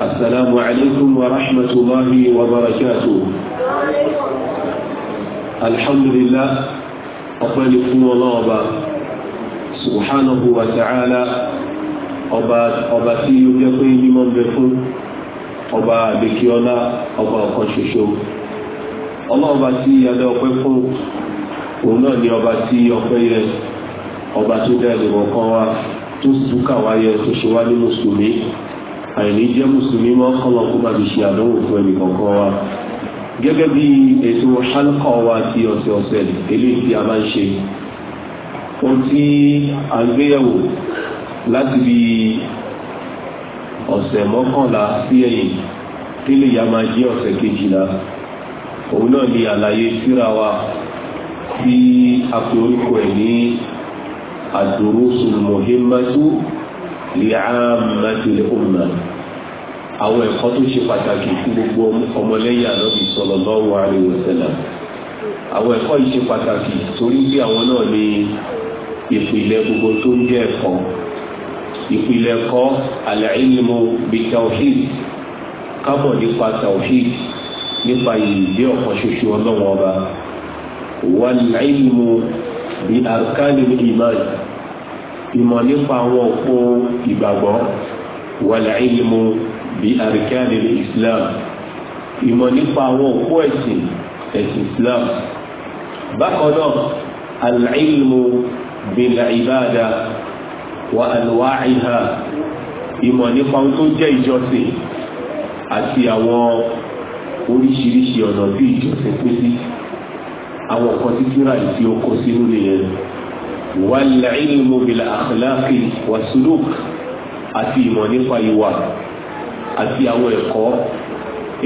السلام عليكم ورحمة الله وبركاته الحمد لله ọpẹ́ni fún ọlọ́ọba subhanahu wa ta'ala ọba tí ó jẹ́ pé mímọ́ ń bẹ fún ọba àbíkíọ́lá ọba ọ̀kan ṣoṣo ọlọ́ọba tí adé ọpẹ́ fún òun náà ni ọba tí ọpẹ́ yẹ ọba tó dá ẹnìkọ̀ọ̀kan wa tó túkà wáyẹ tó ṣe wá ní mùsùlùmí àìní jẹ́ mùsùlùmí mọ́ kọ́lọ́ kó má fi ṣe àdánwò fún ẹnì kọ̀ọ̀kan wa gẹ́gẹ́ bí ètò ṣálùkọ́ wa ti ọ̀sẹ̀ọ̀sẹ̀ eléyìí tí a máa ń ṣe ohun tí a ń gbéyẹ̀wò láti bí ọ̀sẹ̀ mọ́kànlá sí ẹ̀yìn tí lè yá máa jẹ́ ọ̀sẹ̀ kejìlá òun náà ni àlàyé síra wa tí a pe orúkọ ẹ̀ ní àdúrósùn mọ̀hẹ́mátú li'ammatil umma àwọn ẹ̀kọ́ tó ṣe pàtàkì fún gbogbo ọmọlẹ́yìn ànábì sallallahu alaihi wasallam àwọn ẹ̀kọ́ yìí ṣe pàtàkì torí bí àwọn náà ní ìpìlẹ̀ gbogbo tó ń jẹ́ ẹ̀kọ́ ìpìlẹ̀ ẹ̀kọ́ al-ilmu bit-tawhid kábọ̀ nípa tawhid nípa ìdí ọ̀kan ṣoṣo ọlọ́wọ́n ọba wal-ilmu bi arkanil iman ìmọ̀ nípa àwọn òpó ìgbàgbọ́ wàlẹ̀ ìlmu bíi àríkàní islam ìmọ̀ nípa àwọn òpó ẹ̀sìn ẹ̀sìn islam bákan náà àlìlmu bíi ìbáàdà wà àlùwáìhà ìmọ̀ nípa ohun tó jẹ́ ìjọsìn àti àwọn oríṣiríṣi ọ̀nà bí ìjọsìn pín sí àwọn kan tí kíra ìfi sínú nìyẹn. والعلم bìlà والسلوك wàsúlùk àti ìmọ̀ nípa ìwà àti àwọn ẹ̀kọ́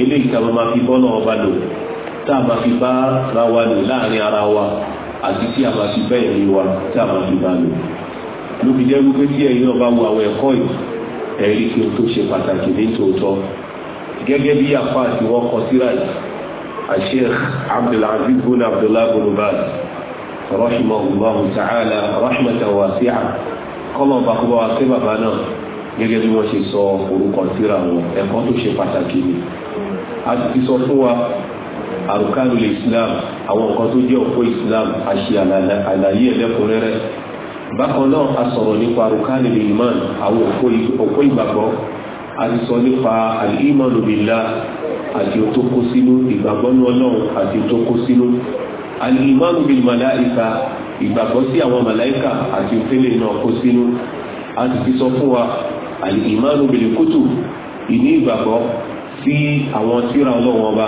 eléyìí tá a máa fi bọ́ náà bá lò tá a máa fi bá ra wa lò láàrin ara wa àti tí a máa fi bẹ́ẹ̀ ní wa tá a máa fi bá lò lóbi jẹ́ wípé tí ẹ̀yin náà bá wo àwọn ẹ̀kọ́ yìí ẹ̀rí kí o tó ṣe pàtàkì ní tòótọ́ gẹ́gẹ́ bí apá àti wọn kọ síra yìí àṣẹ Abdulaziz bin Abdullahi bin Baz rahimahu allah ta'ala rahmatan wasi'a kọ́lọ̀ bá kó bá wa sí bàbá náà gẹ́gẹ́ bí wọ́n ṣe sọ orúkọ síra wọn ẹ̀kọ́ tó ṣe pàtàkì ni a ti sọ fún wa àrùkálù islam àwọn nǹkan tó jẹ́ òpó islam a ṣe àlàyé ẹlẹ́kùnrẹ́rẹ́ bákan náà a sọ̀rọ̀ nípa àrùkálù iman àwọn òpó ìgbàgbọ́ a ti sọ nípa al-imanu billah àti òtó kó sínú ìgbàgbọ́ ní ọlọ́run àti òtó kó sínú alìmọ́nù bíi màláìka ìgbàgbọ́ sí àwọn màláìka àti òfélè náà kó sínú a sì ti sọ fún wa alìmọ́nù bíi kútù ìní ìgbàgbọ́ sí àwọn tíra ọlọ́wọ́n ọba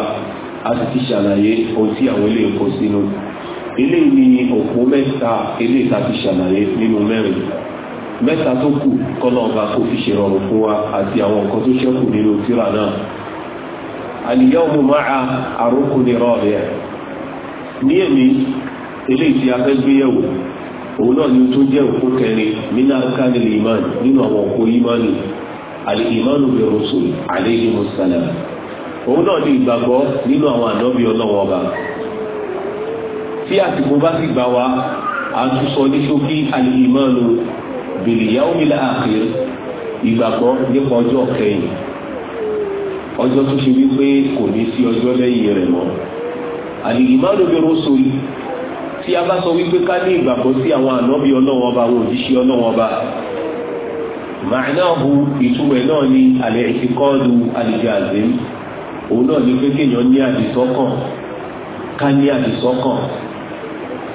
a sì ti ṣàlàyé ohun tí àwọn eléyìí kó sínú eléyìí ni òpó mẹ́ta eléyìí tá ti ṣàlàyé nínú mẹ́rin mẹ́ta tó kù kọ́nà ọba kó fi ṣe fún wa àti àwọn nǹkan tó ṣẹ́kù nínú tíra náà àlìyá ọmọ máa àrókùnrin rọ̀ọ̀rẹ́ ní èmi eléyìí tí a fẹ́ gbé yẹ̀wò òun náà ni tó jẹ́ òkú kẹrin nínú akáni iman nínú àwọn òkú imani àlè imanu bi rusul alayhi musalam òun náà ni ìgbàgbọ́ nínú àwọn ànábì ọlọ́wọ́ ọba tí àsìkò bá sì gbà wá àtúnṣọ ní ṣókí àlè imanu bil yawmil akhir ìgbàgbọ́ nípa ọjọ́ kẹyìn ọjọ́ tó ṣe wípé kò ní sí ọjọ́ lẹ́yìn rẹ̀ mọ́ àlìmánu bi rusul tí a bá sọ wípé ká ní ìgbàgbọ́ sí àwọn ànábì ọlọ́wọ́n ọba àwọn òjíṣẹ́ ọlọ́wọ́n ọba màánáàbù ìtumọ̀ náà ni àlẹ́ ìfikọ́ọ̀lù àlejò àzẹ́m òun náà ni pé kéèyàn ní àdìsọ́kàn ká ní àdìsọ́kàn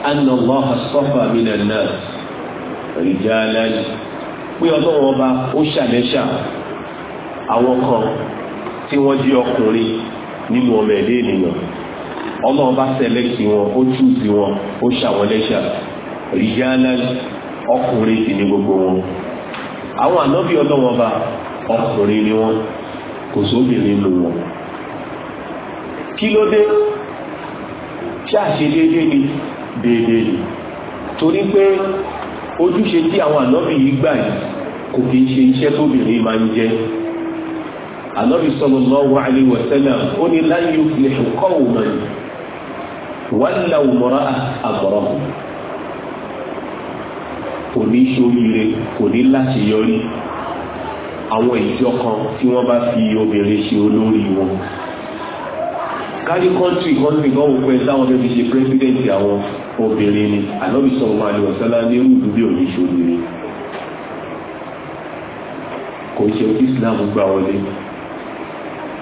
anna Allah astafa minan nas rijalan pé ọlọ́wọ́n ọba ó ṣàlẹ́ṣà àwọn kan tí wọ́n jẹ́ ọkùnrin nínú ọmọ ẹ̀dẹ́ ènìyàn. ọlọ́run bá sẹ̀lẹ́kì wọn ó túùsì wọn ó ṣàwọn lẹ́ṣà rìjálá ọkùnrin sì ní gbogbo wọn àwọn ànábì ọkùnrin ni wọn kò sóbìnrin nù wọn kí ló dé ni déédéé ni torí pé ojúṣe tí àwọn ànábì yìí gbà yìí kò kì í ṣe iṣẹ́ tóbìnrin máa ń jẹ́ ànábì ó ní wàlá òmùrà àgbọ̀rọ̀ kò ní ṣoríire kò ní láṣeyọrí àwọn ìjọ kan tí wọ́n bá fi obìnrin ṣe olórí wọn kárí kọ́ńtì kọ́ńtì kan wò pé táwọn fẹ́ fi ṣe pírẹ́sídẹ̀ǹtì àwọn obìnrin ni ànábì sọ̀rọ̀ máa ní ọ̀sán láti irú ìdúbí òní ṣoríire kò ṣe Islam gbà wọlé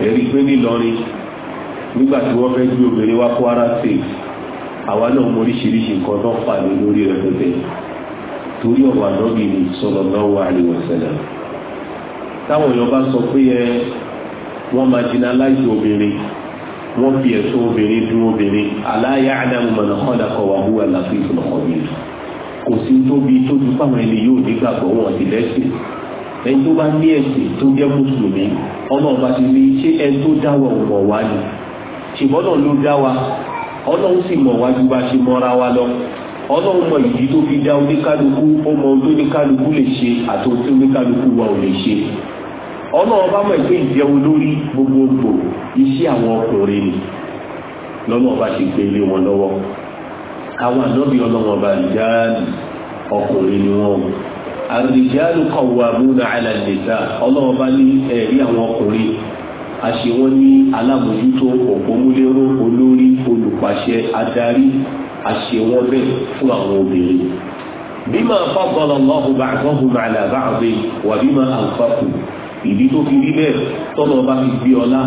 ẹ̀rí pé nílọrin nígbà tí wọ́n fẹ́ gbé obìnrin wá Kwara State àwa náà mọ oríṣiríṣi nǹkan tó ń pàdé lórí rẹ̀ tó tẹ̀ torí ọ̀rọ̀ ànábì ni sallallahu alaihi wasallam táwọn èèyàn bá sọ pé ẹ wọ́n marginalize obìnrin wọ́n fi ẹ̀sùn obìnrin dún obìnrin ala ya'lamu man khalaqa wa huwa al-latiful khabir kò sí tóbi tóbi fáwọn ẹni yóò nígbàgbọ́ wọn ti lẹ́sìn ẹni tó bá ní ẹ̀sìn tó jẹ́ mùsùlùmí ọlọ́ọ̀bá ti ní ṣé ẹni tó dáwọ̀ wọ̀ wá ni ṣùgbọ́n náà ló dá ọlọ́run sì mọ̀ wájú bá ṣe mọ́ra wa lọ ọlọ́run mọ̀ ìdí tó fi dá oníkálukú ó mọ ohun tó oníkálukú lè ṣe àti ohun tí oníkálukú wa ò lè ṣe ọlọ́run bá mọ̀ pé ìjẹun lórí gbogbogbò iṣẹ́ àwọn ọkùnrin ni lọ́nà ọba ṣe gbé ilé wọn lọ́wọ́ àwọn ànábì ọlọ́run ọba ìjáàlì ọkùnrin ni wọ́n àrùn ìjáàlì kọ̀wé àmúna àlàdìsá ọlọ́run bá ní ẹ̀rí àwọn ọkùnrin a ṣe wọ́n ní alámòjútó òpómúléró olórí olùpàṣẹ adarí a ṣe wọ́n bẹ́ẹ̀ fún àwọn obìnrin. bima faddala Allahu ba'dahum ala ba'din wa bima anfaqu ìdí tó fi rí bẹ́ẹ̀ tọ́lọ́ bá fi gbé ọlá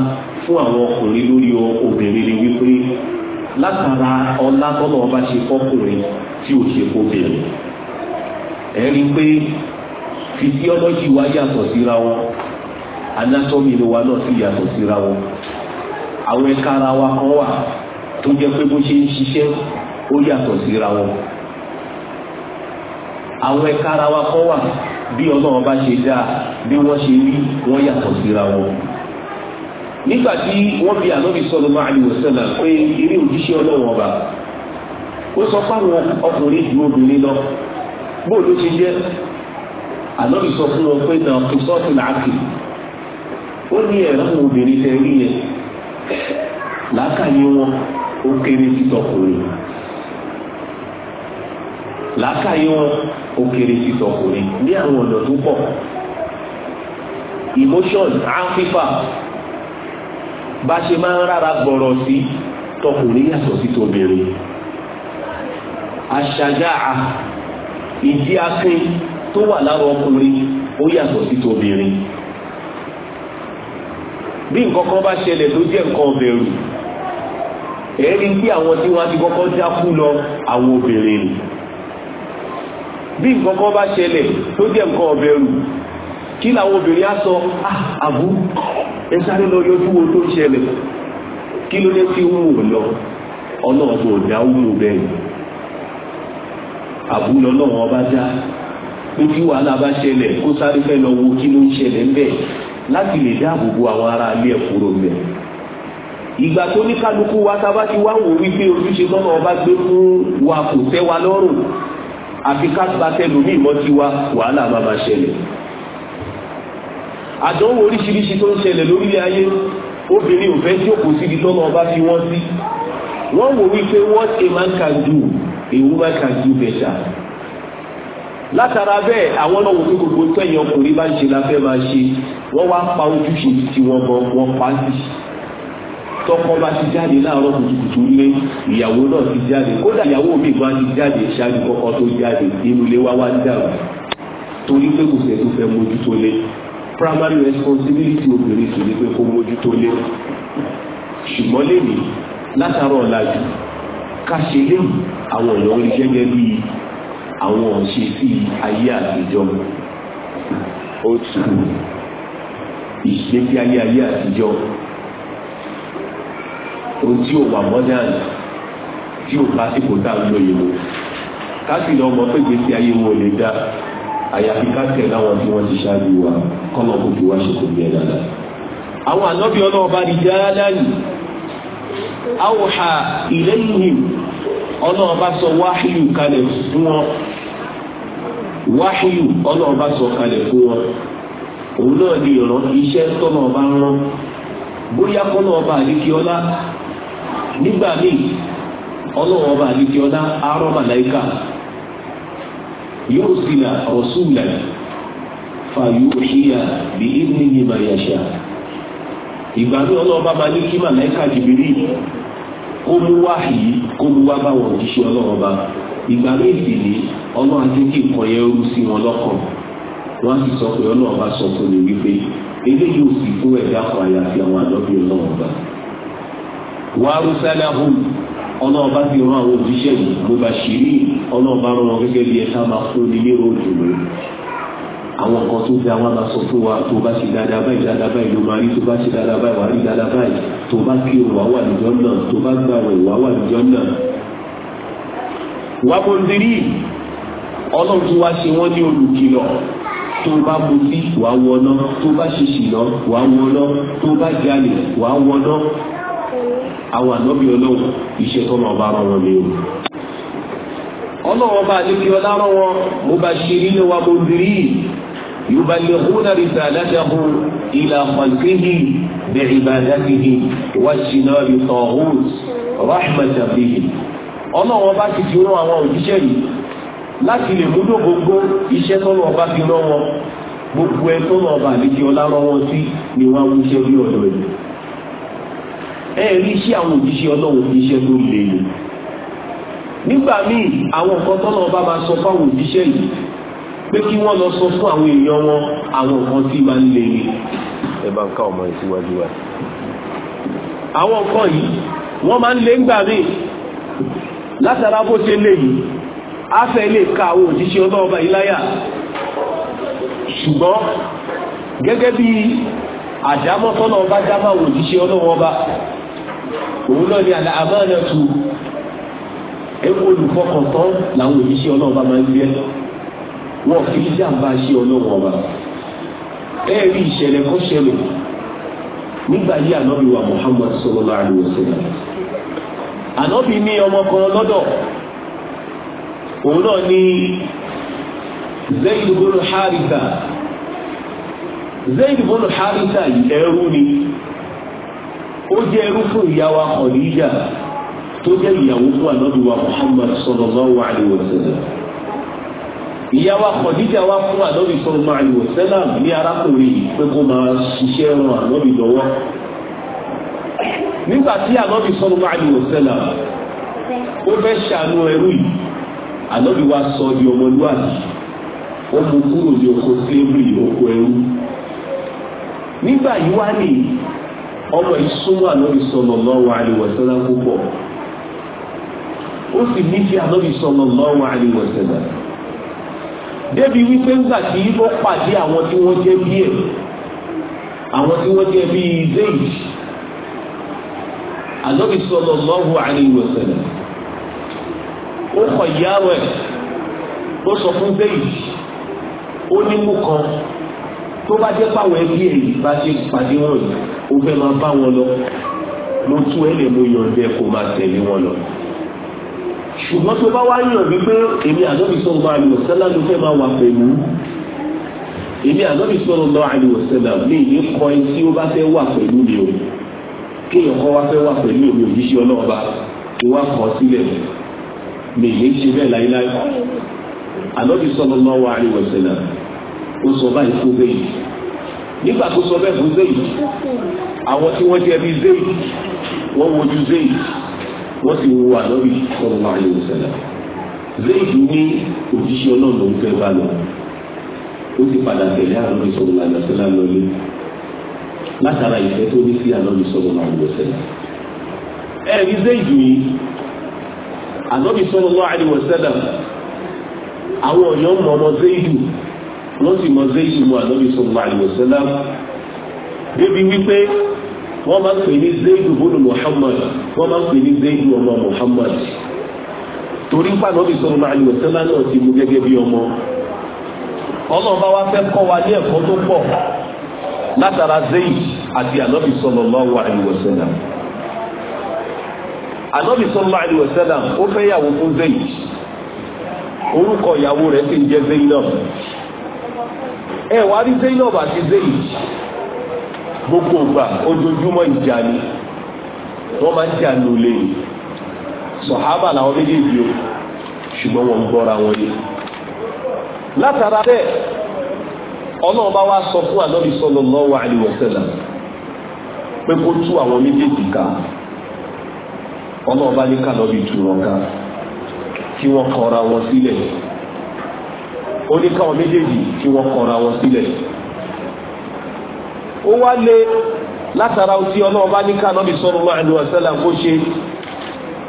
fún àwọn ọkùnrin lórí obìnrin ni wípé látara ọlá tọ́lọ́ bá ṣe fọ́kùnrin tí ò ṣe fóbìnrin. ẹ̀rí pé fìdí ọlọ́jì wá anatomy wa náà sì yàtọ̀ síra wọn àwọn ẹ̀ka ara wa kan wà tó pé bó ṣe ń ṣiṣẹ́ ó yàtọ̀ síra wọn àwọn ẹ̀ka ara wa kan wà bí ọlọ́run bá ṣe dáa bí wọ́n ṣe rí wọ́n yàtọ̀ wọn nígbà tí bi ànábì sallallahu alaihi wasallam pé eré òjíṣẹ́ ọlọ́run ọba ó sọ fáwọn ọkùnrin ju obìnrin lọ bóòlù ṣe jẹ́ sọ fún wọn pé náà kò ó ní ẹ̀rọ àwọn obìnrin tẹ rí yẹn làákàyè wọn ó kéré sí tọkùnrin làákàyè wọn ó kéré sí tọkùnrin ní àwọn ọ̀nà tó pọ̀ emotion áfífà bá ṣe máa ń rárá gbọ̀rọ̀ sí tọkùnrin yàtọ̀ sí tobìnrin àṣàjáà ìdí akin tó wà lára ọkùnrin ó yàtọ̀ sí tobìnrin bí nǹkan kan bá ṣẹlẹ̀ tó jẹ́ nǹkan bẹ̀rù ẹ̀rí pé àwọn tí wọ́n ti kọ́kọ́ dákú lọ àwọn obìnrin ni bí nǹkan kan bá ṣẹlẹ̀ tó jẹ́ nǹkan bẹ̀rù kí làwọn obìnrin á sọ ah, àbú ẹ sáré lọ yọjú wo tó ṣẹlẹ̀ kí ló dé tí wù ú lọ ọlọ́run ò wù bẹ́ẹ̀ àbú lọ́lọ́run ọba dá ojú wàhálà bá ṣẹlẹ̀ kó sáré fẹ́ lọ wo kí ló ń ṣẹlẹ̀ ń bẹ́ẹ̀ láti lè dáàbò bo àwọn ará ilé ẹ̀ kúrò mẹ́ ìgbà tó ní kálukú wa tá a bá ti wá wò wípé ojúṣe lọ́nà ọba gbé fún wa kò tẹ́ wa lọ́rùn àfi ká gba tẹlómi ìmọ̀ tiwa wàhálà máa ma ṣẹlẹ̀ àdánwò oríṣiríṣi tó ń ṣẹlẹ̀ lórílẹ̀ ayé obìnrin ò fẹ́ jókòó síbi tọ́nà ọba fi wọ́n sí wọ́n wò wípé what a man can do a woman can do better látara bẹ́ẹ̀ àwọn náà wò pé gbogbo tẹ̀yìn ọkùnrin bá ń ṣe la fẹ́ máa ṣe wọ́n wá pa ojúṣe tí wọ́n bọ̀ wọ́n pa á sí tọkọ bá ti jáde láàárọ̀ kùtùkùtù lé ìyàwó náà ti jáde kódà ìyàwó mi gan ti jáde ṣáájú kọ́kọ́ tó jáde inú ilé wa wá ń dàrú torí pé kò sẹ́ni fẹ́ mójútó lé primary responsibility obìnrin sì ni pé kó mójútó lé ṣùgbọ́n lèmi látàrọ̀ ọ̀làjú ká ṣe léwu àwọn èèyàn orí gẹ́gẹ́ bíi àwọn ọ̀ṣẹ́ sí ayé àtijọ́ old school ìṣẹ́kí ayé ayé àtijọ́ ohun tí ò wà modern tí ò bá sípò tá à ń lò yìí mu káàkiri náà mọ pé gbèsè ayé wọn ò lè dá àyàfi káàkiri láwọn tí wọ́n ti ṣáájú wa kọ́nà kò fi wá ṣòkò bí ẹ dáadáa. àwọn ànábì ọlọ́ọ̀bá ni dáadáa ni àwòhà ìlẹ́yìn ọlọ́run bá sọ wáhíù kalẹ̀ fún wọn wáhíù ọlọ́run sọ kalẹ̀ fún wọn òun náà lè ràn iṣẹ́ tọ́nà ọba ń rán bóyá kọ́nà ọba àdékíọ́lá nígbà míì ọlọ́run ọba àdékíọ́lá arọ́ màláìkà yóò sì là rọ̀ṣùlà fàyòhìyà bí ìdílé ní ìgbà míì ọlọ́run máa ní kí màláìkà kó mú wá yìí kó mú wá báwọn òjíṣẹ́ ọlọ́run bá ìgbà méjì ni ọlọ́run àti kí nǹkan yẹn rú sí wọn lọ́kàn wọ́n sì sọ pé ọlọ́run bá sọ fún mi wípé eléyìí ò sì fún ẹ̀dá kan àyàfi àwọn àdọ́bí ọlọ́run bá. wàá rú sálẹ̀ ahùn ọlọ́run bá ti rán àwọn òjíṣẹ́ yìí mo bá ṣì rí ọlọ́run bá rán wọn gẹ́gẹ́ bí ẹ àwọn nǹkan tó dá wọn bá sọ fún wa tó bá ti dáadáa báyìí dáadáa báyìí ló máa rí tó bá ti dáadáa báyìí wà á rí dáadáa báyìí tó bá kí òun wà wà níjọ náà tó bá gbà wọn ìwà wà níjọ náà. wà á bọ̀ nítorí ọlọ́run tó wá ṣe wọ́n ní olùkìlọ̀ tó bá mutí wà á wọná tó bá ṣe ṣìnà wà á wọná tó bá jalè wà á wọná àwọn ànábì ọlọ́run iṣẹ́ tó máa bá ara wọn ní o ọlọ́wọ́n bá lè fi ọlá rán wọn mo bá ṣe nínú wa mo bìrì yubalighuna risalatahu ila khalqihi bi'ibadatihi wa jinabi taghut rahmatan bihi ọlọ́wọ́n bá ti fi rán àwọn òjíṣẹ́ yìí láti lè múlò gbogbo iṣẹ́ tọ́lọ́ ọba fi rán wọn gbogbo ẹ tọ́lọ́ ọba àlejò ọlá rán wọn sí ni wọ́n á wú iṣẹ́ bí ọ̀dọ̀ yìí ẹ rí iṣẹ́ àwọn òjíṣẹ́ ọlọ́run iṣẹ́ tó le ni nígbà míì àwọn nǹkan tọ́nà ọba máa sọ fáwọn òjíṣẹ́ yìí pé kí wọ́n lọ sọ fún àwọn èèyàn wọn àwọn nǹkan tí máa ń le ni. ẹ bá ń ká ọmọ yìí síwájú wa. àwọn nǹkan yìí wọ́n máa ń lé ńgbà míì látara bó ṣe lè yìí á fẹ́ lè ka àwọn òjíṣẹ́ ọlọ́ọba yìí láyà ṣùgbọ́n gẹ́gẹ́ bí àdámọ́ tọ́nà ọba dámọ́ àwọn òjíṣẹ́ ọlọ́wọ́ òun náà ni àmọ́ ẹ wo olùfọkàntán làwọn òyìnṣẹ́ ọlọ́run bá máa ń gbé wọn ya í ṣe ọba ẹ rí ìṣẹ̀lẹ̀ kó ṣẹlẹ̀ wa Muhammad sallallahu alaihi wasallam ànábì ní ọmọ kan lọ́dọ̀ òun náà ní Zayd Zayd ẹrú ni ó jẹ́ ẹrú tó jẹ́ ìyàwó fún ànábì wa Muhammad sallallahu alaihi wasallam ìyá wa Khadija wa fún ànábì sallallahu alaihi wasallam ní arákùnrin yìí pé kó máa ṣiṣẹ́ ran ànábì lọ́wọ́ nígbà tí ànábì sallallahu alaihi wasallam ó fẹ́ ṣàánú ẹrú yìí ànábì wa sọ di ọmọlúwàbí ó mú kúrò ní oko slavery oko ẹrú nígbà yìí wá ní ọmọ ìsúnmọ́ ànábì sallallahu alaihi wasallam púpọ̀ ó sì nífẹ̀ẹ́ ànábì sallallahu alaihi wasallam débi wípé ńgbà tí ó pàdé àwọn tí wọ́n jẹ́ bíi ẹ̀ àwọn tí wọ́n jẹ́ bíi zayd ànábì sallallahu alaihi wasallam ó kọ̀ ìyáwó ẹ̀ ó sọ fún zayd ó ní mú kan tó bá jẹ́ pàwọn ẹbí èyí bá ṣe pàdé wọn yìí ó fẹ́ máa bá wọn lọ mo tú ẹ lè mo yọ̀ǹdẹ kó máa tẹ̀lé wọn lọ ṣùgbọ́n tó bá wá yàn wípé èmi ànábì sallallahu alaihi wasallam ló fẹ́ máa wà pẹ̀lú èmi ànábì sallallahu alaihi wasallam mi ní kọ ẹ tí ó bá fẹ́ wà pẹ̀lú mi o kéèyàn kọ́ wá fẹ́ wà pẹ̀lú mi òjíṣẹ́ ọlọ́ọ̀ba kí wá kọ́ sílẹ̀ mi yé ṣe bẹ́ẹ̀ láíláí ànábì sallallahu alaihi wasallam ó sọ báyìí fún bẹ́ẹ̀ nígbà tó sọ bẹ́ẹ̀ fún Zayd àwọn tí wọ́n jẹ́ bí Zayd wọ́n wojú Zayd wọ́n si wo ànábì sọ̀rọ̀ àyẹ̀wò sẹ̀lẹ̀ zayd ní òjíṣẹ́ ń fẹ́ bá lọ ó padà tẹ̀lé sọ̀rọ̀ àyẹ̀wò sẹ̀lẹ̀ lọ́lé látara ìfẹ́ tó ní sí ànábì sọ̀rọ̀ àyẹ̀wò sẹ̀lẹ̀ ẹ̀rí zayd ní ànábì sọ̀rọ̀ àyẹ̀wò sẹ̀lẹ̀ àwọn ọ̀yọ́ mọ̀ ọmọ zayd wọ́n sì mọ zayd mọ sọ̀rọ̀ àyẹ̀wò sẹ̀lẹ̀ wípé wọ́n máa ń pè ní muhammad wọ́n máa ń pè ní ọmọ muhammad torí pàdánù ní ti mú gẹ́gẹ́ ọmọ ọlọ́run bá wá fẹ́ kọ́ wa ní ẹ̀kọ́ tó pọ̀ látara zayd àti ó fẹ́ yàwó fún orúkọ ìyàwó rẹ̀ ń jẹ́ wá rí gbogbo gbà ojoojúmọ́ ìjà ni wọ́n máa ń jà lólè sọ̀hábà làwọn méjèèjì o ṣùgbọ́n wọn gbọra wọn yé látara bẹ́ẹ̀ ọlọ́run wa sọ fún ànábì sallallahu alaihi wasallam pé kó tú àwọn méjèèjì ká ọlọ́run bá ní kànábì tú wọn ká kí wọ́n kọra wọn sílẹ̀ ó ní káwọn méjèèjì kí wọ́n kọra wọn sílẹ̀. ó wá lé látara ohun tí ọlọ́run bá ní ká nábì sallallahu alaihi wasallam kó ṣe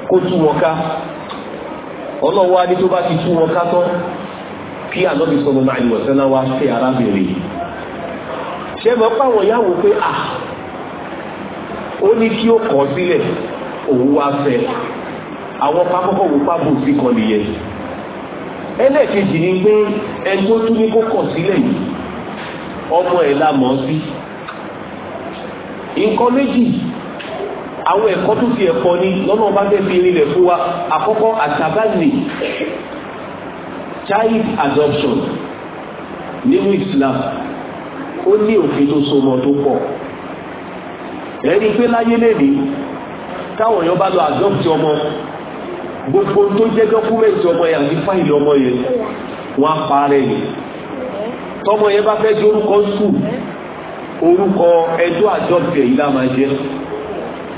kó tú wọn ká ọlọ́run wá ní tó bá ti tú wọn ká tán kí ànábì sallallahu alaihi wasallam wá fẹ́ arábìnrin yìí ṣé mọ̀ páwọn ìyàwó pé à ó ní kí ó kọ̀ sílẹ̀ òun wá fẹ́ àwọn pápákọ̀ wò pábò sí kan nìyẹn ẹlẹ́ẹ̀kejì ni pé ẹni tó tún ní kó kọ̀ sílẹ̀ yìí ọmọ ẹ̀ la mọ̀ sí nǹkan méjì àwọn ẹ̀kọ́ tó fi ẹ̀kọ́ ni lọ́nà ọba fẹ́ fi rinlẹ̀ fún wa àkọ́kọ́ àtàbàzì child adoption nínú Islam ó ní òfin tó so mọ́ tó pọ̀ ẹni pé láyé lèdè táwọn èèyàn bá lọ adopt ọmọ gbogbo tó jẹ́ dọ́kúmẹ̀ntì ọmọ yẹn àti fáìlì ọmọ yẹn wọ́n á parẹ́ yẹn tọmọ yẹn bá fẹ́ dorúkọ sùn orúkọ ẹjọ́ àjọpẹ yìí la máa jẹ́.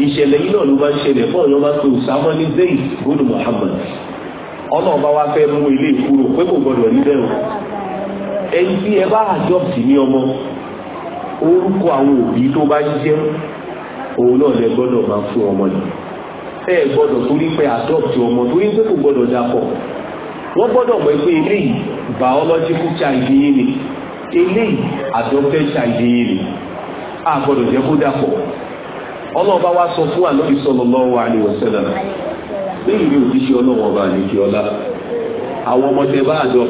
ìṣẹ̀lẹ̀ yìí náà ló bá ṣẹlẹ̀ fún ọyọ máa ń pe Usama ní Zayd wa fẹ́ mú ilé ìkúrò pé kò gbọdọ̀ níbẹ̀ o ẹni tí ẹ bá àjọpẹ ní ọmọ orúkọ àwọn òbí tó bá jẹ́. òun náà lẹ gbọ́dọ̀ máa fún ọmọ yìí ẹ gbọ́dọ̀ torí pé ọmọ eléyìí àdókẹ́ ṣàyè a á gbọ́dọ̀ jẹ́ kó dàpọ̀ ọlọ́ọ̀bá wa sọ fún àlọ́bí sallallahu alaihi ọba àlejò ọlá àwọn ọmọdé bá àjọ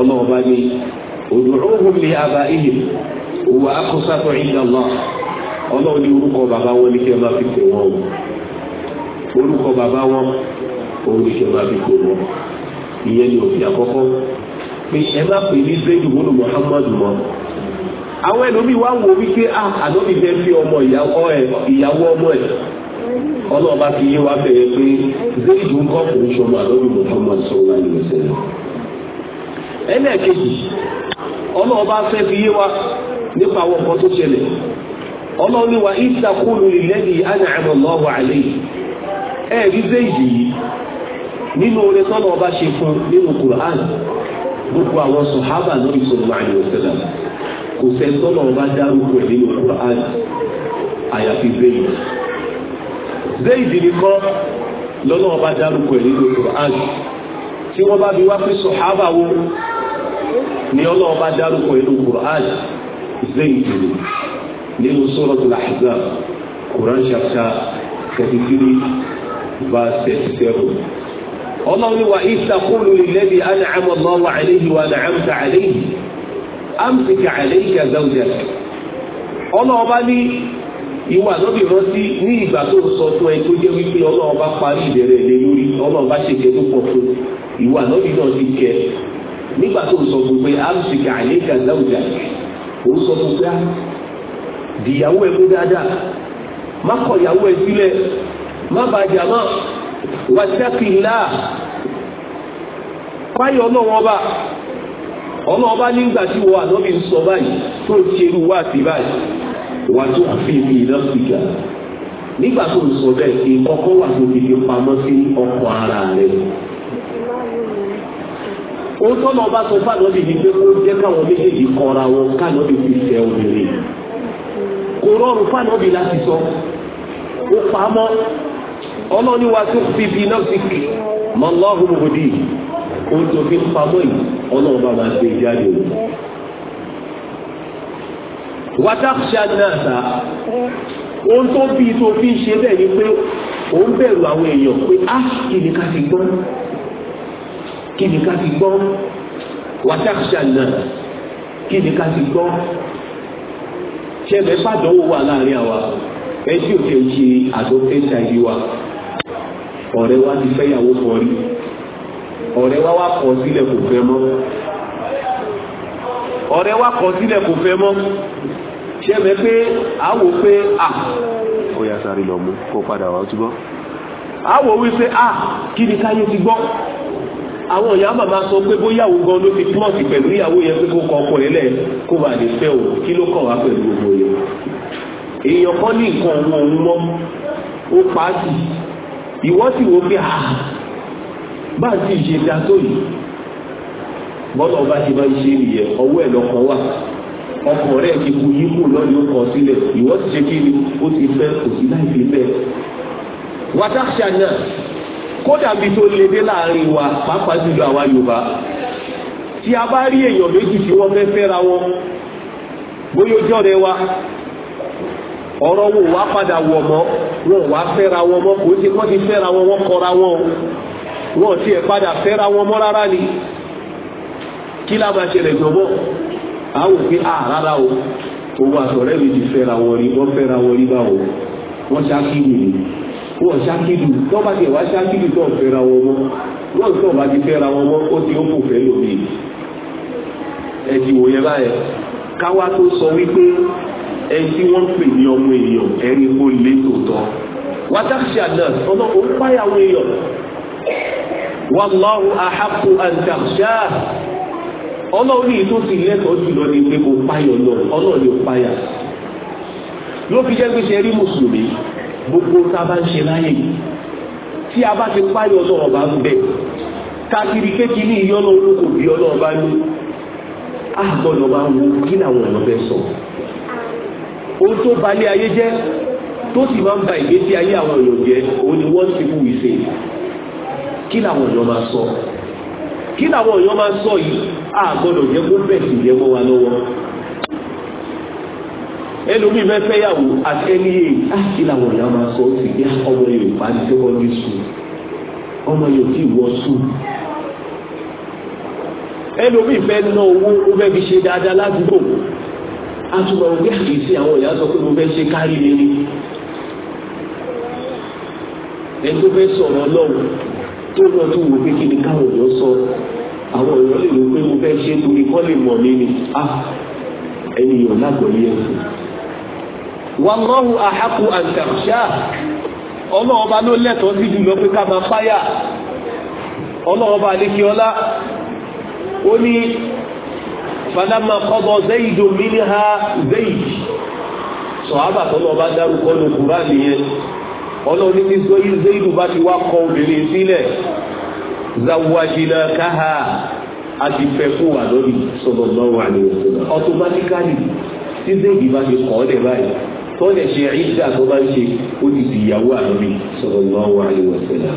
ọlọ́ọ̀bá ní ud'uuhum li aba'ihim huwa aqsatu 'inda Allah ní orúkọ bàbá wọn ní kí fi pè wọ́n orúkọ bàbá wọn pé ẹ má pè ní zaidu wọnú muhammadu mọ́ àwọn ẹlòmíì wá ń wípé a ah, àdóbi fẹ́ fi ọmọ ìyàwó ọmọ ẹ̀ ọlọ́ọ̀bá ti yé wa bẹ̀rẹ̀ pé ń kọ́ fún àdóbi muhammadu láyé rẹ̀ ẹlẹ́ẹ̀kejì ọlọ́ọ̀bá fẹ́ fi yé wa nípa àwọn nǹkan tó ṣẹlẹ̀ ọlọ́run ní nínú gbogbo àwọn sọ̀hábà lórí sọ̀rọ̀ àyè òṣèlú kò sẹ́ńtọ́ náà bá dárúkọ ẹ̀ nínú Quran àyàfi Zayd Zayd nìkan lọ́nà ọba dárúkọ ẹ̀ nínú Quran tí wọ́n bá bí wá pé sọ̀hábà wo ni ọlọ́wọ́ bá dárúkọ ẹ̀ nínú Quran Zayd nínú Suratul Ahzab Quran chapter thirty three verse thirty seven. ọlọ́run wa ìṣàkóso ìlẹ́bi an'ama Allahu alayhi wa an'amta alayhi amsik alayka zawjak ọlọ́run bá ní ìwà lọ́bì rántí ní ìgbà tó sọ fún ẹ tó jẹ́ wípé ọlọ́run bá parí ìbẹ̀rẹ̀ lé lórí ọlọ́run bá pọ̀ fún ìwà lọ́bì náà ti kẹ́ nígbà tó sọ fún pé wàṣẹ́kìlá fáyọ̀ ọlọ́wọ́n a, ọlọ́wọ́n bá nígbà tí wọ́n ànábì ń sọ báyìí tó ṣe irú wá sí báyìí fi mi lọ́sìgà nígbà tó ń sọ bẹ́ẹ̀ wà tó pamọ́ sí ọkọ̀ ara rẹ̀ ohun tó lọ́ọ́ bá sọ fún ànábì ni pé jẹ́ káwọn méjèèjì kọra wọn kánábì fi fẹ́ obìnrin kò rọrùn fún ọlọ́run ní wa tó fi bí náà ti kì mọ lọ́hùn òdì ohun tó fi ń pamọ́ yìí ọlọ́run bá máa gbé jáde o. wàtàkùsà náà ta ohun tó bí tó fi ń ṣe bẹ́ẹ̀ ni pé òun bẹ̀rù àwọn èèyàn pé á ah, kí ni ká ti gbọ́ kí ni ká ti gbọ́ wàtàkùsà náà kí ni ká ti gbọ́ ṣẹlẹ̀ fàdánwò wà láàrin àwa ẹ tí ò fẹ́ ṣe àdókè ṣáìdí wa ọ̀rẹ́ wa ti fẹ́yàwó kan rí ọ̀rẹ́ wa wá kọ̀ sílẹ̀ kò fẹ́ mọ́ ọ̀rẹ́ wa kọ̀ sílẹ̀ kò fẹ́ mọ́ ṣé mẹ́ pé a wò pé a ó yà sáré lọ mú kó padà wá túbọ̀ a wò wípé a kí ni káyé ti gbọ́ àwọn ìyá màmá sọ pé bóyáwó gan ló ti plọ̀tì pẹ̀lú ìyàwó yẹn pé kó kọ ọkọ rẹ̀ lẹ̀ kó bàa lè fẹ́ o kí ló kàn wá pẹ̀lú gbogbo yẹn èèyàn kan ní nǹkan òun òun mọ́ ó pa á sí ìwọ sì wò pé ah, bá a ti ṣe da tó yìí bọ́lá ọba ti máa ń ṣe nìyẹn ọwọ́ ẹ̀ lọ́kàn wà ọkàn rẹ̀ ti kú yíkù lọ́ọ̀dún kan sílẹ̀ ìwọ ti ṣe kí ni ó ti fẹ́ kò sí láì fi fẹ́ wàtáṣà náà kódà bí tó lè dé láàrin wa pàápàá jùlọ àwa Yorùbá tí a bá rí èèyàn méjì tí wọ́n fẹ́ fẹ́ra wọn bóyá ojú ọ̀rẹ́ wa ọ̀rọ̀ wo wá padà wọ̀ mọ́ wọn wá fẹ́ra wọn mọ́ kò sí wọ́n ti fẹ́ra wọn wọ́n kọra wọn o wọn ti ẹ̀ padà fẹ́ra wọn mọ́ rárá ni kí lá máa ṣẹlẹ̀ gbọ́mọ́ àwọn òfin à rárá o owó àtọ̀rẹ́ mi ti fẹ́ra wọn rí wọ́n fẹ́ra wọn rí báwo wọ́n ṣákìlì ni wọ́n ṣákìlì tó bá ti wá ṣákìlì tó ń fẹ́ra wọn mọ́ wọ́n tó bá ti fẹ́ra wọn mọ́ ó ti ó kò fẹ́ lòmìn ẹ̀ ti wòye báyẹn káwá tó sọ wípé ẹni tí wọ́n ń pè ní ọmọ ènìyàn ẹni kó lé tòótọ́ wàtàkì àná ọmọ òun páyà àwọn èèyàn wàlláhu àhàkù àǹtàkṣá ọlọ́run ní ìtò sí lẹ́tọ̀ọ́ jùlọ ni pé kò páyọ̀ náà ọlọ́run ni ó páyà ló fi jẹ́ pé ṣe rí mùsùlùmí gbogbo tá a bá ń ṣe láyè tí a bá ti páyọ̀ náà ọba ń bẹ̀ káàkiri kékeré ìyọ́nà olóko bí ọlọ́run bá ní àgbọ̀dọ̀ máa wú kí làwọn ọ̀nà fẹ́ sọ ohun tó ba ilé ayé jẹ́ tó sì máa ń ba ìgbésí ayé àwọn èèyàn jẹ́ òun ni one people we say kí làwọn èèyàn máa sọ kí làwọn èèyàn máa sọ yìí a gbọ́dọ̀ jẹ́ kó bẹ̀ sì jẹ́ mọ́ wa lọ́wọ́ ẹlòmíì mẹ́fẹ́ yàwó àtẹ́níyè kí làwọn èèyàn máa sọ sí ah, bí ọmọ Yorùbá ti tẹ́wọ́ ní sùn ọmọ yóò ti wọ sùn ẹlòmíì fẹ́ ná owó ó fẹ́ fi ṣe dáadáa ládùúgbò àtúbọ̀ wí àdìsí àwọn ìyá sọ pé mo fẹ́ ṣe kárí mi ni ẹni tó fẹ́ sọ̀rọ̀ ọlọ́run tó lọ tó wò pé kí ni káwọn èèyàn sọ àwọn èèyàn lè rò pé mo fẹ́ ṣe torí kọ́ lè mọ̀ mí ni ẹni yọ̀ lágbọ̀ọ́yé ẹ̀sìn. wàlọ́hù àhàkù àǹtàṣà ọlọ́ọba ló lẹ́tọ̀ọ́ sí jùlọ pé ká máa fáyà ọlọ́ọba àlékiọlá ó ní falama kọ́bọ̀ zayidu minha zayidu sọ̀hábà tó lọ bá dárúkọ ní kúránì yẹn ọlọ́ọ̀ni ní zayidu bá ti wá kọ obìnrin sílẹ̀ zawajina kaha àti fẹ́ fún wa lórí sọ̀rọ̀ náà wà ní ọtọmátíkálì tí zayidu bá ti kọ́ ọ́ báyìí tọ́lẹ̀ ṣe ìdá tó bá ń ṣe ó ti di ìyàwó àmì sallallahu alaihi wasallam.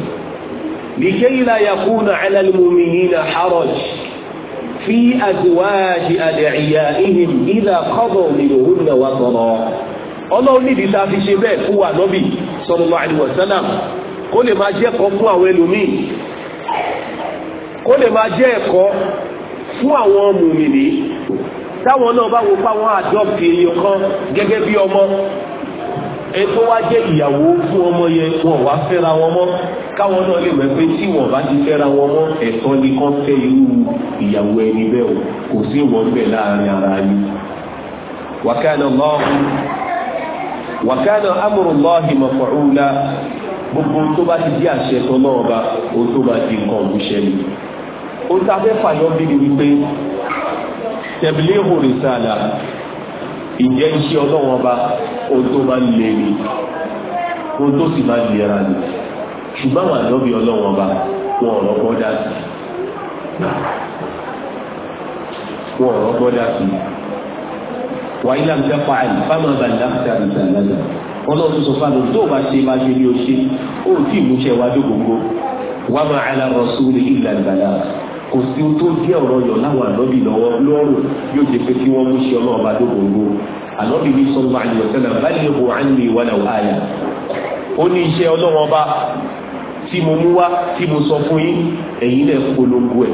lìkẹ́yìnlá yakuna ala al-mu'minina haraj fi àdìwáàjì àdìyà ihim ìlà kọ́bọ̀ òmìnirun náà wà sọ̀rọ̀ ọlọ́run nídìí tá a fi ṣe bẹ́ẹ̀ fún wa nọ́bì sallallahu alaihi wasallam kó lè máa jẹ́ ẹ̀kọ́ fún àwọn ẹlòmíì kó lè máa jẹ́ ẹ̀kọ́ fún àwọn mùmìnì táwọn náà bá wo fáwọn àdọ́pì èèyàn kan gẹ́gẹ́ bí ọmọ ẹ tó wá jẹ́ ìyàwó fún ọmọ yẹn wọn wá fẹ́ra wọn mọ́ káwọn náà lè mọ̀ pé tí wọn bá ti fẹ́ra wọn mọ́ ẹ̀tọ́ ni kán fẹ́ irú ìyàwó ẹni bẹ́ẹ̀ o kò sí wọn bẹ̀ láàrin ara yìí. wàkàna lọ́hùn wàkàna amúrúlọ́hì mọ̀fọ̀rúnlá gbogbo tó bá ti di àṣẹ tó náà bá o tó bá di nǹkan òmùṣẹ́ ni. ó ta fẹ́ fàyọ́ bí wípé tẹ̀blé hòrìṣàlà ìjẹ́ iṣẹ́ ọlọ́wọ́n ọba ohun tó máa ń lè rí ohun tó sì máa ń lera ni ṣùgbọ́n àwọn àdọ́bí ọlọ́wọ́n ọba wọn ọ̀rọ̀ gbọ́ dá sí wọn ọ̀rọ̀ gbọ́ dá sí wàyí làm dápá àyè fáwọn ọba ìdáfẹ́ àbíta ìdájọ́ ọlọ́run sọ fáwọn tó bá ṣe máa ṣe ní o ṣe ó tì mú ṣe wá dógógó wàá máa ala rasuli illa al-balagh kò sí ohun tó jẹ́ ọ̀rọ̀ yọ̀ láwọn ànábì lọ́wọ́ lọ́rùn yóò ṣe pé kí wọ́n mú ṣe ọlọ́run bá dógóńgó ànábì ní sọ́nà àyè ọ̀sẹ̀lẹ̀ báyìí kò á ní ìwà náà àyà ó ní iṣẹ́ ọlọ́run ọba tí mo mú wá tí mo sọ fún yín ẹ̀yin náà polongo ẹ̀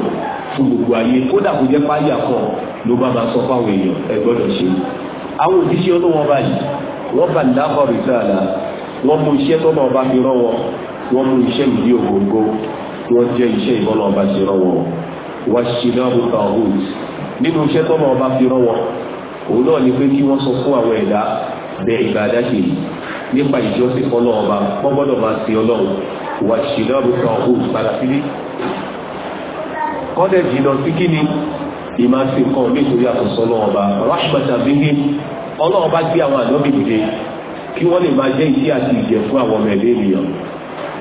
fún gbogbo ayé kódà kò jẹ́ páyà kan ló bá máa sọ fáwọn èèyàn ẹ gbọ́dọ̀ ṣe àwọn òṣìṣẹ́ ọlọ́run yìí wọ́n bá lábọ̀ rìsáàlà wọ́n wọ́n mú iṣẹ́ ìdí ògógó wọ́n ṣe rán wọn wà ṣìdáàbù tàwọn nínú iṣẹ́ tọ́nà ọba fi rán wọn òun náà ni pé kí wọ́n sọ fún àwọn ẹ̀dá bẹ ìgbà àdáṣe yìí nípa ìjọsìn fọlọ́ ọba wọ́n gbọ́dọ̀ máa sin ọlọ́run wà ṣìdáàbù tàwọn padà sílé kọ́dẹ̀ jìnnà sí kí ni ìmá sí kan nítorí àtúnṣe ọlọ́run ọba rahmatan bihi ọlọ́run bá gbé àwọn àdọ́bì dìde kí wọ́n lè máa jẹ́ ìdí àti ìjẹ fún àwọn ọmọ ẹ̀dẹ́ ènìyàn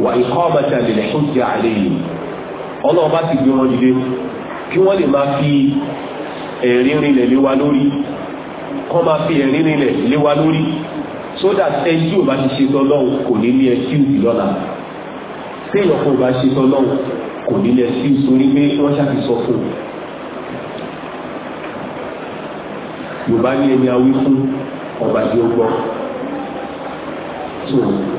wà ìkọ́ ọmọ tàbí lẹ́kọ̀ọ́ jẹ́ àlẹ́ yìí ọlọ́run bá sì gbé wọn dìde kí wọ́n lè máa fi ẹ̀rín rinlẹ̀ lé wa lórí kọ́ máa fi ẹ̀rín rinlẹ̀ lé wa lórí sódà ẹjú ò bá ti ṣe tọ́lọ́run kò ní ní ẹsíùsì lọ́la téèyàn kò bá ṣe tọ́lọ́run kò ní ní ẹsíùsì orí pé wọ́n ṣàfi sọ fún un. yorùbá ní ẹni awí fún ọba tí ó gbọ́ so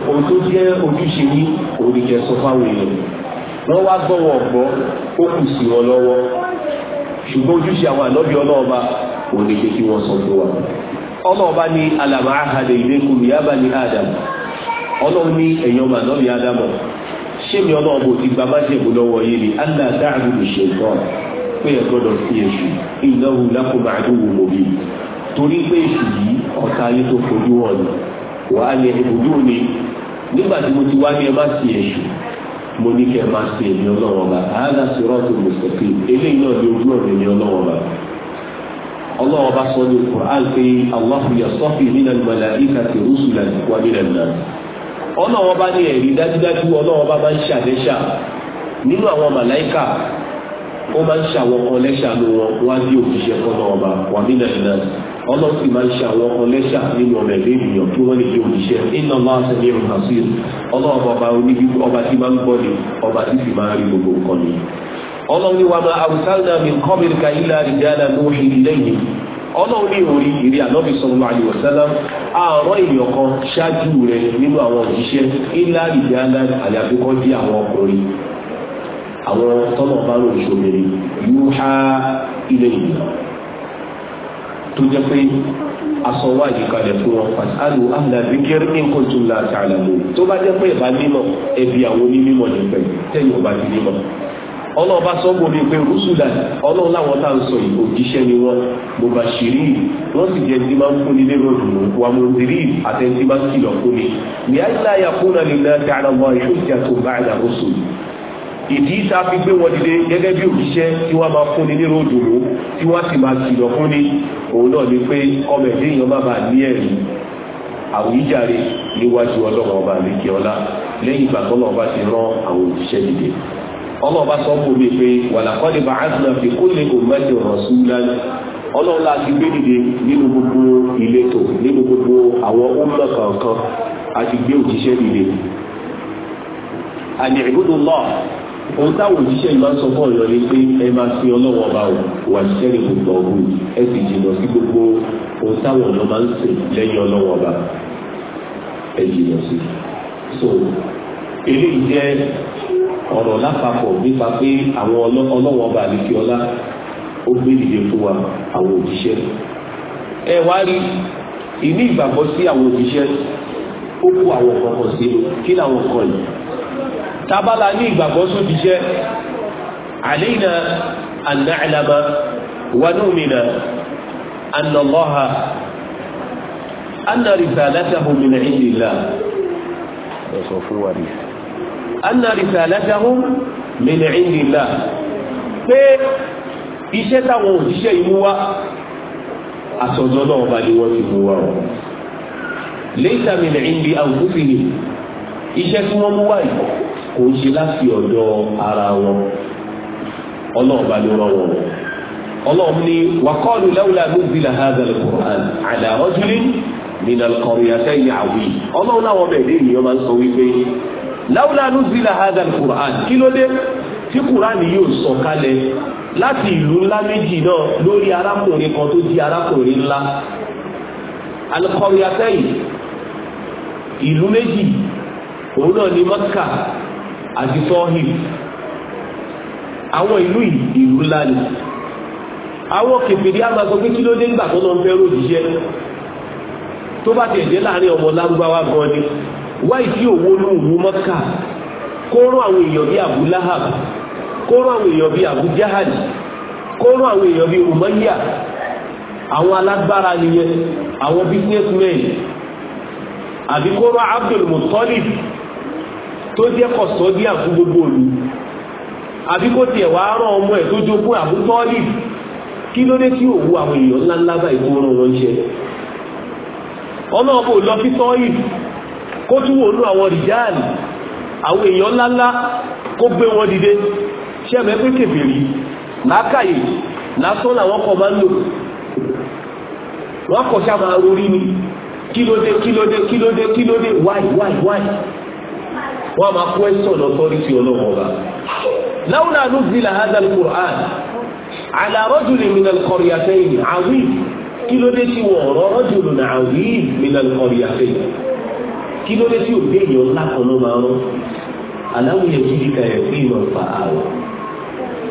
ohun tó jẹ́ ojúṣe yìí òun ni sọ fáwọn èèyàn wọ́n wá gbọ́wọ́ gbọ́ ó kù sí wọn lọ́wọ́ ṣùgbọ́n ojúṣe àwọn ànábì ọlọ́ọ̀ba ò lè jẹ́ kí wọ́n sọ fún wa. ọlọ́ọ̀ba ní alàmà ahàdè ìlẹ́kùn yaba ní adam ọlọ́ọ̀ ní ẹ̀yàn ọmọ ànábì adam ṣé mi ọlọ́ọ̀bù ti gba májèbú lọ́wọ́ yé mi allah dáhùn mi ṣe tọ́ pé ẹ gbọ́dọ̀ sí èṣù ìnáwó lákòmọ̀ àdúgbò mọ̀bí torí pé èṣù yìí ọ̀tá ayé tó fojú wọn ni wàá ní ibùdó ni nígbà tí mo ti wá ní ẹ má sí èṣù mo ní kẹ́ ẹ máa ṣe èmi ọlọ́run ọba àádá sí rọ́ọ̀tù mùsùlùmí eléyìí náà ní ojú ọ̀rọ̀ èmi ọlọ́run ọba ọlọ́run ọba sọ ní Qur'an pé Allahu yastafi minal malaikati rusulan wa minan nas ọlọ́run ọba ní ẹ̀rí dájúdájú ọlọ́run ọba máa ń ṣàdéṣà nínú àwọn màláìkà ó máa ń ṣàwọn lẹ́ṣà ló wá sí òṣìṣẹ́ kọ́nà ọba wà minan nas ọlọ́run sì máa ń ṣe àwọn ọkàn lẹ́ṣà nínú ọmọ ẹ̀dẹ́ ènìyàn kí wọ́n lè jẹ́ òjíṣẹ́ iná máa ṣe ní ọlọ́run ọba oníbi ọba tí máa ń ọba tí sì máa ń rí gbogbo nǹkan ni. ọlọ́run ni wàá máa mi ka ilá ìdáná ló ń lẹ́yìn ọlọ́run ní ìròrí ìrí ànábì sọ̀rọ̀ àyè wọ̀sálà àárọ̀ ènìyàn kan ṣáájú nínú àwọn òjíṣẹ́ ilá ìdáná tó jẹ́ pé aṣọ wá ìdíkalẹ̀ fún wọn pàṣẹ ahla zikr in kuntum la ta'lamun tó bá jẹ́ pé ìbá mímọ̀ ẹbí àwọn onímọ̀ nífẹ̀ tẹ́yìn ọba ti mímọ̀ ọlọ́ọ̀bá sọ bòmí pé rúṣùlà ọlọ́run láwọn tá à ń sọ yìí òjíṣẹ́ ni wọ́n mo bá ṣe rí sì jẹ́ ti máa ń fúnni lérò dùnú wà mo rí àtẹ̀ntì máa ń fúnni ní àyíká yà fún àlè náà dára wọn ìṣòjà tó bá àyà rúṣùlù ìdí tá a fi gbé wọn dìde gẹ́gẹ́ bí òṣìṣẹ́ tí wọ́n máa fúnni ní ròdòwò tí wọ́n sì máa kìlọ̀ fúnni òun náà ni pé ọmọ ẹ̀dẹ́ èèyàn má bàa ní ẹ̀rí àwíjàre níwájú ọlọ́run ọba àlejò ọlá lẹ́yìn ìgbà tó lọ́ọ́ bá ti rán àwọn òṣìṣẹ́ dìde ọlọ́run bá sọ fún mi pé wàlàkọ́ni bá àdúrà fi kó lè kó mẹ́jọ rọ̀ sí ọlọ́run láti ohun táwọn òjíṣẹ́ ìmá sọ fún ọ̀yọ́ ni pé ẹ máa fi ọlọ́wọ́ ọba wà ṣiṣẹ́ ní gbogbo ọ̀hún ẹ sì jìnnà sí gbogbo ohun táwọn ọ̀nà máa ń sè lẹ́yìn ọlọ́wọ́ ọba ẹ jìnnà sí. so eléyìí jẹ́ ọ̀rọ̀ lápapọ̀ nípa pé àwọn ọlọ́wọ́ ọba àlekí ọlá ó gbé dìde fún wa àwọn òjíṣẹ́ ẹ wá rí ìní ìgbàgbọ́ sí àwọn òjíṣẹ́ ó kó àwọn kọ̀ọ̀kan sínú kí làwọn kọ̀ tábàlà ní ìgbàgbọ́ sóbi jẹ́ àléyìnà ànáàlámà wánúmìnà ànàmọ́ha ànàrìsà látàhùn min indillah ẹ sọ fún wa rí ànàrìsà látàhùn min indillah pé iṣẹ́ táwọn òṣìṣẹ́ ìmú wa àtọ̀dọ̀ náà bá wọ́n ti mú wa o laysa min indi iṣẹ́ tí wọ́n mú wá yìí kò ń ṣe láti ọ̀dọ̀ ara wọn ọlọ́run bá ló rọ wọn ọlọ́run ní wàkọ́ọ̀lù quran ala rajulin min al-qaryatayn azim ọlọ́run láwọn bẹ̀ẹ́ dé ènìyàn máa ń sọ wípé lawla nuzila hadha quran kí ló dé tí Qur'an yóò sọ kalẹ̀ láti ìlú ńlá méjì náà lórí arákùnrin àti sọ́hìn àwọn ìlú ìlú ńlá ni àwọn kèfèrí a máa sọ pé kí ló dé nígbà tó lọ ń fẹ́ ròjìṣẹ́ tó bá tiẹ̀ dé láàrin ọmọ lárúbáwá gan ni wáyé tí òwò ló ń wú mọ́kà kó rán àwọn èèyàn bíi Abu Lahab kó rán àwọn èèyàn bíi Abu Jahal kó rán àwọn èèyàn bíi Umayya àwọn alágbára nìyẹn àwọn businessmen àbí kó rán Abdul Muttalib tó jẹ́ kọ̀sọ́díà fún gbogbo òlu àbí kó tiẹ̀ wá rán ọmọ ẹ̀ tó jogún àbútọ́ọ̀lì kí ló dé tí òwú àwọn èèyàn ńláńlá báyìí tó rán wọn jẹ ọlọ́ọ̀bù lọ sí kó tún wò nú àwọn rìjáàlì àwọn èèyàn kó gbé wọn dìde ṣé ẹ̀mẹ́ pé lásán làwọn kọ̀ máa ń lò wọ́n wọ́n máa question authority ọlọ́wọ́ ọba. lawla nuzila hadha al-Qur'an ala rajulin min al-qaryatayn azim kí ló dé tí wọ́n ọ̀rọ̀ rajulun azim min al-qaryatayn kí ló dé tí òbí èèyàn ńlá kan ló máa rán aláwòye gidi ka ẹ̀ fún ìmọ̀ fà á rọ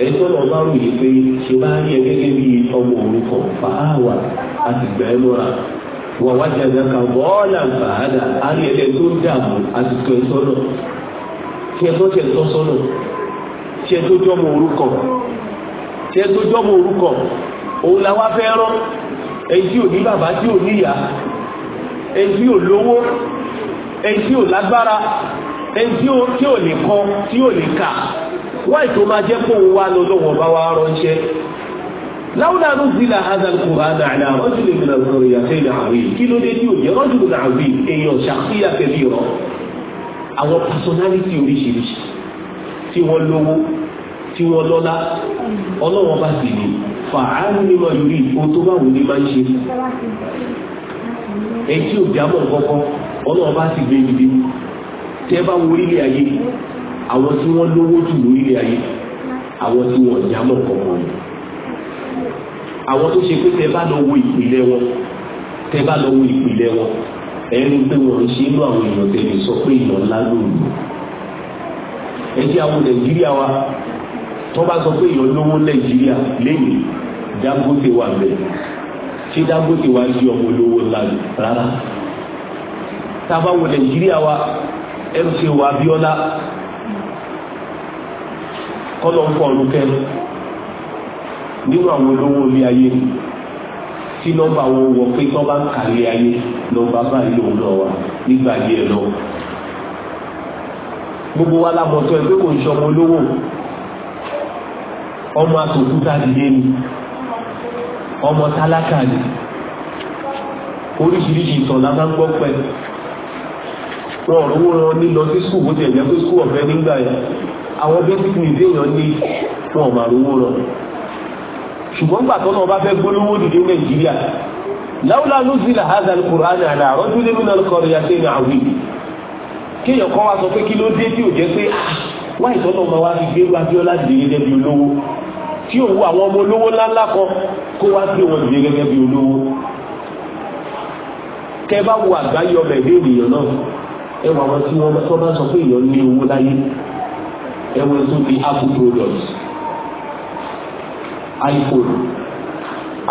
ẹjọ́ náà bá rò yìí pé ṣe bá rí ẹ gẹ́gẹ́ bí ọmọ òun kan fà á wà á ti gbà ẹ́ mọ́ra wàwá jẹjẹ kan bọ́ọ̀lù àǹfààdà àrí ẹ̀jẹ̀ tó dààmú àsìkò ìsọ́nà tiẹ̀ tó tiẹ̀ tó sọ́nà tiẹ̀ tó jọ́mọ orúkọ tiẹ̀ tó jọ́mọ orúkọ òun la wá fẹ́ rán èyí tí ò ní bàbá tí ò níyà èyí tí ò lówó èyí tí ò lágbára èyí tí ò lè kọ tí ò lè kà wáyé tó máa jẹ́ kó òun wá lọ́wọ́ bá wa ránṣẹ́ láwùlà ló sì là hadal Qur'an àlà rọ́jùlẹ̀ mi nàzọ̀ rẹ̀ yàtọ̀ ìlà àrí kí ló dé tí ò jẹ́ rọ́jùlẹ̀ nà àrí èèyàn ṣàkíyà kẹbí rọ àwọn personality oríṣiríṣi tí wọ́n lówó tí wọ́n lọ́lá ọlọ́wọ́n bá sì ní fàánù ní máa yorí ohun tó bá wù ní máa ń ṣe ẹtí ò jábọ̀ kọ́kọ́ ọlọ́wọ́n bá sì gbé ibi tẹ́ bá wo orílẹ̀ ayé àwọn tí wọ́n lówó jù lórílẹ̀ ayé àwọn tí wọ́n jámọ̀ kọ́kọ́ yìí àwọn tó ṣe pé tẹ bá lọ wo ìpìlẹ̀ wọn tẹ bá lọ wo ìpìlẹ̀ wọn ẹni pé wọn ń ṣe inú àwọn èèyàn tẹ̀lé sọ pé ìlọ ńlá lòlù ẹ jẹ́ àwọn nàìjíríà wa tó bá sọ pé èèyàn lówó nàìjíríà lẹ́yìn Dangote wà bẹ́ẹ̀ ṣé Dangote wà di ọmọ olówó ńlá rárá tá a nàìjíríà wa MC wa Abiola kọ́ ló ń fọ́ ọdún kẹ́rin nínú àwọn olówó ilé ayé tí nọ́mbà wọn wọ pé tọ́ bá ń kàlé ayé nọ́mbà báyìí lòun náà wà nígbà díẹ̀ lọ. gbogbo wa la mọ̀ sọ pé kò ń ṣọmọ olówó ọmọ atòkúta dìde ni ọmọ tálákà ni oríṣiríṣi ìtàn la máa ń gbọ́ pẹ́ wọn ò rówó ran ní lọ sí skul bó tiẹ̀ jẹ́ pé skul ọ̀fẹ́ nígbà yẹn àwọn basic needs èèyàn ní wọn ò máa rówó ran ṣùgbọ́n gbà tó náà bá fẹ́ gbólówó dìde nàìjíríà láwùlá nùzílà hazal quran àlà rọ́jú lé mìíràn kọrin yàtẹ̀ ní àwìn kéèyàn kọ́ wa sọ pé kí ló dé tí ò jẹ́ pé ah, wá ìtọ́nà ọmọ wa fi gbé Abíọ́lá dìde gẹ́gẹ́ bí olówó tí òun àwọn ọmọ olówó ńláńlá kan kó wá gbé wọn dìde gẹ́gẹ́ bí olówó kẹ bá wo àgbáyé ọmọ ẹgbẹ́ ènìyàn náà ẹ wà wọn tí wọn bá sọ pé èèyàn ní owó láyé ẹ wọn tó ní apple products iphone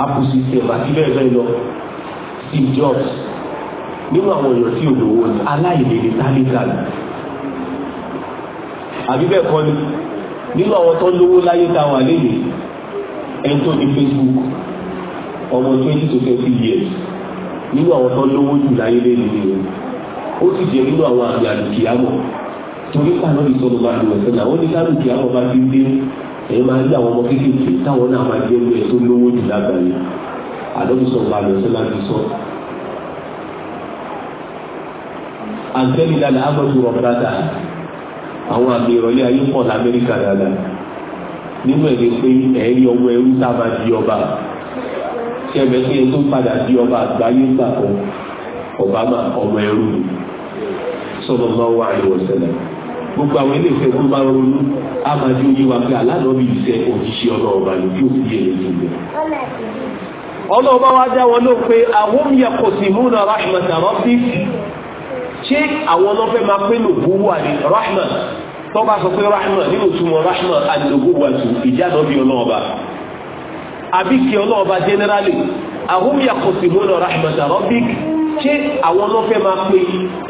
apple system àti bẹ́ẹ̀ bẹ́ẹ̀ lọ steve jobs nínú àwọn èèyàn tí olówó ni aláìlè ní tálíkà ni àbí bẹ́ẹ̀ kọ́ ni nínú àwọn tó lówó láyé tá a wà léyìí ẹni tó ní facebook ọmọ twenty to thirty years nínú àwọn tó lówó jù láyé léyìí ni ó sì jẹ́ nínú àwọn àmì àdùkìyàmọ̀ torí pàlọ́ ìsọ̀rọ̀ máa lò ẹ̀sẹ̀ náà ó ní ká bá ti dé èyí máa rí àwọn ọmọ kéékèèké táwọn náà máa jẹ́ ẹgbẹ́ tó lówó jù lágbàáyé àdókòsọ̀ máa lọ sí láti sọ. àǹtẹ́ni dáadáa amadu ọ̀bùrádà àwọn àmì ìrọ̀lẹ́ ayé pọ̀ lamẹ́ríkà dáadáa nínú ẹ̀ ní pé ẹ̀rí ọmọ ẹrú tá a máa di ọba tí ẹ̀mẹ́ pé ẹ tó padà di ọba àgbáyé gbà kan Obama ọmọ ẹrú ni sọ́dọ̀ máa wà ní wọ́sẹ̀lẹ̀ gbogbo àwọn ilé ìfẹ́ tó bá ronú á máa di oyé wa pé alánàbí ìfẹ́ òjíṣẹ́ ọlọ́ọ̀bà ni kí ó fi èrè fún mi. ọlọ́ọ̀bá wa dá wọn ló pé àwọn yaqsimuna rahmata rabbik ṣé àwọn ọlọ́fẹ́ máa pé lòbú wà ní rahma tó bá sọ pé rahma nínú túmọ̀ rahma àdìlógó wà tù ìjánàbí ọlọ́ọ̀bà àbí kí ọlọ́ọ̀bà generally àwọn yaqsimuna rahmata rabbik ṣé àwọn náà fẹ́ máa pe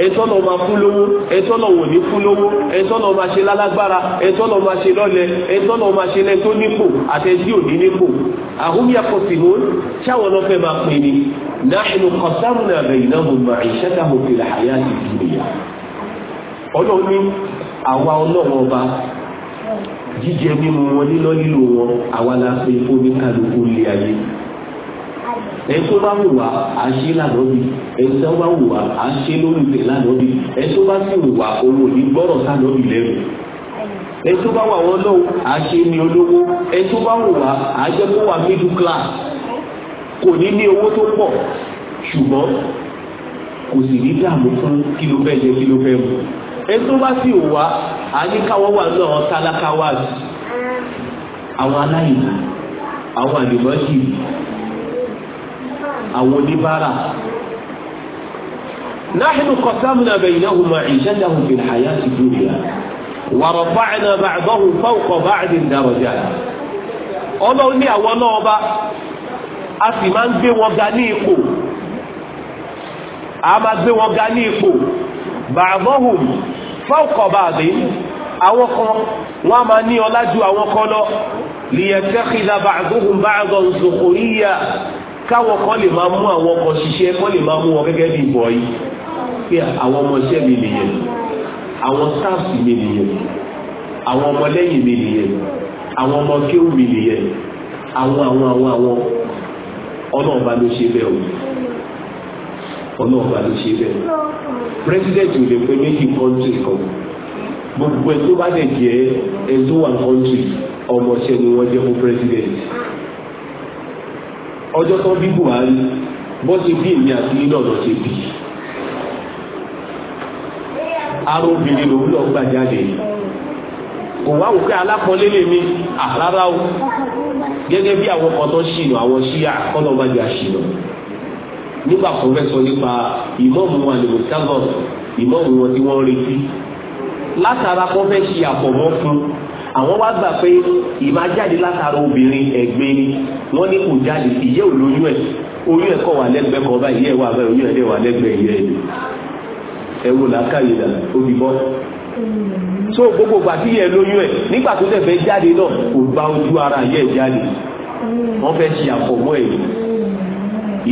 ẹ̀tọ́ náà máa fún lówó ẹ̀tọ́ náà wò ní fún lówó ẹ̀tọ́ náà máa ṣe lálágbára ẹ̀tọ́ náà máa ṣe lọ́lẹ̀ ẹ̀tọ́ náà máa ṣe lẹ́ tó nípò àtẹ̀jí òní nípò àhúnyà kọ̀sìmó ṣáwọn náà fẹ́ máa pe ni nahnu qasamna baynahum ma'ishatahum fil hayati dunya ọlọ́run ní àwa ọlọ́run ọba jíjẹ mímu wọn nílọ́ lílo ẹtọ́ bá wù wá à ń ṣe lánàbí ẹtọ́ bá wù wá à ń ṣe lórí ìpè lánàbí ẹtọ́ bá sì wù wá òun ò ní gbọ́rọ̀ sánàbí lẹ́nu ẹtọ́ bá wà wọ́n lọ́wọ́ à ń ṣe ní olówó ẹtọ́ bá wù wá à ń jẹ́ kó wà middle class kò ní ní owó tó pọ̀ ṣùgbọ́n kò sì ní dààmú fún kí ló fẹ́ jẹ kí ló fẹ́ mu ẹtọ́ bá sì wù wá à ní káwọ́ wà náà tálákà wá àwọn aláìní àwọn àdìmọ́sí àwọn oníbàárà nahnu qasamna baynahum ma'ishatahum fil hayati dunya wa rafa'na ba'dahum fawqa ba'din darajat ọlọ́run ní àwọn náà bá a sì máa ń gbé wọn ga ní ipò a máa gbé wọn ga ní ipò ba'dahum fawqa ba'din àwọn kan wọn a máa ní ọlá ju àwọn kan lọ liyatakhidha ba'duhum ba'dan sukhriya káwọn kan lè máa mú àwọn ọkọ̀ ṣiṣẹ́ kan lè máa mú wọn gẹ́gẹ́ bí ìbọ̀ yìí pé àwọn ọmọọṣẹ́ mi nìyẹn àwọn staff mi nìyẹn àwọn ọmọlẹ́yìn mi nìyẹn àwọn ọmọ kéwù mi nìyẹn àwọn àwọn àwọn àwọn ọlọ́ọ̀ba ló ṣe bẹ́ẹ̀ o ọlọ́ọ̀ba ló ṣe bẹ́ẹ̀ president ò lè pe méjì country kan gbogbo ẹ̀ tó bá dẹ̀ jẹ́ ẹ̀ tó wà country ọmọọṣẹ́ ni wọ́n jẹ́ fún president ọjọ́ tó bí Buhari bó ṣe bí èmi àti nínú ọ̀nà ṣe bí ara obìnrin lòun lọ gbà jáde kò wá òkè alákọ̀ọ́lé lè mi àrárá o gẹ́gẹ́ bí àwọn kan tó ṣìnà àwọn ṣíà kọ́nà bá jà ṣìnà nígbà kan fẹ́ sọ nípa ìmọ̀ọ́mù wọn àlè mùsàgọ̀ ìmọ̀ọ́mù wọn tí wọ́n ń retí látara kan fẹ́ ṣe àfọ̀mọ́ fún un àwọn wá gbà pé ìmá jáde látara obìnrin ẹ̀gbẹ́ ni wọ́n ní kò jáde ìyẹ́ ò lóyún ẹ̀ oyún ẹ̀ kọ̀ wà lẹ́gbẹ̀ẹ́ kan báyìí ẹ̀ wà bẹ́ẹ̀ oyún ẹ̀ dẹ̀ wà lẹ́gbẹ̀ẹ́ ìyẹ́ ẹ̀ ẹ wo làákàyè dà obì bọ́ so gbogbo gbà tí yẹ lóyún ẹ̀ nígbà tó tẹ̀fẹ́ jáde náà kò gba ojú ara yẹ jáde wọ́n fẹ́ ṣe àfọ̀mọ́ ẹ̀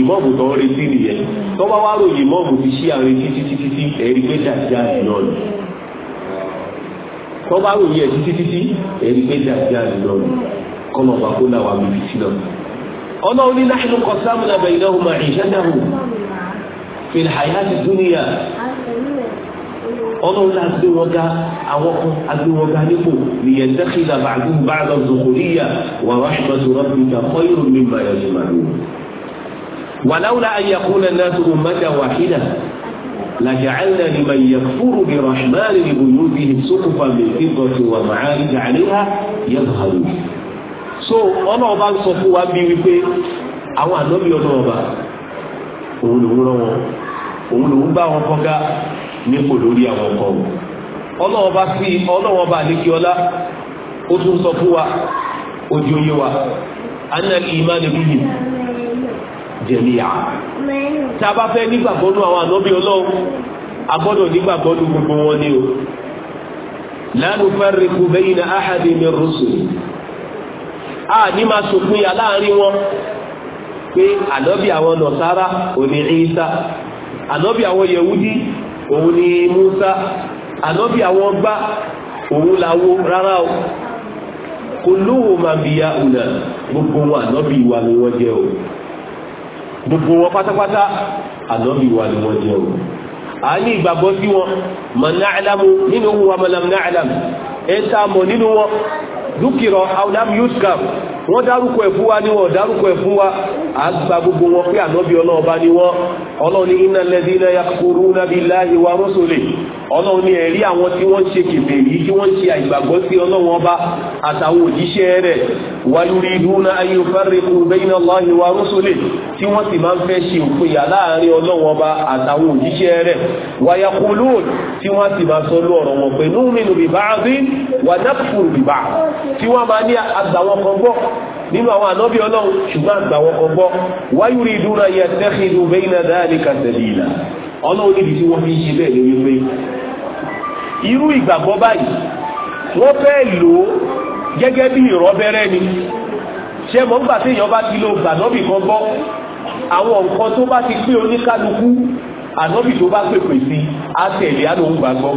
ìmọ̀ọ̀mù tó ń retí nìyẹn tó bá wá ròyìn ìmọ̀ọ̀mù ti ṣí àrètí títí títí ẹ̀rí pé dàjà náà tó bá rò yẹ títí títí èyí pé dáadáa lọ rẹ kọ́nà ọba kó làwọn àmì fìtí náà. ọlọ́run ní láti lóko sámúlà bẹ̀yìn náà máa ìṣẹ́ náà fi àyà ti dúnìyà ọlọ́run la gbé wọn ga àwọn kan agbé wọn ga nípò nìyẹn dẹ́kìlá bàdú bàdú zòkòríyà wà rahmatu rabbika khayrun mimma yajma'un. لجعلنا لمن يكفر برحمن لبيوتهم سقفا من فضة ومعارج عليها يظهر. so ọlọ́ọ̀bá ń sọ fún wa bí wípé àwọn ànábì ọlọ́ọ̀bá òun lòún rán wọn òun lòún bá wọn fọ́gá nípò lórí àwọn ọkọ wọn ọlọ́ọ̀bá sí ọlọ́ọ̀bá àdékíọlá ó tún sọ fún wa ojú oyé wa anna ìmánu bíyì jẹ̀míyà. tá a bá fẹ́ nígbàgbọ́ nú àwọn ànábì ọlọ́run a gbọ́dọ̀ nígbàgbọ́ nú gbogbo wọn ni o. la nufarriqu bayna ahadin min rusuli. a ní máa sòpin yà láàrin wọn pé ànábì àwọn nọ̀sára òní Ìsá ànábì àwọn yẹ̀wúdí òun ni Mùsá ànábì àwọn gbá òun làwọ rárá o kulluhum anbiya'una gbogbo wọn ànábì wa ni wọ́n jẹ́ o gbogbo wọn pátápátá ànábì wa ni wọ́n jẹ́ o a ní ìgbàgbọ́ sí wọn man na'lamu nínú wa man lam na'lam ẹ̀ ń tà mọ̀ nínú wọn dúkìrọ̀ aw lam yuskar wọ́n dárúkọ ẹ̀ fún wa ni wọ́n dárúkọ ẹ̀ fún wa à ń gba gbogbo wọn pé ànábì ọlọ́run bá ní wọ́n ọlọ́run ní iná lẹ́dí iná yakuru nàbí láàyè wa rọ́sọ̀lẹ̀ ọlọ́run ẹ̀rí àwọn tí wọ́n ṣe kèfè tí wọ́n ṣe àìgbàgbọ́ sí ọlọ́run ọba àtàwọn òjíṣẹ́ rẹ̀ wáyúrí dúnà ayé bẹ́yìn aláhi wa rọ́sọ̀lẹ̀ tí wọ́n sì máa ń fẹ́ ṣe òpinya láàrin ọlọ́run ọba àtàwọn òjíṣẹ́ rẹ̀ wáyàkúlù tí wọ́n sì máa sọ lú ọ̀rọ̀ wọn pé númínú bìbá àbí wàdàkùn bìbá tí wọ́n máa ní àgbà wọn kan gbọ́ nínú àwọn ànábì ọlọ́run ṣùgbọ́n àgbà wọn kò gbọ́ wáyúrí ìdúrà yẹ tẹ́kìdù bẹ́yìnà dáàlì kàtẹ́lì ìlà ọlọ́run níbi tí wọ́n fi ń ṣe bẹ́ẹ̀ ni wípé irú ìgbàgbọ́ báyìí wọ́n fẹ́ lò ó gẹ́gẹ́ bí ìrọ́bẹ́rẹ́ ni ṣé mọ̀ nígbà téèyàn bá ti lo gbànọ́bì kan gbọ́ àwọn nǹkan tó bá ti pé oníkálukú ànọ́bì tó bá pèpè sí á tẹ̀lé gbàgbọ́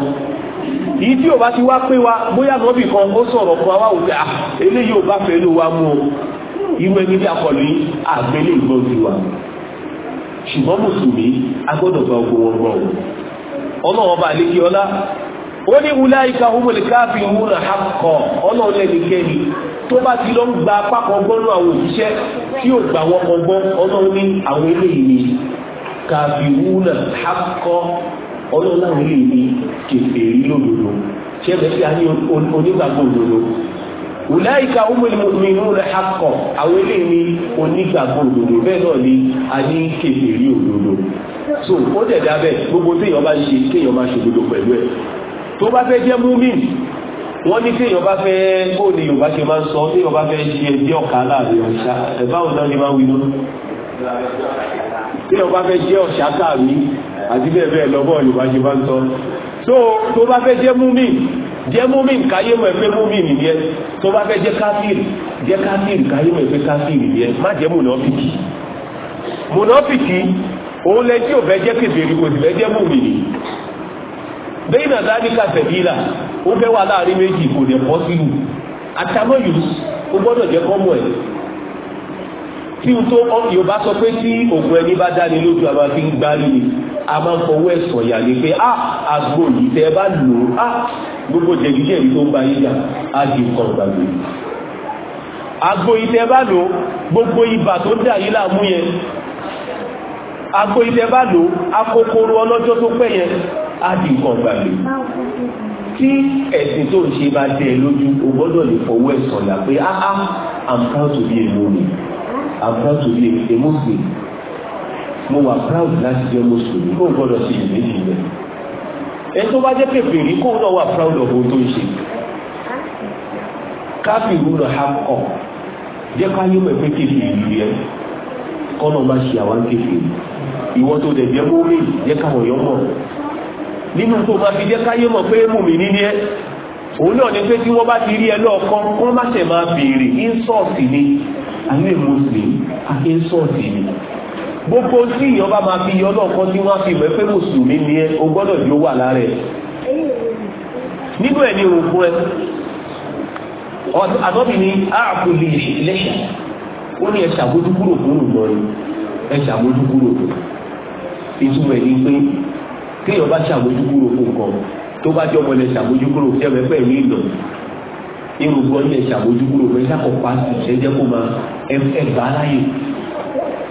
èyí tí ò bá ti wá pé wa bóyá nọ́bì kan ó sọ̀rọ̀ fún wa wá òkè à ah, eléyìí ò bá fẹ́ ló wa mú o irú ẹni bí akọlù yìí àgbélé ìgbọ́n ti wà ṣùgbọ́n mùsùlùmí agbọ́dọ̀ gba ogun wọn gbọ́ o ọlọ́wọ́ bá lè kí ọlá ó ní wúlá ìka humul kafiruna haqqan ọlọ́run lẹ́nikẹ́ni tó bá ti lọ ń gba apá kan gbọ́nú àwọn òṣìṣẹ́ tí yóò gbà wọ́n kan gbọ́ ọlọ́run ní àwọn eléyìí ni kafiruna haqqan ọlọ́run náà lè ní kèfèrí lòdòdò ṣẹ́fẹ̀ sí àní onígbàgbọ́ òdòdò wùláìka ọmọlẹ́mọ̀mìnú rẹ̀ akọ̀ àwọn eléyìí ní onígbàgbọ́ òdòdò bẹ́ẹ̀ náà ni a ní kèfèrí òdòdò so ó dẹ̀ dábẹ́ gbogbo téèyàn bá ń ṣe kéèyàn máa ṣòdodo pẹ̀lú ẹ̀ tó bá fẹ́ jẹ́ múmin wọ́n ní téèyàn bá fẹ́ kó yorùbá ṣe máa ń sọ téèyàn bá fẹ́ ṣe ẹgbẹ́ tí ọba fẹ́ jẹ́ ọ̀ṣáká mi àti bẹ́ẹ̀ bẹ́ẹ̀ lọ́bọ̀ yorùbá ṣe bá ń sọ tó tó bá fẹ́ jẹ́ múmi jẹ́ múmi káyé mọ̀ ẹgbẹ́ múmi nìyẹn tó bá fẹ́ jẹ́ káfíìrì jẹ́ káfíìrì káyé mọ̀ ẹgbẹ́ káfíìrì nìyẹn má jẹ́ mùnàfìkì mùnàfìkì òun lẹ tí ò fẹ́ jẹ́ kébèrè kò sì fẹ́ jẹ́ múmi nìyí bẹ́ẹ̀ náà dáadé kàfẹ́ bí là ó fẹ́ wà láàrin méjì kò dẹ̀ pọ́ sílù àtàmọ́yù ó gbọ́dọ̀ jẹ́ kọ́mọ̀ ẹ̀ kí n tó yorùbá sọ pé tí ògùn ẹni bá dá ní lójú àbá fi ń gbá lóye a máa ń fọwọ́ ẹ̀ sọ̀yà ni pé a ah, àgbo yìí tẹ́ ẹ bá lò ó a ah, gbogbo jẹ̀díjẹ̀dí tó ń ba yíjà á di nǹkan gbàgbé àgbo yìí tẹ́ ẹ bá lò ó gbogbo ibà tó dà yín láàmú yẹn àgbo yìí tẹ́ ẹ bá lò ó akókóró ọlọ́jọ́ tó pẹ́ yẹn á di nǹkan gbàgbé tí ẹ̀sìn tó ń ṣe bá dẹ̀ lójú o lè fọwọ́ ẹ̀ sọ̀yà pé ah, ah i'm proud to be a woman i'm proud to be a muslim mo wà proud láti jẹ́ mùsùlùmí kó n gbọ́dọ̀ sí ìlú méjì rẹ̀ ẹni tó bá jẹ́ kèfèrí kó náà wà proud of ohun tó ń ṣe káfí gbọ́dọ̀ ha kọ̀ jẹ́ ká yóò mẹ́ pé kèfèrí yẹ kọ́nà má ṣe àwọn kèfèrí ìwọ́n tó dẹ̀ jẹ́ mọ́mí jẹ́ káwọn yọ mọ̀ nínú tó bá fi jẹ́ ká yóò mọ̀ pé mùmí níní òun náà ni pé tí wọ́n bá ti rí ẹ lọ́ọ̀kan wọ́n má ṣe máa béèrè ínsọ́ọ̀tì ni àmì mùsùlùmí àti ni gbogbo tí ìyọba máa fi yọ lọ́ọ̀kan tí wọ́n á fi mọ̀ pé mùsùlùmí ni ẹ o gbọ́dọ̀ yóò wà lára nínú ẹ̀ ní òògùn ẹ àtọ́bí ni ààbò ó ní ẹ fún ẹ fún ìtumọ̀ ẹ̀ ní pé kéèyàn bá fún nǹkan tó bá jẹ́ ọmọ ilẹ̀ ṣàbójúkúrò tí ẹ̀mẹ́ pẹ̀lú ìlọ irúgbọ́ ilẹ̀ ṣàbójúkúrò pé sákọ̀ pàṣẹ ṣe jẹ́ kó máa ẹgbàá láyè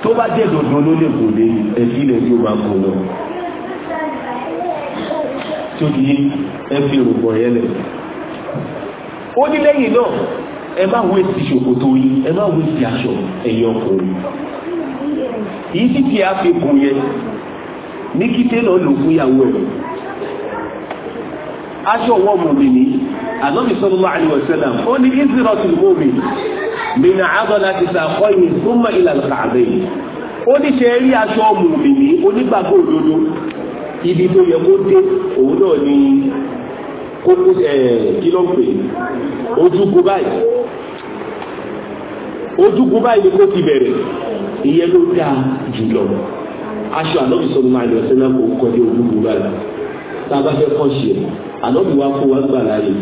tó bá jẹ́ dandan ló lè kò lè ẹ̀fí ilẹ̀ tí ó máa kò lọ. tó di ẹ fi irúgbọ́ yẹn lẹ̀. ó ní lẹ́yìn náà ẹ má wé ti ṣòkòtò yín ẹ má wé ti aṣọ ẹ̀yìn ọkùnrin. yìí sì ti àfikún yẹn ní kíté náà lò fún ìyàwó ẹ̀ aṣọ wọ mùmìnì ànábì sallallahu alaihi wasallam ó ní izratul mu'min min adlati saqayhi thumma ila al-ka'bayhi ó ní ṣe rí aṣọ mùmìnì onígbàgbọ́ òdodo ibi tó yẹ kó dé òun náà ní kókó ẹ kí ló ń pè ojúkú báyìí ojúkú báyìí ni kó ti bẹ̀rẹ̀ ìyẹn ló dáa jùlọ aṣọ ànábì sallallahu alaihi wasallam kò kọjá ojúkú báyìí tá a bá fẹ́ kọ́ ṣe ànábì wa kó wa gbà láàyè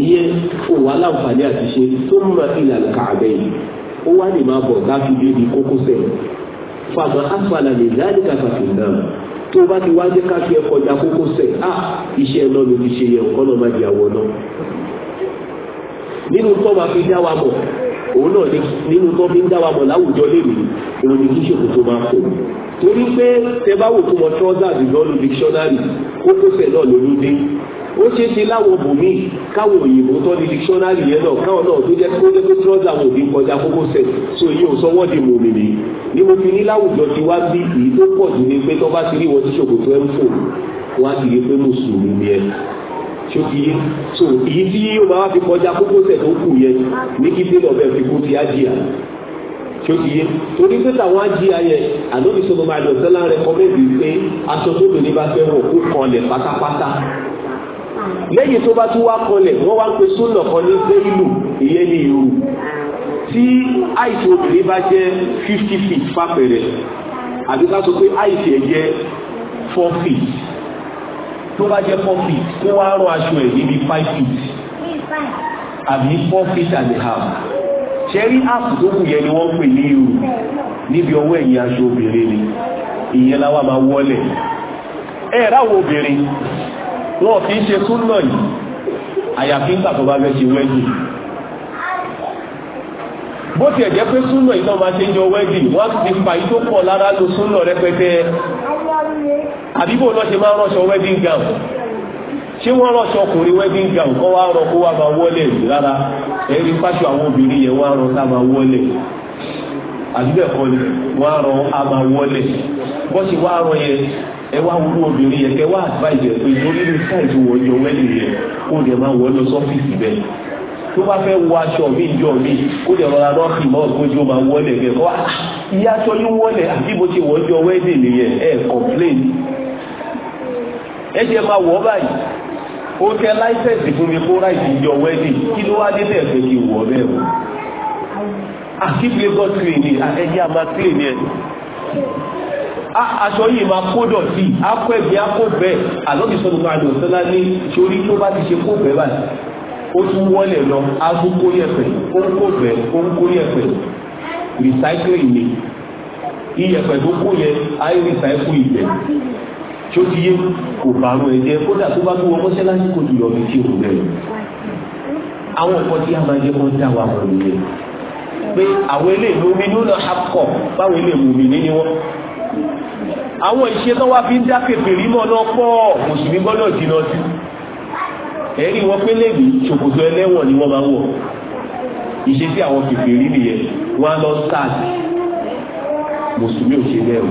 ìyẹn kò wá láǹfààní àti ṣe tó múra ìlànà kààbẹ̀ yìí ó wá lè máa bọ̀ láti débi kókósẹ̀ fàgbà àfàlà lè láàyè kàkàkì náà tó bá ti wá jẹ́ ká fi ẹ kọjá kókósẹ̀ á iṣẹ́ náà ló ti ṣe yẹ ọ̀kọ́ má di àwọ̀ náà nínú tó máa fi dá wa mọ̀ òun náà nínú tó fi ń dá wa mọ̀ láwùjọ léèrè òun ni kí ṣòkòtò máa kò torí pé tẹ bá wò fún mọ trousers lọ́nu dictionary kókósẹ̀ náà ló ló dé ó ṣeé ṣe láwọn bòmí káwọn òyìnbó tó ní dictionary yẹn náà káwọn náà tó jẹ́ kó jẹ́ pé trousers àwọn òbí kọjá kókósẹ̀ so yìí ò sọ́wọ́ di mòmí ni ni mo fi ní láwùjọ ti wá bí èyí tó pọ̀ jù ni pé tó bá ti rí wọn ti ṣòkòtò ẹ̀ ń fò wá ti rí pé mùsùlùmí ni ẹ̀ tí ó fi yé so èyí tí yóò máa fi kọjá kókósẹ̀ tó kù yẹn ní kí tí ó ti yé torí pé táwọn ajíya yẹ ànábi sọ ma lọ sọlá rẹ kọmẹbi pé aṣọ tó lò ní bá fẹ́ wọ̀ kó kanlẹ̀ pátápátá lẹ́yìn tó bá tún wá kanlẹ̀ wọ́n wá ń pe sólọ kan ní zéìlù ìyẹn ní ìrù tí àìsí obìnrin bá jẹ́ fifty feet fàpẹrẹ àbí ká sọ pé àìsí ẹ jẹ́ four feet tó bá jẹ́ four feet kó wá rán aṣọ ẹ níbi five feet àbí four feet and a half ṣẹ́rí áàpù tó kù yẹn ni wọ́n pè ní ihò níbi ọwọ́ ẹ̀yìn aṣọ obìnrin ni ìyẹn láwa máa wọlẹ̀ ẹ ráwọ̀ obìnrin wọn kì í ṣe súnà yìí àyàfi ń tàbí ọba fẹ́ ṣe wẹ́dì bó tiẹ̀ jẹ́ pé súnà yìí náà máa ṣe ń jọ wẹ́dì wọ́n ti fa yìí tó pọ̀ lára lo súnà rẹpẹtẹ àbí bó lọ́ ṣe máa ránṣọ wẹ́dì gan-an ṣé wọ́n rọṣọ ọkùnrin wedding gown kọ́ wá rọ kó wá máa wọlé rárá ẹ̀rí pàṣẹ àwọn obìnrin yẹn wá rọ ká máa wọlé àdúgbẹ̀kọ́ ni wá rọ á máa wọlé bó ṣe wá rọ yẹn ẹ wá wúlú obìnrin yẹn kẹ wá advice ẹ pé torí ní káìsì wọ ọjọ́ wedding yẹn kó lè máa wọ lọ sọ́fíìsì bẹ́ẹ̀ tó bá fẹ́ wọ aṣọ mi jọ mi kó lè rọra lọ kì mọ́ kójú máa wọlé kẹ́kọ́ ah, ìyá aṣọ yín wọlé àbí mo ṣe wọ ọjọ́ wedding nìyẹn ẹ̀ complain ẹ jẹ́ máa wọ̀ báyìí ó tẹ láìsẹ̀sì fún mi kó ráìsì ìjọ wẹ́dì kí ló wá délẹ̀ fẹ́ kí wọ̀ bẹ́ẹ̀ o àkíkílé ah, god clean ni ah, ẹ̀jẹ̀ àmà clean ni ẹ̀ ah, aṣọ yìí máa kó dọ̀tí akọ ẹ̀gbẹ́ akọ bẹ́ẹ̀ àlọ́bí sọ́dún máa lò sọ́lá ní torí tó bá ti ṣe kó bẹ́ẹ̀ báyìí ó tún wọlé lọ aṣọ kó yẹ̀pẹ̀ ó ń kó bẹ́ẹ̀ ó ń kó yẹ̀pẹ̀ recycling ni iyẹ̀pẹ̀ tó kó yẹ ayé recycle ibẹ̀ tí ó ti yé kò bàrún ẹ̀jẹ̀ kódà tó bá tó wọn kọ́ṣẹ́ láti kò jùlọ ní tí òun bẹ̀rẹ̀ àwọn nǹkan tí a máa jẹ́ kó dá wa mọ̀ nìyẹn pé àwọn eléyìí ló rí lónà akọ báwọn eléyìí mú mi ní ni wọn àwọn ìṣe tó wá fi ń dá kèfèrí mọ́ náà pọ̀ mùsùlùmí gbọ́dọ̀ jìnnà sí ẹ̀rí wọn pé lèmi ṣòkòtò ẹlẹ́wọ̀n ni wọ́n máa ń ìṣe tí àwọn kèfèrí nìyẹn wọ́n á lọ sáàtì mùsùlùmí ò ṣe bẹ́ẹ̀ o.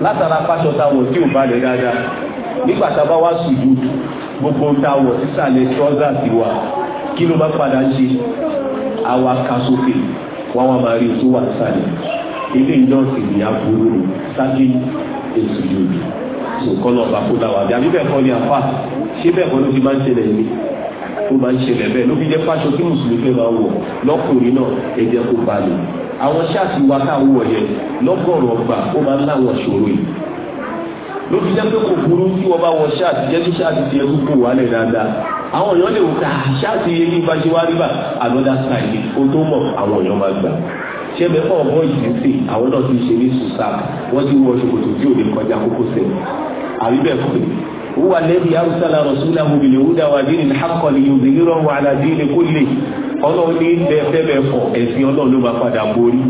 látara pàṣọ táwọn tí ò balẹ̀ dáadáa nígbà tá a bá wá sùdù gbogbo táwọn sísàlẹ̀ tọ́sà sí wa kí ló bá padà ṣe àwa ka sókè wọn wá máa rí o tó wà sálẹ̀ ilé ìjọsìn ní aburú sáké èsì yòòdù sòkòlò ọba kó dáwà bí abíbẹ̀ kọ́ ni àfa ṣé bẹ́ẹ̀ kọ́ ló ti máa ń ṣẹlẹ̀ ní ó máa ń ṣẹlẹ̀ bẹ́ẹ̀ ló fi jẹ́ fáṣọ kí mùsùlùmí fẹ́ máa wọ̀ lọ́kùnrin náà ẹ̀jẹ̀ kó balẹ̀ àwọn ṣáàtì wa tá a wọ̀ yẹn lọ́gọ̀rọ̀ ọgbà ó máa ń láwọn ṣòro yìí ló fi jẹ́ pé kò burú tí wọ́n bá wọ ṣáàtì jẹ́ kí ṣáàtì ti ẹkú kò wálẹ̀ dáadáa àwọn èèyàn lè wò ká ṣáàtì yẹn ní ìbáṣe wá rí bá another side ó tó mọ̀ àwọn èèyàn máa gbà ṣé bẹ́ẹ̀ fọ́ ọgbọ́n àwọn náà ti ṣe ní sùsà wọ́n ti wọ ṣòkòtò tí ò ní kọjá kókósẹ̀ àbí bẹ́ẹ̀ kọ́ huwa alladhi arsala rasulahu bil huda wa dinil haqqi liyudhhirahu ala dini kulli ọlọ́run ní bẹ́ẹ̀ fọ ẹ̀sìn ọlọ́run ló bá padà borí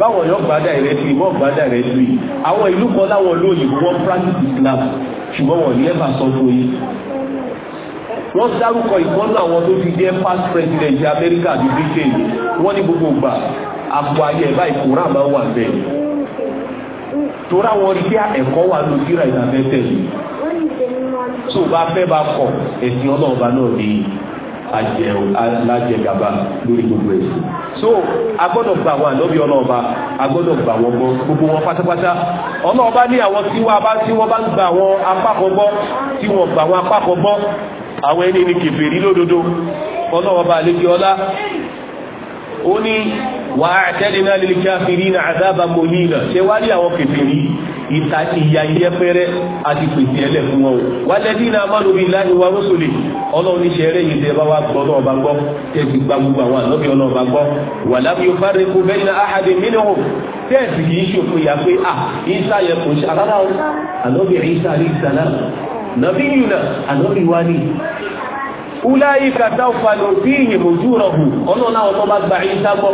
báwọn yóò gbádà rẹ sí wọ́n gbádà rẹ sí àwọn ìlú kan láwọn olóyìnbó wọ́n practice Islam ṣùgbọ́n wọ́n ní ẹ̀fà sọ fún yín wọ́n dárúkọ ìkọ́nú àwọn tó ti jẹ́ past president Amẹ́ríkà àti Britain wọ́n ní gbogbo gbà àpò ayé ẹ̀ báyìí kóra máa wà bẹ́ẹ̀ torí àwọn rí bí ẹ̀kọ́ wà lójú ra ìdàbẹ́tẹ̀ yìí tó o bá fẹ́ bá kọ̀ ẹ̀sìn ọlọ́run bá náà ní alájẹgàba lórí gbogbo ẹ̀sìn so a gbọ́dọ̀ gba àwọn ànábì ọlọ́run bá a gbọ́dọ̀ gba àwọn gbọ́ gbogbo wọn pátápátá ọlọ́run bá ní àwọn tí wọ́n bá tí wọ́n bá ń gba àwọn apákan gbọ́ tí wọ́n gba àwọn apákan gbọ́ àwọn ẹni ní kèfèrí lódodo ọlọ́run bá lè fi ọlá ó ní wàá àtẹ́lẹ́ náà lè kí á fi rí ìta ìyà yẹpẹrẹ àti pèsè ẹlẹ̀ fún wọn o wà lẹ́bí náà má lóbi láti wá rọ́sọ̀lẹ̀ ọlọ́run iṣẹ́ eré yìí tẹ́ bá wá gbọ́ náà bá gbọ́ tẹ́ ti gba gbogbo àwọn àlọ́bí ọlọ́run bá gbọ́ wà lábí kó bẹ́ẹ̀ ní ahadi míníràn tẹ́ẹ̀sì kìí ṣòfò yà pé à ìsá yẹ kò ṣe wúláyé kàtà òfàlò bí ìyìnbó júrọ̀ hù ọlọ́run àwọn tó bá gba Ìsá gbọ́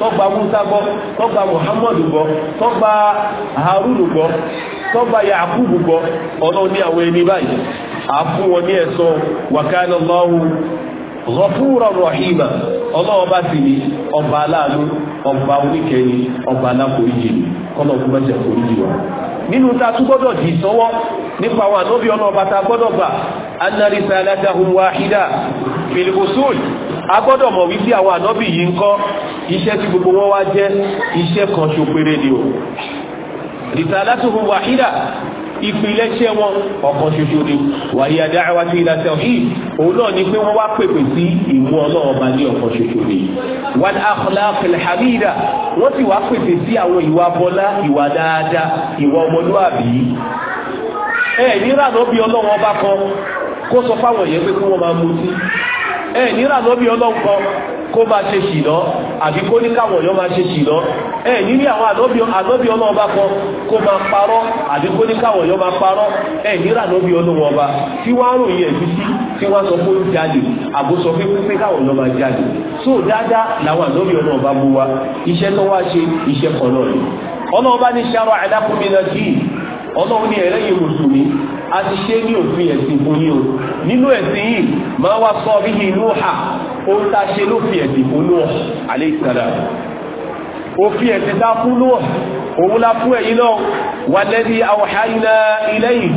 tó gba Mùsá gbọ́ tó gba Muhammadu gbọ́ tó gba Harunu gbọ́ tó gba Yakubu gbọ́ ọlọ́run ní àwọn ẹni báyìí àfún wọn ní ẹ̀sọ́ wàkánà lọ́hùn ghafúrọ̀ rọ̀hìmà ọlọ́wọ́ bá sì ní ọba aláàánú ọba oníkẹyìn ọba nínú tá a tún gbọ́dọ̀ dì sọ́wọ́ nípa àwọn ànábì ọ̀nà ọba tá a gbọ́dọ̀ gbà anarisa aladahun wahida filibusul a gbọ́dọ̀ mọ̀ wípé àwọn ànábì yìí ń kọ́ iṣẹ́ tí gbogbo wọn wá jẹ́ iṣẹ́ kan ṣopere ni o risalatuhun wahida ìpilẹ̀ṣẹ̀ wọn ọ̀kan ṣoṣo ni wàyí adáhàwá ti ilà tawhid òun náà ni pé wọ́n wá pèpè sí ìmú ọlọ́run ọba ní ọ̀kan ṣoṣo ni. wal akhlaqil hamida wọ́n sì wá pèpè sí àwọn ìwà bọ́lá ìwà dáadáa ìwà ọmọlúwàbí. ẹ nílànà bí ọlọ́run ọba kan kó sọ fáwọn yẹn pé kí wọ́n máa mutí ẹ nírà lọ́bì ọlọ́nkọ kó máa ṣe sì lọ àbí kó ní káwọn ọ̀yọ́ máa ṣe sì lọ ẹ nírí àwọn àlọ́bì ọlọ́ọba kan kó máa parọ́ àbí kó ní káwọn ọ̀yọ́ máa parọ́ ẹ nírà lọ́bì ọlọ́ọba tí wọ́n á ròyìn ẹ̀jú sí tí wọ́n sọ pé jáde àbó sọ káwọn ọ̀yọ́ máa jáde so dáadáa làwọn mú wa iṣẹ́ tó wá ṣe iṣẹ́ kan náà ni ní ọlọ́run ní ẹlẹ́yìn mùsùlùmí a ti ṣe ní òfin ẹ̀sìn fún yín o nínú ẹ̀sìn yìí máa wá sọ bí ní inú hà ohun tá a ṣe lófin ẹ̀sìn fún Nuh alayhi salam òfin ẹ̀sìn tá a fún Nuh òun la fún ẹ̀yin náà walladhi awhayna ilayhi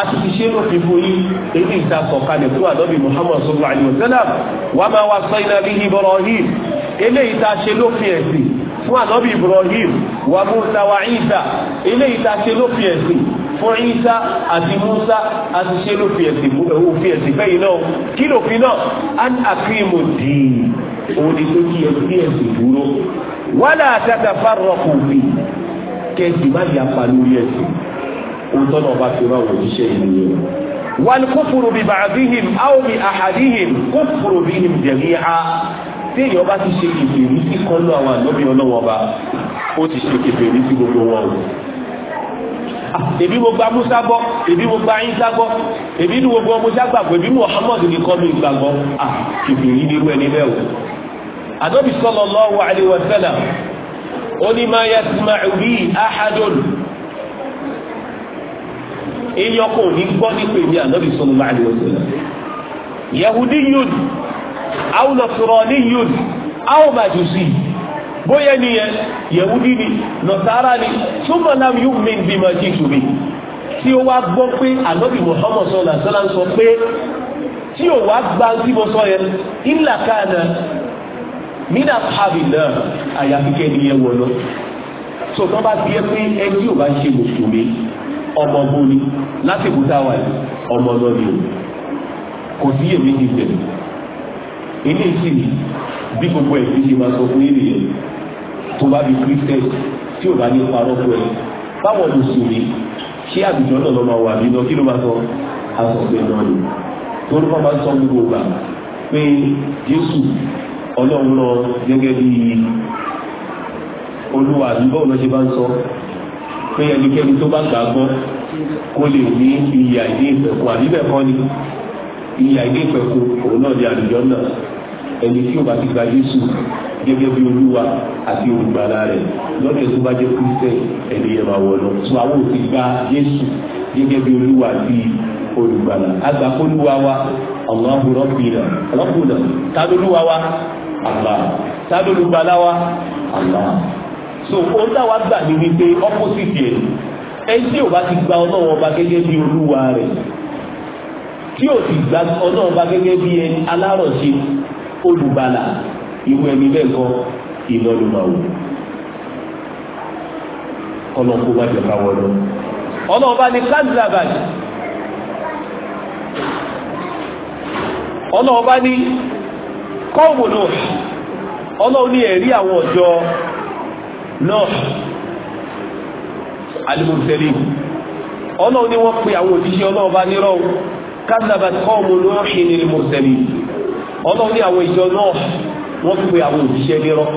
àti ìṣe ló fi fún yín èyí ìta sọ̀kalẹ̀ fún ànábì muhammad sallallahu alayhi wa sallam máa wá sọ iná bíi ibrahim eléyìí tá ṣe lófin ẹ̀sìn fún ànábì Ibrahim wà Musa wà Isa eléyìí tá a ṣe ló fi ẹ̀sìn fún Isa àti Musa àti ṣe ló fi ẹ̀sìn òfin ẹ̀sìn bẹ́yìn náà kí lòfin náà an akimu dìín òun ni tó kí ẹ̀sìn ẹ̀sìn dúró wàlá àtàtà fárọ̀kù mi kẹ́sì má yà pa lórí ẹ̀sìn òun tọ́nà ọba fi máa wò níṣẹ́ ìlú wal kufru bi ba'dihim aw bi ahadihim kufru bihim téèyàn bá ti ṣe kèfèrí sí kọ́nú àwọn ànábì ọlọ́wọ́ ọba ó ti ṣe kèfèrí sí gbogbo wọn o. èmi mo gba gbọ́ èmi gbogbo gba gbọ́ èmi ni gbogbo ọmọ Musa gbàgbọ́ èmi Muhammad nìkan mi gbàgbọ́ à kèfèrí ni irú ẹni bẹ́ẹ̀ o. ànábì sallallahu alaihi wa sallam ó ní ma ahadun èèyàn kò ní gbọ́ nípa èmi yahudi àwọn nọ̀sọ̀rọ̀ ní yóò àwọn màjùsí bóyá nìyẹn yẹ̀wúdí ni nọ̀sára ni túmọ̀ náà yóò mí bí ma jí tùbí tí ó wá gbọ́ pé ànábì Muhammad sọ̀rọ̀ àṣálà ń sọ pé tí ó wá gba tí mo sọ yẹn ìlà káàna nínà pàbí náà àyàfi kẹ́ni wọ̀ lọ. tó tán bá tiẹ̀ pé ẹni tí ò bá ṣe mùsùlùmí ọmọ bóni lásìkò táwa yìí ọmọ lọ́ni o kò sí èmi ti bẹ̀rẹ̀ ilé ìsìnì bí gbogbo ẹ̀ ṣe máa sọ fún ènìyàn tó bá di christian tí ò bá ní parọ́ fún ẹ báwọn mùsùlùmí ṣé àbùjọ náà lọ́ máa wà nínú kí ló máa sọ àsọ̀gbẹ́ náà ni torí wọn máa ń sọ gbogbo gbà pé jésù ọlọ́run lọ gẹ́gẹ́ bí olúwa àdúgbò náà ṣe bá ń sọ pé ẹnikẹ́ni tó bá gbàgbọ́ kó lè ní iye àìní ìfẹ̀kùn àbíbẹ̀kọ́ ni ìyá ilé ìpẹ̀kọ òun náà ní àlùjọ náà ẹni tí ó bá ti gba Jésù gẹ́gẹ́ bí olúwa àti olùgbàlà rẹ̀ lọ́dẹ̀ tó bá jẹ́ kírísítẹ̀ ẹni yẹn máa wọ̀ lọ tó àwọn ò ti gba Jésù gẹ́gẹ́ bí olúwa àti olùgbàlà agbàkólúwa wa Allahu Rabbina Rabbuna tálólúwa wa Allah tálólúgbàlà wa Allah so ohun táwa gbà ní wípé opposite yẹn ẹni tí ò bá ti gba ọlọ́wọ́ ọba gẹ́gẹ́ bí olúwa rẹ̀ tí ò sì gba ọlọ́run bá gẹ́gẹ́ bí ẹni alárọ̀ṣe olùgbàlà ìwé ẹni bẹ́ẹ̀ kọ́ ìlọlùmọ̀wò ọlọ́run kó bá jẹ ká wọlọ. ọlọ́run bá ní kájúlábàjì ọlọ́run bá ní kọ́ọ̀mù náà ọlọ́run ní ẹ̀rí àwọn ọ̀jọ́ náà alimọ̀tẹ́lẹ̀ ọlọ́run ní wọ́n pe àwọn òjíṣẹ́ ọlọ́run bá nírọ̀ kazabat qawmu nuhin lil mursalin ọlọ́run ní àwọn ìjọ náà wọ́n pe àwọn òjíṣẹ́ nírọ́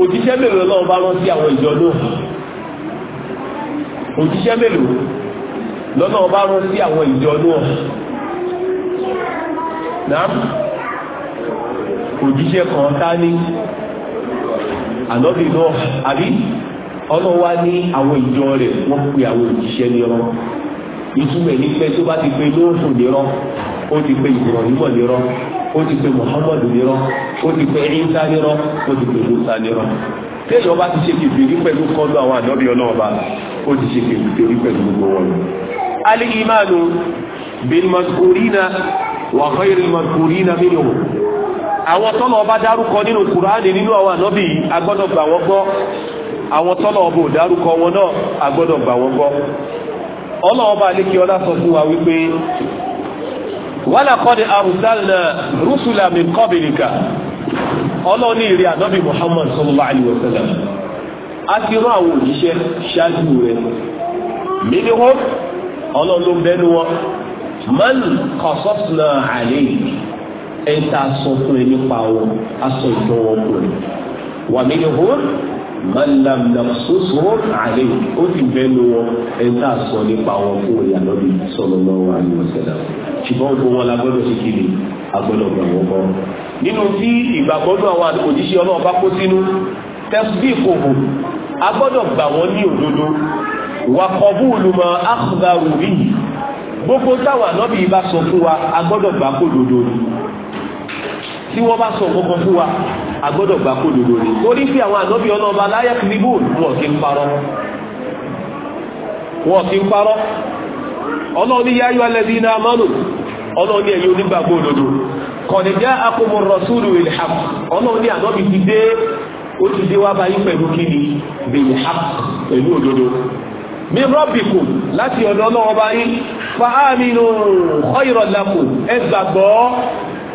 òjíṣẹ́ mélòó lọ́wọ́ bá rántí àwọn ìjọ náà òjíṣẹ́ mélòó lọ́nà ọba rántí àwọn ìjọ náà náà òjíṣẹ́ kan tá ní ànọ́bì náà àbí ọlọ́wà ní àwọn ìjọ rẹ̀ wọ́n pe àwọn òjíṣẹ́ nírọ́ ìtumọ̀ ní pé tó bá ti pe lóòsù nírọ́ ó ti pe ìbùrọ̀yìnbọ̀ nírọ́ ó ti pe muhammadu nírọ́ ó ti pe ẹ̀yìnsá nírọ́ ó ti pe musa nírọ́ téèyàn bá ti ṣe kìfìrí pẹ̀lú kọ́ńdọ̀ àwọn àdọ́bí ọlọ́ọ̀ba ó ti ṣe kìfìrí pẹ̀lú gbogbo wọn. àwọn tọ́lọ̀ ọba dárúkọ nínú ọba ò dárúkọ wọn náà agbọ́dọ̀ gbà wọ́n gbọ́ ọlọ́wọ́ bá lè kí ọlá sọ fún wa wípé walaqad arsalna rusula min qablika ọlọ́wọ́ ní ìrìn ànábì Muhammad sallallahu alayhi wa sallam a ti rán àwọn òjíṣẹ́ ṣáájú rẹ̀ minhum ọlọ́wọ́ ló ń bẹ́nu wọn man qasasna alayhi ẹ̀ sọ fún ẹ nípa wọn aṣọ ìdánwò kùn wà minhum malam nafsusuhum alayhi ó sì bẹnu wọn ẹni tá a sọ nípa wọn fún òye wa sallallahu alaihi wasallam ṣùgbọ́n gbogbo wọn la gbọ́dọ̀ ṣe kiri agbọ́dọ̀ gbà wọ́n bọ́. nínú tí ìgbàgbọ́ náà wà òjíṣẹ́ ọlọ́run bá kó sínú tasdiquhu agbọ́dọ̀ gbà wọ́n ní òdodo wa qabulu ma akhbaru bihi gbogbo táwọn ànábì bá sọ fún wa agbọ́dọ̀ gbà kó òdodo tí wọ́n bá sọ nǹkan fún wa a gbọ́dọ̀ gbà kó lòlò rẹ̀ torí pé àwọn ànábì ọlọ́ọ̀ba láyà kìlíbù wọn kì í parọ́ wọn kì í parọ́ ọlọ́ọ̀ni yáyọ alẹ́bí iná amánù ọlọ́ọ̀ni ẹ̀yìn onígbàgbọ́ òdodo kọ̀nìjà akọmọ rọ̀ṣúlù ìlhàq ọlọ́ọ̀ni ànábì ti dé ó ti dé wá báyìí pẹ̀lú kíni ìlhàq pẹ̀lú òdodo mi rọ́bìkù láti ọ̀dọ̀ ọlọ́wọ́ báyìí fa áminu khayran lakum ẹ gbàgbọ́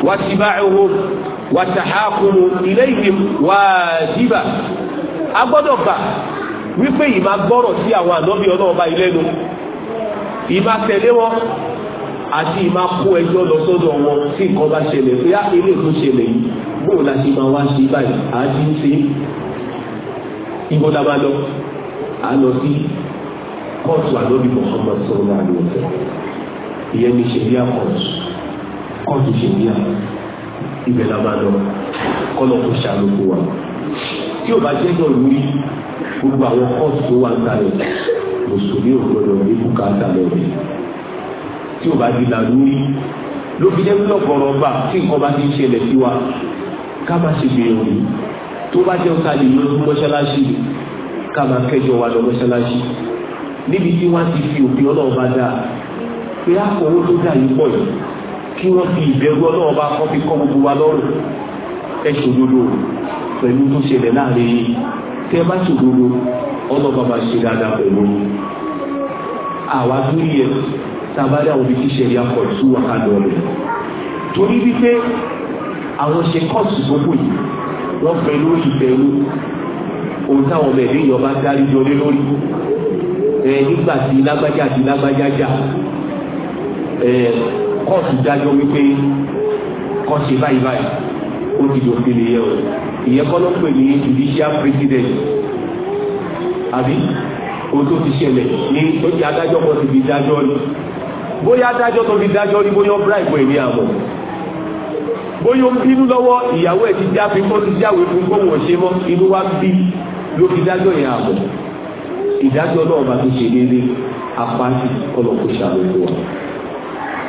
wàtìbáàhùn wàtàhàkùnù iléyìn wàjibà a gbà wípé ìmá gbọ́rọ̀ sí àwọn ànábì ọlọ́ọ̀ba ìlẹ́nu ìmá tẹ̀lé wọn àti ìmá kó ẹjọ́ lọ felewo wọn tí nǹkan bá ṣẹlẹ̀ pé ilé ìlú ṣẹlẹ̀ yìí bóò la máa wá sí báyìí àti ṣe ibo la máa sí kóòtù ànábì kóòtù ṣèlíà ibẹ̀ la bá lọ kọ́lọ̀ kó ṣàlùkù wa tí ò bá jẹ́ náà lórí gbogbo àwọn kóòtù tó wà ń kalẹ̀ mùsùlùmí ò gbọdọ̀ ní bùkátà lọ rí tí ò bá di là lórí ló fi jẹ́ lọ́gọ̀rọ̀ bá tí nǹkan bá ti ń ṣẹlẹ̀ sí wa ká má ṣe gbìyànjú tó bá jẹ́ ọ̀tá lè lọ mọ́ṣáláṣí ká máa kẹjọ wa lọ mọ́ṣáláṣí níbi tí wọ́n ti fi òfin ọlọ́run dáa pé àpò owó tó dà yìí pọ̀ yìí kí wọ́n fi ìbẹ̀rù ọlọ́run bá kọ́ fi kọ́ gbogbo wa lọ́rùn ẹ ṣòdodo pẹ̀lú tó ṣẹlẹ̀ láàrin yìí tẹ́ ẹ bá ṣòdodo ọlọ́ba bá ṣe dáadáa pẹ̀lú àwa tó yẹ tábàdà òbí ti ṣẹlẹ̀ akọ̀tún wákàdọ̀ rẹ̀ torí wípé àwọn ṣe kọ́ọ̀sì gbogbo yìí wọ́n fẹ́ lórí ìbẹ̀rù ohun táwọn ọmọ ẹ̀mí yọba dárí jọlé lórí ẹ nígbà tí lágbájá tí lágbájá jà ẹ kóòtù dájọ́ wípé kó ṣe báyìí báyìí ó ti dòfin lè yẹ o ìyẹn kọ́ ló pè ní judicial president àbí ohun tó ti ṣẹlẹ̀ ní o ti adájọ́ kan ti fi dájọ́ ni bóyá adájọ́ tó fi dájọ́ ni bóyá bribe èmi àmọ́ bóyá ó ń bínú lọ́wọ́ ìyàwó ẹ̀ ti jáfe kó ti jáwé fún kó wọ́n ṣe mọ́ inú wa bí ló fi dájọ́ yẹn àmọ́ ìdájọ́ náà bá ti ṣe déédéé apá ti kọ́ lọ́ọ́ kó ṣàlùkù wa.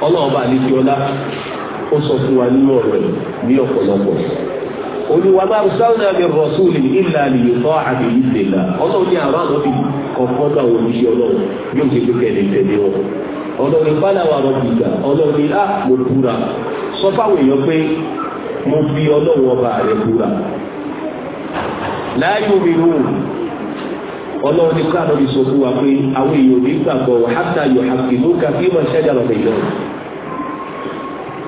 ọlọ́ọ̀bá àlejòọlá ó sọ fún wa nínú ọ̀rọ̀ ní ọ̀pọ̀lọpọ̀ olùwà bá sáwùnà mi rọ̀súlì ìlà àlìyòtọ́ àbí ìdèlà ọlọ́run ní àrùn àná bíi kọ̀ọ̀kan náà wò níṣẹ́ ọlọ́run yóò ṣe pé kẹ́lẹ́ tẹ̀lé wọn ọlọ́run ní pálawà ọlọ́run ọba búra ọlọ́run ní káàdọ̀ mi sọ fún wa pé àwọn èèyàn ní gbàgbọ́ hátà yóò hàkì ló ka fí máa ṣẹ́jà lọ́dọ̀ ìlọ.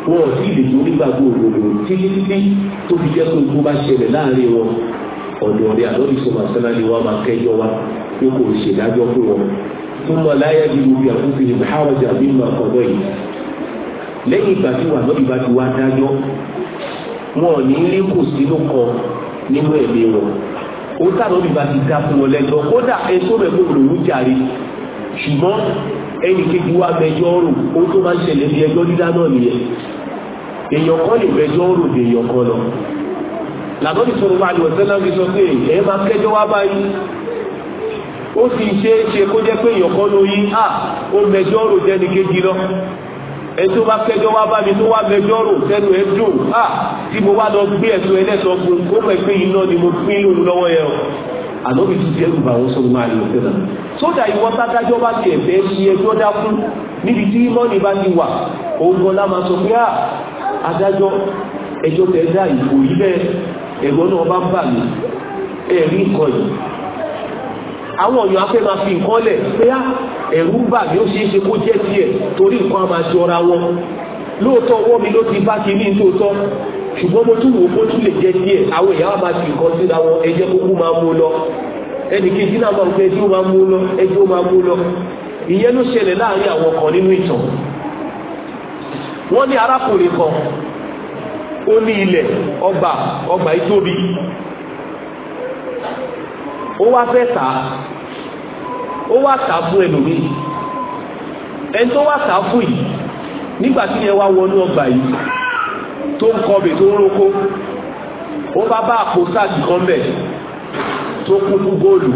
wọn ò tí ì lè tó nígbàgbọ́ òdodo títí títí tó fi jẹ́ pé gbogbo bá ṣẹlẹ̀ láàrin wọn ọ̀dọ̀ rẹ̀ àlọ́bí sọ màá sẹ́lá ni wọ́n máa kẹ́jọ́ wa pé kò ṣèdájọ́ fún wọn. fún wọn láyé bí gbogbo àkókò ìbáwọ̀jà bí mà kọ̀dọ̀ yìí. lẹ́yìn ìgbà tí wà lọ́bí bá ti wá dájọ́ wọn ò ní lé kò sínú kan nínú ẹ̀mí wọn ó tàbí òbí bá ti dá fún wọn lẹ́jọ́ kódà ètò rẹ̀ kò lòún jàre ṣùgbọ́n ẹnì kejì wa mẹjọ rò ó tó máa ń ṣẹlẹ̀ bí ẹjọ́ dídá náà nìyẹn èèyàn kan lè mẹjọ rò dé èèyàn kan lọ làbọ́dì sọ̀rọ̀ máa lọ sẹ́lá fi sọ pé ẹ máa kẹjọ́ wá báyìí ó sì ṣe é ṣe kó jẹ́ pé èèyàn kan lóyún à ah, ó mẹjọ rò dẹ́ni kejì lọ ètò bá kẹjọ wá bá mi tó wá mẹjọ rò sẹ́nu ẹ̀ dùn á tí mo wá lọ gbé ẹ̀sùn ẹlẹ́sọ̀ fún ó pẹ̀ pé iná ni mo pín lóun lọ́wọ́ yẹn o àlóbi tún jẹ́ ìgbà wọn sọ̀rọ̀ máa lò sẹ́nà sódà ìwọ tádájọ́ bá tiẹ̀ fẹ́ ṣe ẹjọ́ dá fún níbi tí mọ́ni bá ti wà òun gan láma sọ pé á adájọ́ ẹjọ́ tẹ̀ dá ìfòyí bẹ́ẹ̀ ẹ̀gbọ́n náà bá ń bà mí ẹ̀rí nǹkan yìí àwọn èèyàn afẹ́ máa fi nǹkan lẹ̀ pé á ẹ̀rú bà mí ó ṣeé ṣe kó jẹ́ tiẹ̀ torí nǹkan á máa jọra wọn lóòótọ́ ọwọ́ mi ló ti bá ti ní tòótọ́ ṣùgbọ́n mo tún wò ó tún lè jẹ́ tiẹ̀ àwọn èèyàn á máa fi nǹkan síra wọn ẹ jẹ́ kókó máa mú lọ ẹnì kejì náà máa ń fẹ́ ẹjọ́ máa mú lọ ẹjọ́ máa mú lọ ìyẹn ló ṣẹlẹ̀ láàrin àwọn kan nínú ìtàn wọ́n ní arákùnrin kan ó ní ilẹ̀ ọgbà ọgbà ìtóbi ó wá fẹ́ tà á ó wá tà á fún ẹlòmíì ẹni tó wá tà á fún yìí nígbà tí yẹn wá wọnú ọgbà yìí tó ń kọbẹ̀ tó ń roko ó bá bá àpò sáàgì kan bẹ̀ tó kún fún góòlù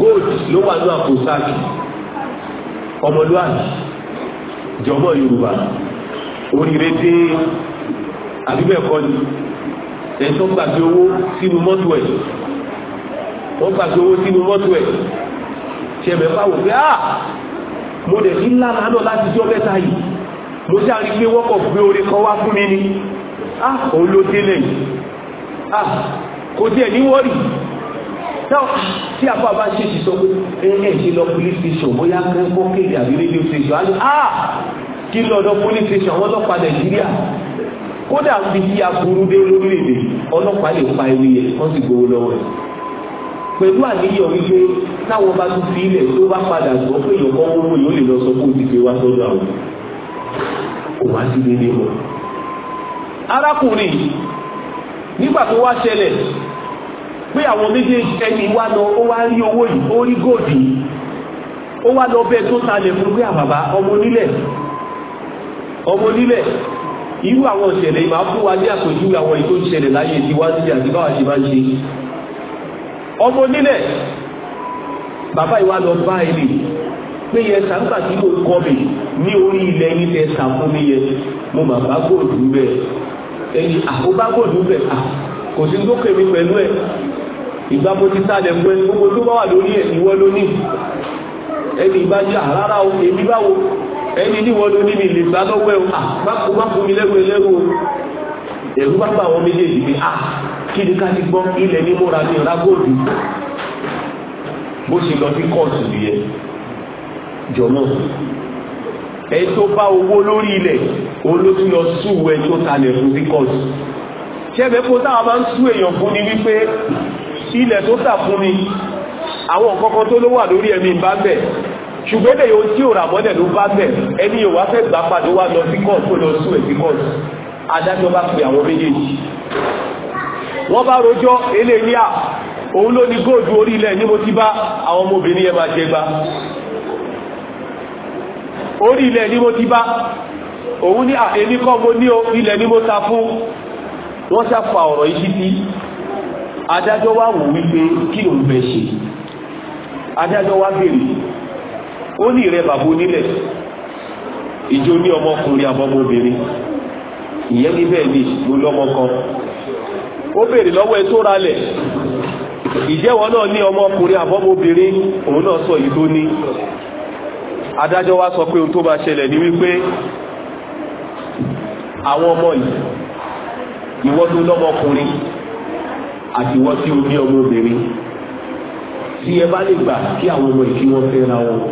góòlù ló wà ní àpò sáàgì ọmọlúwàbí jọmọ yorùbá oríire dé àbíbẹ̀kọ ni ẹni tó ń gbàgbé owó sínú mọ́tò ẹ̀ wọ́n gbà pé owó sínú mọ́tò ẹ̀ tí ẹ̀mẹ̀ bá wò pé á ah, mo dẹ̀ fi ńlá lánàá láti jọ́ mẹ́ta yìí mo ṣáà rí pé wọ́n kọ̀ gbé orí kan wá fún mi ni á ah, òun ló délẹ̀ yìí á ah, kò tiẹ̀ ní wọ́ọ̀rì náà tí àbá ṣe ti sọ pé ẹ ẹ ṣe lọ police station bóyá kẹ́kọ́ kéde àbí radio station á lè á kí lọ́dọ̀ police station àwọn ọlọ́pàá nàìjíríà kódà fi kí aburú dé lórílẹ̀-èdè ọlọ́pàá lè pa ewì yẹn wọ́n sì gbowó lọ́wọ́ ẹ̀ pẹ̀lú àníyàn wípé táwọn bá tún fi ilẹ̀ tó bá padà gbọ́ pé èèyàn kan wọ́n yóò lè lọ sọ fún òtítì wá sọ́dọ̀ àwọn kò wá sí dédé mọ́. arákùnrin nígbà tó wá ṣẹlẹ̀ pé àwọn méjèèjì ẹni wá lọ ó wá rí owó yìí ó rí góòdì ó wá lọ bẹ́ẹ̀ tó talẹ̀ fún pé àbàbà ọmọ onílẹ̀ ọmọ onílẹ̀ irú àwọn ìṣẹ̀lẹ̀ ìmọ̀ fún ní àpèjúwe àwọn ètò láyé ìdíwájú àti báwa ṣe máa ń ṣe ọmọ onílẹ̀ bàbá ìwà lọ bá ilé pé yẹ sàǹgbà tí mo kọ́ mi ní orí ilẹ̀ yín tẹ sàfún mi yẹ mo mà bá gòdù bẹ̀ ẹni àkóbá gòdù bẹ̀ à kò sí lókè mi pẹ̀lú ẹ̀ ìgbà mo ti sálẹ̀ pẹ́ gbogbo tó bá wà lórí ẹ̀ ìwọ ló ní ẹni ìgbà jẹ́ àrárá o èmi báwo ẹni níwọ ló ní mi lè gbà lọ́wọ́ ẹ̀ o à má kó má fún mi lẹ́rù ẹlẹ́rù o ẹ̀rú bá bá àwọn méjèèjì mi à kí ni ká ti gbọ́ ilẹ̀ ní múra ní ọ̀rá góòlù bó ṣe lọ sí kóòtù nìyẹn jọ̀nà ẹ tó bá owó lórí ilẹ̀ òun ló tún lọ sùn ẹ tó talẹ̀ fún sí kóòtù ṣẹ́bẹ̀ kó táwọn máa ń sú èèyàn fún ni wípé ilẹ̀ tó tà fún mi àwọn kọ̀ọ̀kan tó ló wà lórí ẹ̀mí bá bẹ̀ ṣùgbọ́n èyí tí ò rà mọ́lẹ̀ ló bá bẹ̀ ẹni yóò wá fẹ́ gbà padà wá lọ sí kóòtù lọ sùn ẹ̀ sí kóòtù adájọ́ bá pe àwọn méjèèjì wọ́n bá rojọ́ eléyìí à òun ló ní góòdù orí ilẹ̀ ní mo ti bá àwọn ọmọbìnrin yẹn máa jẹ gba orí ilẹ̀ ni mo ti bá òun ní èmi kọ́ mo ní o ilẹ̀ ni mo ta fún wọ́n ṣàfà ọ̀rọ̀ yìí títí adájọ́ wá wò wípé kí ló ń bẹ ṣe adájọ́ wá béèrè ó ní ìrẹ bàbá onílẹ̀ ìjọ ní ọmọkùnrin àbọ̀mọbìnrin ìyẹn ní bẹ́ẹ̀ ni mo lọ́mọ kan ó béèrè lọ́wọ́ ẹ tó ralẹ̀ ìjẹ́wọ́ náà ní ọmọkùnrin àbọ́mọbìnrin òun náà sọ èyí tó ní adájọ́ wa sọ pé ohun tó máa ṣẹlẹ̀ ní wípé àwọn ọmọ yìí ìwọ tó lọ́mọkùnrin àti ìwọ tí o ní ọmọbìnrin tí ẹ bá lè gbà kí àwọn ọmọ yìí kí wọ́n fẹ́ra wọn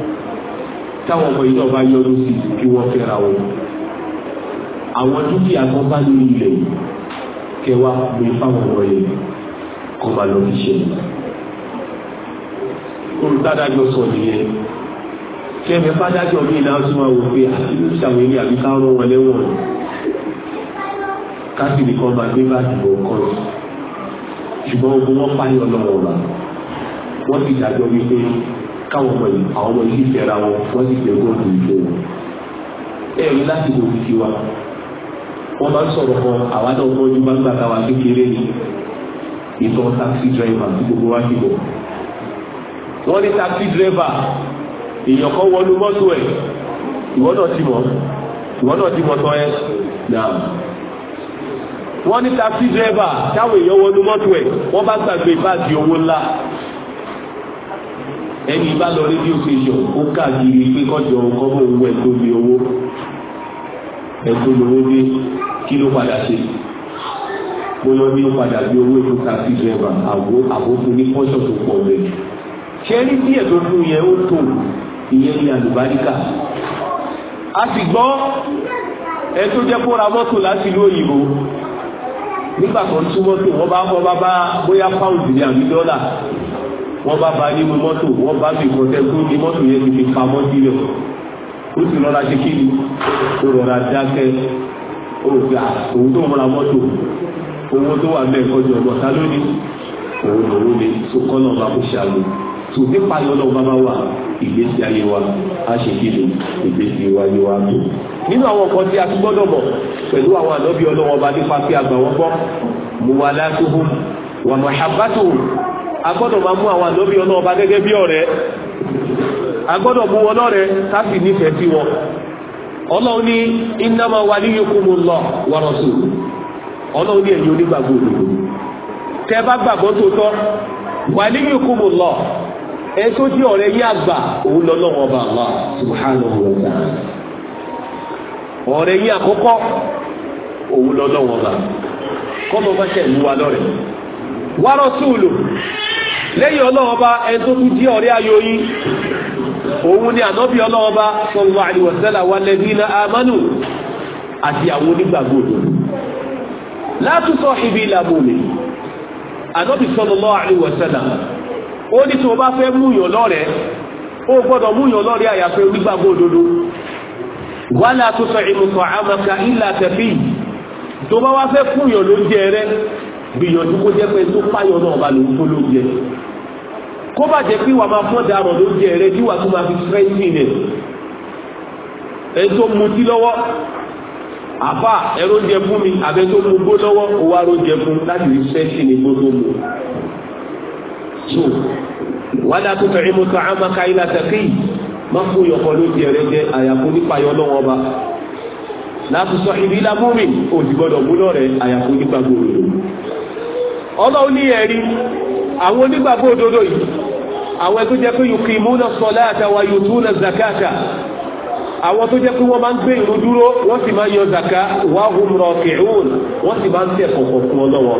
táwọn ọmọ yìí ọba yọdún sí kí wọ́n fẹ́ra wọn àwọn dúkìá kan bá ní ilẹ̀ yìí kẹwa ló fáwọn ọ̀rọ̀ yẹn kó máa lọ fi ṣe nìyẹn. olùdádájọ́ sọ nìyẹn kẹ́mi fádájọ́ mi náà tún máa wò pé àti ló ṣàwọn eré àbí ká rán wọn lẹ́wọ̀n káfíìnì kan máa gbé bá dìbò kan ṣùgbọ́n ogun wọn parí ọlọ́wọ́ wa wọ́n ti dájọ́ wípé káwọn ọmọ yìí àwọn ọmọ yìí fẹ́ra wọn wọ́n sì fẹ́ kó kù ìfẹ́ wọn. ẹ̀rí láti wo fi wa wọ́n máa ń sọ̀rọ̀ kan àwa náà wọ́n ní gbangba káwa kékeré ni ìtàn taxi driver tí gbogbo wa ti bọ̀. wọ́n ní taxi driver èèyàn kan wọnú mọ́tò ẹ̀ ìwọ náà ti mọ̀ ìwọ náà ti mọ̀ tán ẹ̀ náà. wọ́n ní taxi driver táwọn èèyàn wọnú mọ́tò ẹ̀ wọ́n bá gbàgbé báàgì owó ńlá ẹni bá lọ rédíò station ó káàkiri pé kọjọ kọ́mọ̀ owó ẹ̀ tó mi owó ẹ̀ tó lówó dé kí ló padà ṣe bóyá bí ó padà bí owó ètò taxi driver àgbo àbófin ní pọ́ṣọ̀ tó pọ̀ rẹ̀ ṣe rí díẹ̀ tó dún yẹn ó tó ìyẹn ní àlùbáríkà a sì gbọ́ ẹ tó jẹ́ kó ra mọ́tò láti ìlú òyìnbó nígbà tó ń tú mọ́tò wọ́n bá wọ́n bá bá bóyá pound ní àbí dọ́là wọ́n bá ba nínú mọ́tò wọ́n bá bí kọ́tẹ́ tó ní mọ́tò yẹn ti fi pamọ́ sílẹ̀ ó sì rọra ṣe kí ni ó rọra dákẹ́ òògùn òun tó ń ra mọ́tò owó tó wà bẹ́ẹ̀ kọjú ọgbọ́n ta lónìí òun lòun ni sọkọ́ náà bá ṣe àlò tòbí payọ́ náà bá bá wà ìgbésí ayé wa á ṣe kí ni ìgbésí ayé wa tó. nínú àwọn kan tí a ti gbọ́dọ̀ mọ̀ pẹ̀lú àwọn ànábì ọlọ́wọ́n bá nípa pé àgbà wọn gbọ́ muwalatuhum wa mahabbatuhum a gbọ́dọ̀ máa mú àwọn ànábì ọlọ́wọ́n bá gẹ́gẹ́ bí ọ̀rẹ́ a gbọ́dọ̀ mú wọn lọ́rẹ̀ẹ́ ọlọ́run ní innama waliyukumullah wa rasuluhu ọlọ́run ní ẹ̀yin onígbàgbọ́ òdodo tẹ́ bá gbàgbọ́ tó tọ́ tí ọ̀rẹ́ yí àgbà òun ọba Allah subhanahu wa ọ̀rẹ́ yí àkọ́kọ́ òun ọba kọ́mọ bá ṣe ìlú wa lọ́rẹ̀ wa ọba tó ọ̀rẹ́ òun ni ànábì ọlọ́ọba sallallahu alaihi wasallam walladhina amanu àti àwọn onígbàgbọ́ òdodo la tusahibi illa mu'min ànábì sallallahu alaihi wasallam ó ní tí wọ́n bá fẹ́ mú yàn lọ́rẹ̀ẹ́ ó gbọ́dọ̀ mú yàn àyàfẹ́ onígbàgbọ́ wala tut'imu ta'amaka illa kafi tó bá wá fẹ́ fún yàn rẹ gbìyànjú kó jẹ́ pé tó kó bá jẹ́ pé wàá máa mọ́ daràn lóúnjẹ rẹ tí wàá tún máa fi strengthen ẹ̀ ẹ̀ tó mutí lọ́wọ́ àbá ẹ̀rọ oúnjẹ fún mi àbẹ́ tó mu gbó lọ́wọ́ ó wá oúnjẹ fún láti rí strengthen ní gbogbo mu. so wàdà tó fẹ́ mo tọ́ àmàkà ilà tẹ̀kí má fún yọkọ lóúnjẹ rẹ jẹ àyàfó nípa yọ lọ́wọ́ bá láti sọ ibi lábúmi òsì gbọdọ̀ rẹ àyàfó nípa gbòòrò ọlọ́run ní ẹ̀rí àwọn onígbàgbọ́ òdodo yìí àwọn tó jẹ́ pé yuqimuna salata wa yutuna zakata àwọn tó jẹ́ pé wọ́n máa ń gbé ìrun dúró wọ́n sì máa ń yọ zaka wa hum raki'un wọ́n sì máa ń tẹ̀ kọ̀kọ̀ fún ọlọ́wọ́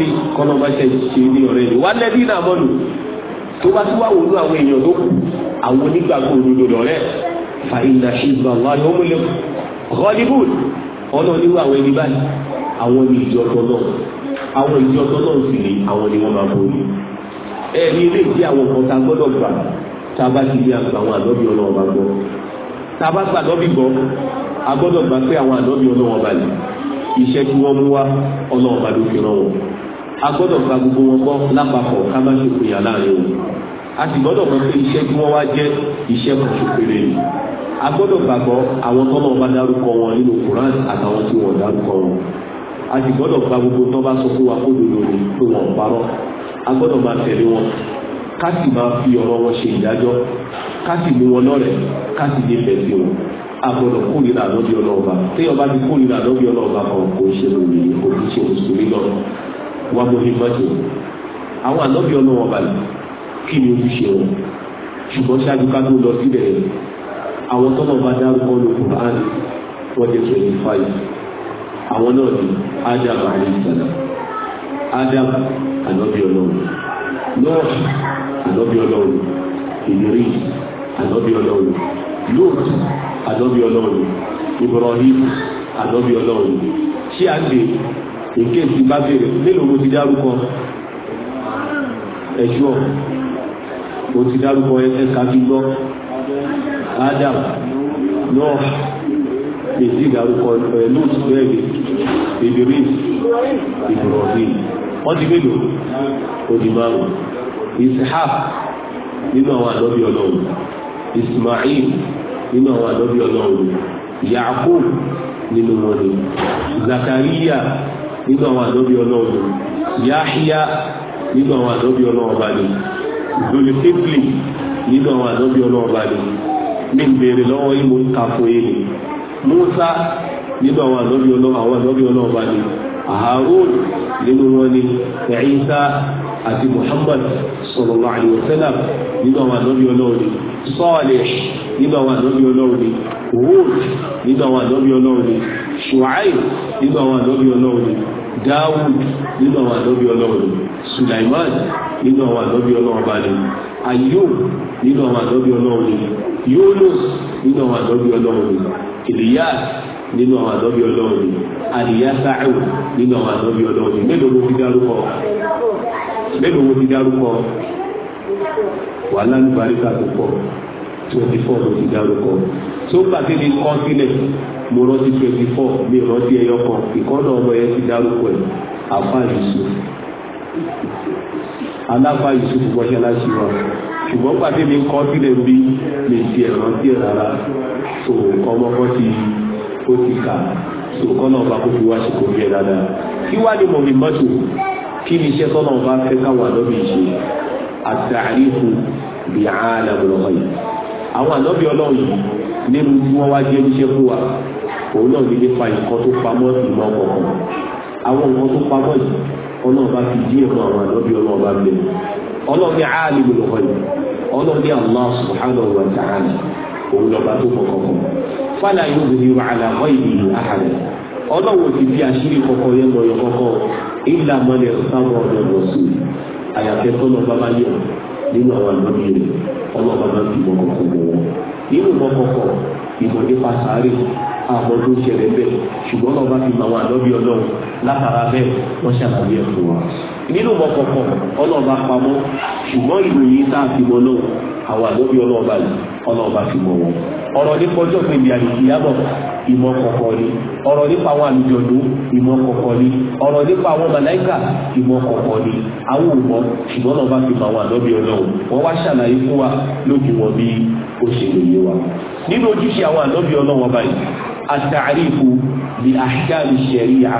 mi kọ́nà bá ṣe ṣe ní ọ̀rẹ́ mi wal ladina tó bá tún wà wọnú àwọn èèyàn tó kù àwọn onígbàgbọ́ òdodo lọ́rẹ́ fàyínà ṣìgbà wà ní ọmọlẹ hollywood ọlọ́ nírú àwọn ẹni báyìí àwọn ní ìjọ tọ́lọ́ àwọn ìjọ tọ́lọ́ sì ni àwọn ni wọ́n máa borí ẹni ilé ìdí àwọn kan tá a gbọ́dọ̀ gbà tá a bá ti di àgbà àwọn àdọ́bí ọlọ́wọ́ bá gbọ́ tá a bá gbà àdọ́bí gbọ́ a gbọ́dọ̀ gbà pé àwọn àdọ́bí ọlọ́wọ́ bá lè iṣẹ́ tí wọ́n mú wá ọlọ́wọ́ bá ló fi rán wọn a gbọ́dọ̀ gba gbogbo wọn gbọ́ lápapọ̀ ká má ṣe òfin àláàrin o a sì gbọ́dọ̀ mọ̀ pé iṣẹ́ tí wọ́n wá jẹ́ iṣẹ́ kan ṣòfèrè yìí a gbọ́dọ̀ gbàgbọ́ àwọn tó náà bá dárúkọ wọn nínú Quran àtàwọn tí wọ́n dárúkọ wọn a sì gbọ́dọ̀ gba gbogbo tó bá sọ fún wa kó dodo ni pé wọ́n parọ́ a gbọ́dọ̀ máa tẹ̀lé wọn ká máa fi ọ̀rọ̀ wọn ṣe ìdájọ́ ká mú wọn lọ́rẹ̀ ká sì lè wọn a kórìíra lọ́bí ọlọ́ọ̀ba téèyàn bá ti kórìíra lọ́bí ọlọ́ọ̀ba kan kò ṣe lórí kò ṣe òṣèlú náà wà muhimmatu àwọn ànábì ọlọ́wọ́ balẹ̀ kí ni ojúṣe wọn ṣùgbọ́n ṣáájú ká tó lọ síbẹ̀ àwọn tọ́lọ̀ bá dárúkọ ní Qur'an wọ́n jẹ́ twenty five àwọn náà ni Adam alayhisalam Adam ànábì ọlọ́wọ́ Noah ànábì ọlọ́wọ́ ìdírí ànábì ọlọ́wọ́ Lut ànábì ọlọ́wọ́ Ibrahim ànábì ọlọ́wọ́ ṣé àgbè nké ti bá bèrè mélòó mo ti dárúkọ ẹjọ mo ti dárúkọ ẹka fi gbọ́ Adam náà èsì dárúkọ ẹlú sẹẹlì Idris Ibrahim wọn ti mélòó odimaru Ishaq nínú àwọn àdọ́bí ọlọ́run Ismail nínú àwọn àdọ́bí ọlọ́run Yaakub nínú wọn ni Zakariya nínú àwọn àdóbi ọlọ́run yáhíyá nínú àwọn àdóbi ọlọ́run ọba ni zulukibli nínú àwọn àdóbi ọlọ́run ọba ni mi ń béèrè lọ́wọ́ yìí mo ń ta fún yìí ni musa nínú àwọn àdóbi ọlọ́run àwọn àdóbi ọlọ́run ọba ni harun nínú wọn ni Ìsá àti muhammad sallallahu alaihi wasallam nínú àwọn àdóbi ọlọ́run ni nínú àwọn àdóbi ọlọ́run ni nínú àwọn àdóbi ọlọ́run nínú àwọn ànábì ọlọ́run ni Dawud nínú àwọn ànábì ọlọ́run ni Sulaiman nínú àwọn ànábì ọlọ́run bá ní Ayub nínú àwọn ànábì ọlọ́run ni Yunus nínú àwọn ànábì ọlọ́run ni Ilyas nínú àwọn ànábì ọlọ́run ni Aliyasa'u nínú àwọn ànábì ọlọ́run ni mélòó ló fi dárúkọ wàhálà ní baríkà tó pọ̀ tí wọ́n ti ti dárúkọ tó gbàgede kọ́ sílẹ̀ mo rántí twenty four mi rántí ẹyọ kan ìkọ́nà ọmọ yẹn ti dárúkọ ẹ̀ àfa yusuf aláfa yusuf mọ́ṣáláṣí wa ṣùgbọ́n pàdé mi kọ́ sílẹ̀ bí lè ti ẹ̀rọ ẹ̀ rárá so ọmọkọ́ ti ó ti kà so kọ́nà ọba kò fi wá sí kò fi ẹ̀ dáadáa kí wàá ní mọ̀mí mọ́tò kí ni iṣẹ́ tọ́nà ọba fẹ́ káwọn ànábì ṣe àtàrífù bí ààlà bọ̀lọ́kọ̀ yìí àwọn ànábì ọlọ́run yìí nínú tí wọ́n wá jẹ́ iṣẹ́ fún wa òun náà ní nípa nǹkan tó pamọ́ ìmọ̀ kọ̀ọ̀kan àwọn nǹkan tó pamọ́ yìí ọlọ́ọ̀bá ti ẹ̀kọ́ àwọn àdọ́bí ọlọ́ọ̀bá bẹ̀ ọlọ́ọ̀bí yìí ọlọ́ọ̀bí Allah subhanahu wa ta'ala òun lọ́ba tó fàlà yóò àhàlẹ̀ ọlọ́wọ́ ti fi àṣírí kọ̀ọ̀kan yẹn yọ kọ̀ọ̀kan ìlà àmọ́ tó ṣẹlẹ̀ bẹ́ẹ̀ ṣùgbọ́n ọba bá mọ àwọn àdọ́bí ọlọ́run látara bẹ́ẹ̀ wọ́n ṣàlàyé ẹ̀ fún wa. nínú pamọ́ ṣùgbọ́n ìròyìn tá a mọ náà àwọn àdọ́bí yìí mọ wọn. ọ̀rọ̀ ìmọ̀ ni ọ̀rọ̀ nípa àwọn ìmọ̀ ni ọ̀rọ̀ nípa àwọn màláìkà ìmọ̀ ni àwọn òmọ̀ ṣùgbọ́n àtàrífù bí àṣìkáàrí ṣẹ̀ríà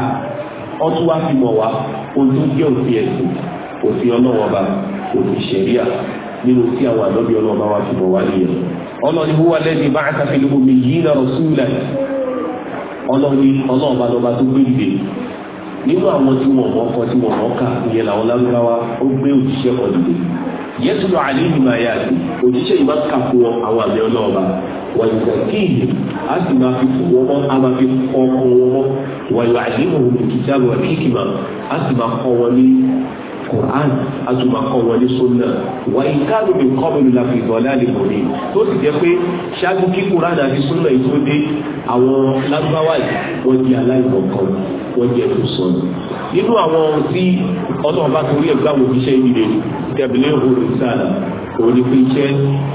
ọtún wá fi mọ̀ wá ohun tó jẹ́ òfin ẹ̀sìn òfin ọlọ́wọ́ ọba òfin ṣẹ̀ríà nínú tí àwọn àdọ́bí ọlọ́ọ̀bá wa fi mọ̀ wá nìyẹn ọlọ́ni huwa lẹ́ni bá a lóko mi yí náà rọ̀ súnlẹ̀ ọlọ́ni ọlọ́ọ̀bá lọ́ba tó gbé dìde nínú àwọn tí wọn mọ ọkọ tí wọn mọ ká ìyẹn làwọn lágbára ó gbé òjíṣẹ́ kan dìde yẹtùlọ àlẹ ìgbìmọ̀ ayé àti òjíṣẹ́ yìí máa ń kàkó wọn àwọn àmì ọlọ́ọ̀ba wọ́n ti sọ kíyì á sì máa fi fún wọn mọ́ á máa fi kọ́ ọkọ wọn mọ́ wọ́n yọ àlẹ́ ìwọ̀n ní kìtàbù àkíkìmọ̀ á sì máa kọ́ wọn ní Qur'an á sì máa kọ́ wọn ní sunna wà ìkàlù mi kọ́ mi lọ́la fi ìdọ̀lá lè mọ̀ mi tó sì jẹ́ pé ṣáájú kí Qur'an àti sunna yìí tó dé àwọn lágbáwá yìí oúnjẹ tó sọ ni nínú àwọn ohun tí ọlọ́run bá torí ẹ̀gbá wo iṣẹ́ yìí lè tẹ̀bílẹ̀ òru sáàlà òun ni pé iṣẹ́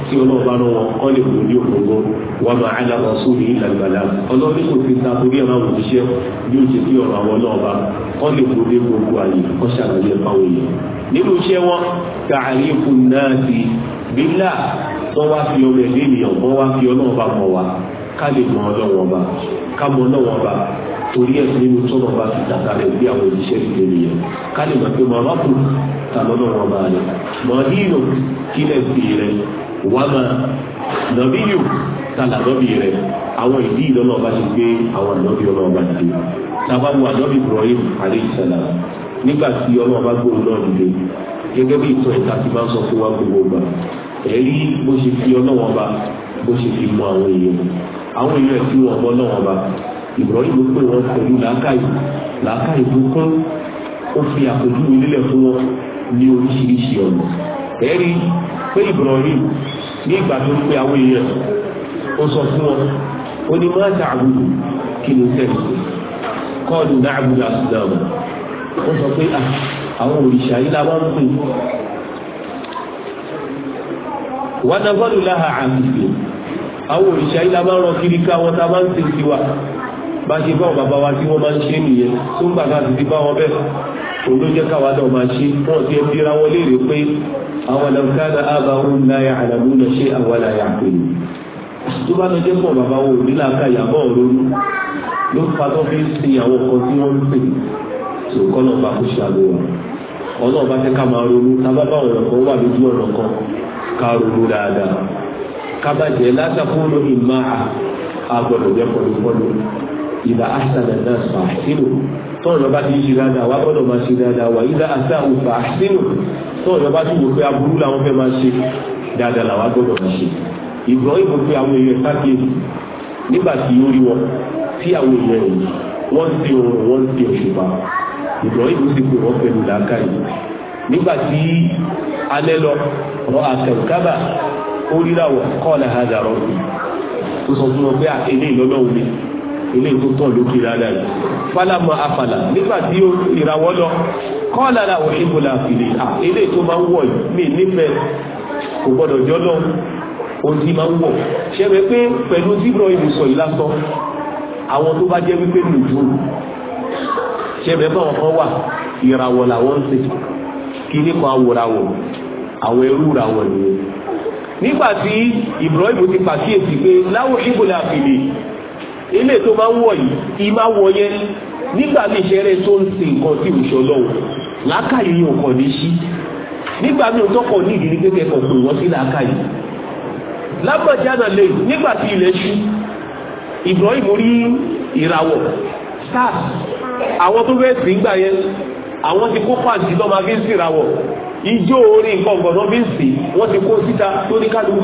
tí ọlọ́run bá rán wọn kọ́ lè wò ní òkòkò wọn máa ń lọ sórí ìlàgbàlà ọlọ́run kò ti ta torí ẹ̀rọ àwọn òṣìṣẹ́ ní oṣù tí ọ̀rọ̀ àwọn ọlọ́run kọ́ lè wò ní gbogbo àyè kọ́ ṣàlàyé fáwọn èèyàn nínú iṣẹ́ wọn tààrí fún náà ti bílà wọ́n wá fi ọmọ ẹ̀dẹ́ ènìyàn torí ẹ̀ nínú tọ́nà bá fi tàkà rẹ̀ bí àwọn òṣìṣẹ́ ti lè yẹ ká lè mọ̀ pé màá bá kù ta lọ́nà wọn bá rẹ̀ màá ní ìlò kí lẹ̀ sí rẹ̀ wà máa nàbí yò ta lànàbí rẹ̀ àwọn ìdí ìlọ́nà ọba ti gbé àwọn ànàbí ọlọ́run ọba ti tàbá wo ànàbí Ibrahim alayhi nígbà tí ọlọ́run ọba náà dìde gẹ́gẹ́ bí ìtàn ìta ti máa ń sọ fún wa gbogbo ọba ẹ̀rí bó ṣe fi ọlọ́run ọba bó ṣe fi mọ àwọn èèyàn àwọn èèyàn tí Ibrahim pé wọ́n pẹ̀lú làákàyè làákàyè tó kún ó fi àpèjúwe lélẹ̀ fún wọn ní oríṣiríṣi ọ̀nà ẹ̀rí pé Ibrahim ní ìgbà tó pe àwọn èèyàn ó sọ fún wọn ó ní máa ta àbùkù kí ni sẹ́yìn kọ́ọ̀lù náà àbùkù àsìlámù ó sọ pé ah, àwọn òrìṣà yìí la wá ń pè wọn náà bọ́ọ̀lù láhà àbùkù àwọn òrìṣà yìí la rọ kiri ká wọn tá a máa ń ṣe tiwa bá ṣe bá bàbá wa tí wọ́n máa ń ṣe nìyẹn tó ń gbà ká ti bá wọn bẹ́ẹ̀ òun ló jẹ́ káwa náà máa ṣe wọ́n ti ẹbí ra wọn léèrè pé àwọn làǹkàdà àbá òun láyà àlàmú lọ ṣe àwọn làyà pẹ̀lú tó bá lọ jẹ́ pọ̀ bàbá wo nílà káyà bọ́ ọ̀rọ̀lú ló fa tó fi sin àwọn kan tí wọ́n ń sìn tó kọ́ náà bá kó ṣe àlọ́ wa ọlọ́run bá fẹ́ ká máa ronú tábà bá ọ̀rọ̀ kan wà lójú ọ̀nà kan ká ronú dáadáa ká bàjẹ́ látàkùn lórí àgbọ̀dọ̀ jẹ́ pọ̀lúpọ̀lú ìdá àṣàlẹ̀ náà fà sínú tọ́ọ̀nà bá ti ń ṣe dáadáa wá gbọ́dọ̀ máa ṣe dáadáa wà ìdá àṣàwò fà sínú tọ́ọ̀nà bá ti wò pé aburú làwọn fẹ́ máa ṣe dáadáa làwọn gbọ́dọ̀ máa ṣe Ibrahim pé àwọn èèyàn sákèjì nígbà tí ó rí wọn tí àwọn èèyàn rẹ̀ wọ́n ti oòrùn wọ́n ti òṣùpá Ibrahim sì pé wọ́n pẹ̀lú làákàyè nígbà tí alẹ́ lọ rọ àtẹ̀kábà ó ríra wọ̀ kọ́ ọ̀la hàdà rọ̀ ó sọ fún wọn pé àtẹlé ìlọ́lọ́wọ́ mi ilé tó tọ̀ lókè dáadáa yìí fálámà àfàlà nígbà tí ó ìràwọ̀ lọ kọ́ọ̀lá làwọn ìbòlà àfìlè à ilé tó máa ń wọ̀ yìí mí nífẹ̀ẹ́ kò gbọ́dọ̀ jọ́ lọ ohun tí máa ń wọ̀ ṣẹ́mi pé pẹ̀lú zibro ìbùsọ yìí lásán àwọn tó bá jẹ́ wípé nùjú ṣẹ́mi pé àwọn kan wà ìràwọ̀ làwọn ń ṣe kí nípa awòràwọ̀ àwọn ẹrú ràwọ̀ nìyẹn nígbà tí Ibrahim ti pàkíyèsí pé láwọn ìbòlà àfìlè ilé tó máa ń wọ̀ yìí ìmá wọ yẹn nígbà míì ṣẹlẹ̀ tó ń sin nǹkan tí ò ṣe ọlọ́wọ́ làákàyè yìí ọkọ̀ ní sí nígbà míì ọtọ́kọ̀ ní ìdílé pé kẹ́kọ̀ọ́ pè wọ́n sí làákàyè lágbàjáde lè nígbà tí ilẹ̀ ṣú Ibrahim rí ìràwọ̀ stars àwọn tó fẹ́ sìn gbà yẹn àwọn ti kó pàǹtí lọ́ máa fi ń sìràwọ̀ ijó orin nǹkan ọ̀gbọ̀n náà fi ń sìn wọ́n ti kó síta tó ní kálukú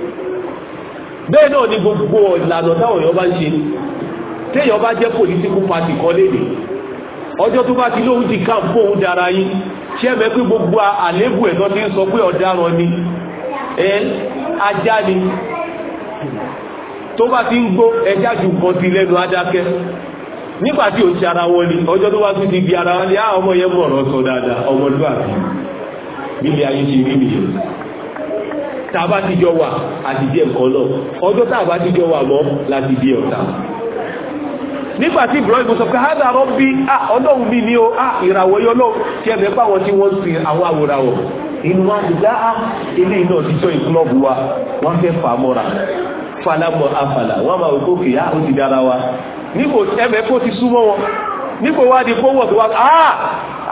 bẹ́ẹ̀ náà ni gbogbo ìlànà táwọn èèyàn bá ń ṣe téèyàn bá jẹ́ political party kan léde ọjọ́ tó bá ti lóhun ti kàn fún òun dára yín ṣé ẹ gbogbo àléébù ẹ̀ náà sọ pé ọ̀daràn ni ẹ ajá ni tó bá ti ń gbó ẹjá ju nǹkan ti lẹ́nu adákẹ́ nígbà tí ti ara wọn ni ọjọ́ tó bá ti di ara ah, tá a wa náà ọjọ́ a ti wà mọ́ láti di ọ̀tá nígbà tí ibrahim sọ pé hádà rọ́bí ọlọ́run mi ni ó ìràwọ̀ yọ lọ tí ẹ mẹ́fà wọn tí wọ́n sin àwọn àwòràwọ̀ inú wa ti dá ti wa wọ́n fẹ́ fà á mọ́ra falamọ́ afàlà wọ́n máa wò kókè á ó ti dára wa nígbò nígbò wá di kówó tó wá ah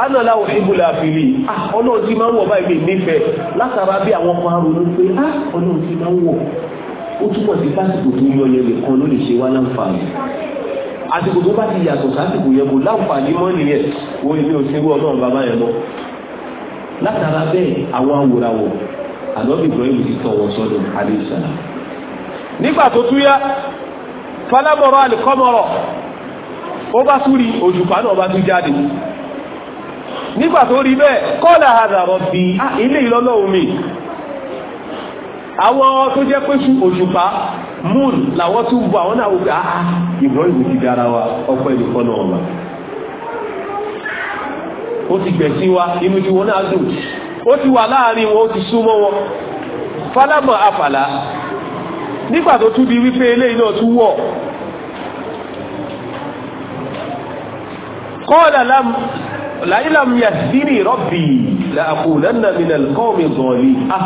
anala òṣìbùlà àfìlì ah ọlọ́run ti máa ń wọ̀ báyìí mi nífẹ̀ẹ́ látara bí àwọn ọmọ arúgbó pé ah ọlọ́run ti máa ń wọ̀ ó túbọ̀ sí fásitì tó yọ yẹn nìkan ló lè ṣe wá láǹfààní àsìkò tó bá ti yàtọ̀ sásìkò yẹn kò láǹfààní mọ́ nìyẹn wo ilé òṣèlú ọlọ́run bàbá yẹn lọ látara bẹ́ẹ̀ àwọn awòràwọ̀ àlọ́bì ibrahim ti tọ̀ ó bá tún òjùpá náà bá tún jáde nígbà tó rí bẹ́ẹ̀ kọ́lá àdàrọ̀ bí ilé ìlọ́lọ́ omi àwọn tó jẹ́ pé fún moon làwọn tún bọ àwọn náà ti dára wa ọpẹ́ ìdìkọ́ náà wà ti wa inú wọn náà dùn ó ti wọn ó ti súnmọ́ wọn nígbà tó tún wípé kọ́ọ̀lá láìlàm yàtìrì rọ́bì làkùnlẹ́nà mi nàlùkọ́ mi gọ̀ọ̀lì á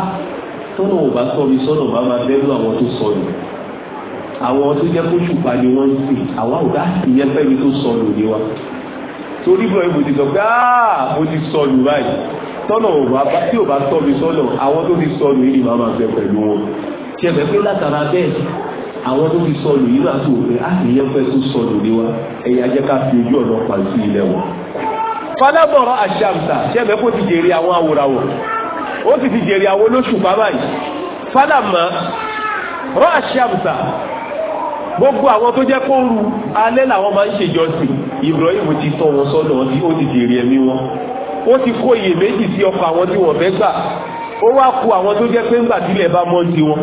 tọ́nà ò bá sọ mi sọ́nà bá máa bẹ́rù àwọn tó sọ nù àwọn tó jẹ́ kó ṣùpá ni wọ́n ń sìn àwa ò dá ìyẹn fẹ́mi tó sọ nù ni wa torí bọ̀ ibò ti sọ pé mo ti sọ nù báyìí tọ́nà ò bá tí ò bá sọ mi sọ́nà àwọn tó ti sọ nù yìí ni màá máa bẹ pẹ̀lú wọn ṣẹ̀fẹ̀ pé látara bẹ́ẹ̀ àwọn tó fi sọnù yìí ah, náà tó fẹ́ á sì yẹn fẹ́ tó sọnù ní wa ẹ̀yà jẹ́ ká fi ojú ọ̀nà pa sí ilẹ̀ wọn. falábọ̀rọ̀ àṣàmùsà ṣẹ́fẹ̀ kó ti jèrè àwọn awòràwọ̀ ó sì ti jèrè àwọn olóṣùpá báyìí fálàmà rọ àṣàmùsà gbogbo àwọn tó jẹ́ kó ru alẹ́ làwọn máa ń ṣèjọsìn Ibrahim ti sọ wọn sọ́nà ó ti jèrè ẹ̀mí wọn ó ti kó iyèméjì sí ọkọ̀ àwọn tí wọ́n fẹ́ gbà ó wá ku àwọn tó jẹ́ pé ńgbà tílẹ̀ bá mọ́ ti wọn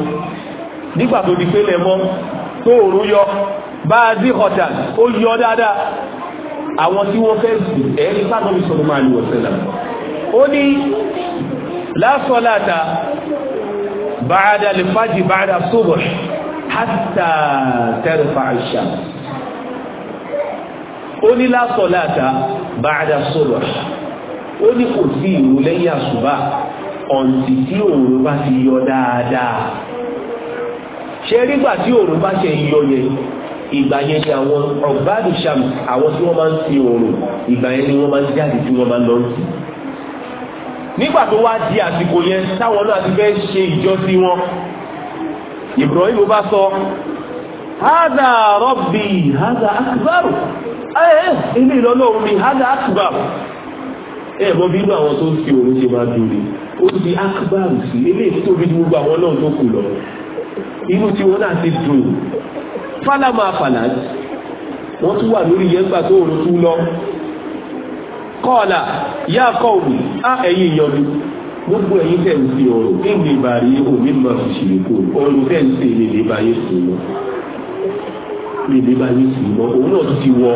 nígbà tó di pé lẹ́mọ́ tó òru yọ bá a dí ọ̀tà ó yọ dáadáa àwọn tí wọ́n fẹ́ sùn ẹ̀ ní sábà mi sọ̀rọ̀ máa lù ọ̀sẹ̀ là ó ní lásọ̀láta bàdà lè fàjì bàdà sóbọ̀ hàtà tẹ̀rẹ̀fà àṣà ó ní lásọ̀láta bàdà sóbọ̀ ó ní kò sí ìrù lẹ́yìn àṣùbà ọ̀ǹtì tí òun bá ti yọ dáadáa. ṣe é ti tí òòrùn bá ṣe yọ yẹn ìgbà yẹn ni àwọn ọ̀gbádùn ṣam àwọn tí wọ́n máa ń ti òòrùn ìgbà yẹn ni wọ́n máa ń jáde tí wọ́n máa ń lọ sí. nígbà tó wá di àsìkò yẹn táwọn náà ti fẹ́ ṣe wọn Ibrahim bá sọ hada rọ́bì hada akbaru ẹ ni hada akbaru ẹ mọ bí inú àwọn tó ń fi òòrùn ṣe máa dùn ní ó ti akbaru sí ilé gbogbo àwọn náà tó kù inú tí wọn náà ti dùn fálámà fàlà wọn tún wà lórí yẹn gbà tó òun tún lọ kọ́ọ̀là yá kọ́ òbí á ẹ̀yìn ìyọnu gbogbo ẹ̀yin tẹ̀ ń fi ọ̀rọ̀ kí ni ìbàrí omi máa fi ṣe kó ọ̀rọ̀ tẹ̀ ń ṣe lè lè báyé sùn lọ lè lè báyé sùn lọ òun náà ti wọ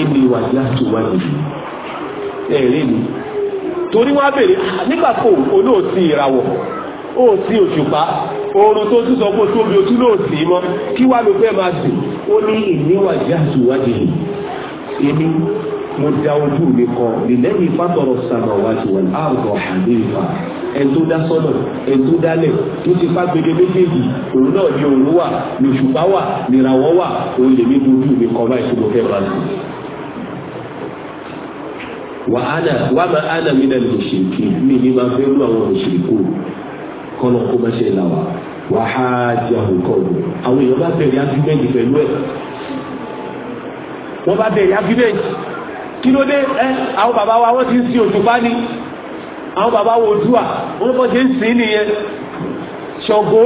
ebi wà láti wá nìyí ẹ̀rí mi torí wọn á béèrè ah, nígbà tó olóòtú ìràwọ̀ ó sí òṣùpá oorun tó tún sọ pé tóbi o tún lóò sí mọ́ kí wàá ló fẹ́ máa sìn ó ní ìníwájú àtúwájú èmi mo da ojú mi kọ lẹ́yìn ìfàtọ̀rọ̀ sàmàwájú wọn àrùn ọ̀hánlé ẹni tó dá sọ́nà ẹni tó dálẹ̀ tó ti fá gbede méjèèjì òun náà ni òun wà lòṣùpá wà nìràwọ̀ wà òun lè mí dojú mi kọ báyìí tó mo fẹ́ máa sùn. wà á nà wà má á nà mi ní máa fẹ́ rú àwọn òṣèlú kọ́nà kó má ṣe là wá wà á di àwọn nǹkan ọ̀dọ̀ àwọn èèyàn bá bẹ̀rẹ̀ agreement pẹ̀lú ẹ̀ wọ́n bá bẹ̀rẹ̀ agreement kí ló dé ẹ àwọn bàbá wa wọ́n ti ń sin òṣùpá ni àwọn bàbá wo òdùà wọ́n bọ́ ṣe ń sìn nìyẹn ṣọ̀gbó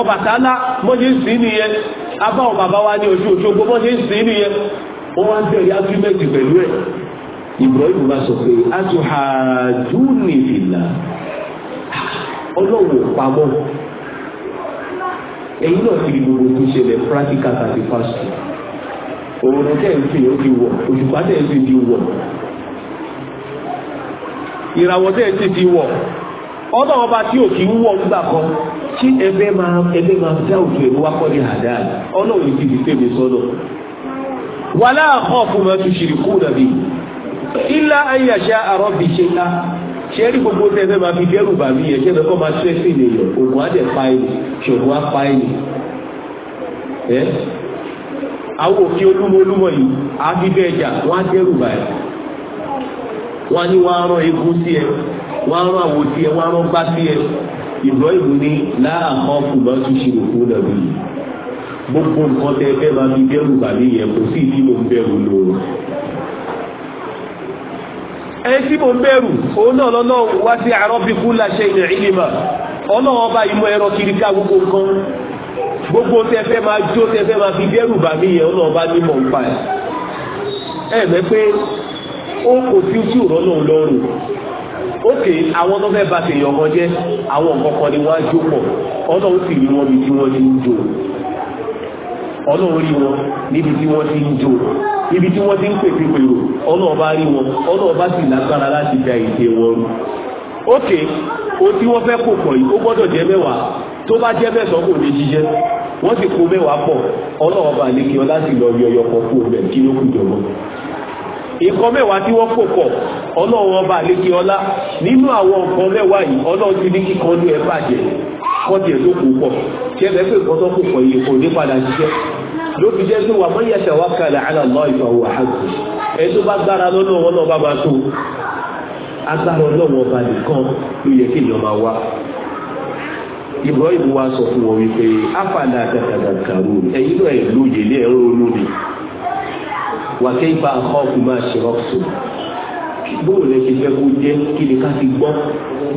ọbàtálá bọ́ ṣe ń sìn nìyẹn abá àwọn bàbá wa ní ojú òṣogbo bọ́ ṣe ń sìn nìyẹn wọ́n wá bẹ̀rẹ̀ agreement pẹ̀lú ẹ̀ Ibrahim bá sọ pé atuhajuni fìlà ọlọ́run ò pamọ́ èyí náà ti di gbogbo tó ṣẹlẹ̀ practical satisfaction òòrùn tẹ̀ ń fi ó ti wọ̀ òṣùpá tẹ̀ ń fi ti wọ̀ ìràwọ̀ tẹ̀ ń fi ti wọ̀ ọ̀dọ̀ ọba tí ò kí ń wọ̀ nígbà kan tí ẹbẹ máa ẹbẹ máa dá òjò ẹ̀rọ wá kọ́ ní àdáà ọlọ́run ti di tèmi sọ́dọ̀ wàhálà àkọ́ fún mi ẹ̀ tún ṣe kú nàbí ilá ayé àṣà àrọ́bì ṣe ká ṣé rí gbogbo tẹ́ fẹ́ máa fi dẹ́rù bàbí yẹn ṣé fẹ́ kọ́ máa tún ẹ̀sìn ènìyàn ògùn á dẹ̀ pa ẹni ṣògùn á pa ẹni. ẹ àwọn òfin olúmọ olúmọ yìí á fi bẹ́ẹ̀ jà wọ́n á dẹ́rù báyìí wọ́n á ní wọ́n á rán egun sí ẹ wọ́n gbogbo nǹkan fẹ́ máa fi dẹ́rù yẹn kò ẹni tí mo ń bẹ̀rù òun náà lọ́nà wá sí àrọ́bíkú láṣẹ ilẹ̀ ìlímà ọlọ́wọ́n bá ìmọ̀ ẹ̀rọ kiri ká gbogbo nǹkan gbogbo tẹfẹ́ máa jó tẹfẹ́ máa fi bẹ̀rù bà mí yẹn ọlọ́wọ́n bá nímọ̀ ń pa ẹ̀ ẹ̀ mẹ́ pé ó kò sí ojú ìrọ́nà lọ́rùn ókè àwọn tó fẹ́ bá tèèyàn kan jẹ́ àwọn nǹkan kan ni wọ́n á jó pọ̀ ọlọ́run sì rí wọn bí tí wọ́n ti ń jó ọlọ́run rí wọn níbi tí wọ́n ti ń jó ibi tí wọ́n ti ń pèpè pèrò ọlọ́run bá rí wọn ọlọ́run bá sì lágbára láti da wọn o tí wọ́n fẹ́ kò pọ̀ yìí ó gbọ́dọ̀ jẹ́ mẹ́wàá tó bá jẹ́ mẹ́sàn-án kò ní wọ́n sì kó mẹ́wàá pọ̀ lọ yọyọ fún kí ló nǹkan mẹ́wàá tí wọ́n pò pọ̀ ọlọ́run ọba àlékè ọlá nínú àwọn nǹkan mẹ́wàá yìí ọlọ́run ti ní kíkan ní ẹ bàjẹ́ kọ́tì ẹ̀ ló kù pọ̀ ṣé ẹ fẹ́ kọ́tọ́ kù pọ̀ yìí kò ní padà ṣiṣẹ́ ló fi jẹ́ pé wà mọ́ yẹ̀ṣẹ̀ wá kalẹ̀ aláàlọ́ ìfọwọ́ àhàgùn ẹ tó bá gbára lọ́nà wọn náà bá máa tó agbára ọlọ́run ọba nìkan ló yẹ kí èèyàn máa wá Ibrahim wa sọ fún wọn wípé afala àtàkàdàkàrú ẹ̀yin náà ẹ̀ lóye wà kẹ́yìnbá ọkùn máa ṣe ọ̀sùn bóòlù ẹ ṣe fẹ́ kó jẹ́ kí ni ká ti gbọ́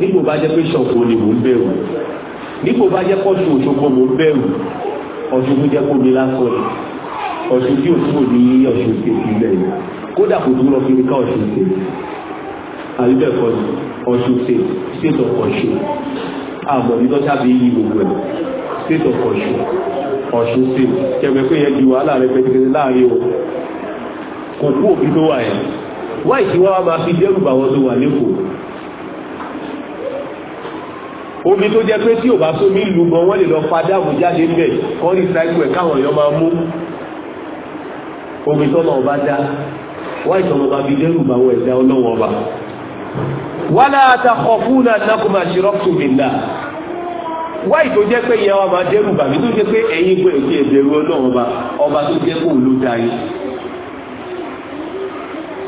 nígbò bá jẹ́ pé ṣọ̀gbọ́n ni mò ń bẹ̀rù nígbò bá jẹ́ pọ́ṣù òṣogbo mò ń bẹ̀rù ọ̀ṣun tó jẹ́ kó mi lásán ni ọ̀ṣun tí òṣùwò ní ọ̀ṣun ṣe ìpínlẹ̀ yìí kódà kò tún lọ fi ní ká ọ̀ṣun ṣe àbíbẹ̀kọ́ ọ̀ṣun ṣe state of ọ̀ṣun àmọ̀ ní tọ́jà bí yí gbogbo ẹ̀ state of ọ̀ṣun ọ̀ṣun ṣe kẹ̀mẹ́kẹ́ yẹn di wàhálà rẹpẹtẹ láàrin o kò kú òbí tó wà yẹn wáyé tí wọ́n wá máa fi dẹ́rù bá wọn tó wà lẹ́kọ̀ọ́ omi tó jẹ́ pé tí ò bá sómi lù gan wọ́n lè lọ fa dáàbò jáde ń bẹ̀ kọ́ ní sáìkù ẹ̀ káwọn èèyàn máa mú omi tọ́nà ọba dá wáyé tọ́nà ọba fi dẹ́rù wọn ẹ̀dá ọlọ́wọ́ ọba wala takhafuna annakum ashraktum billah wáyé tó jẹ́ pé ìyẹn wa máa dẹ́rù bàbí tó jẹ́ pé ẹ̀yin gbọ́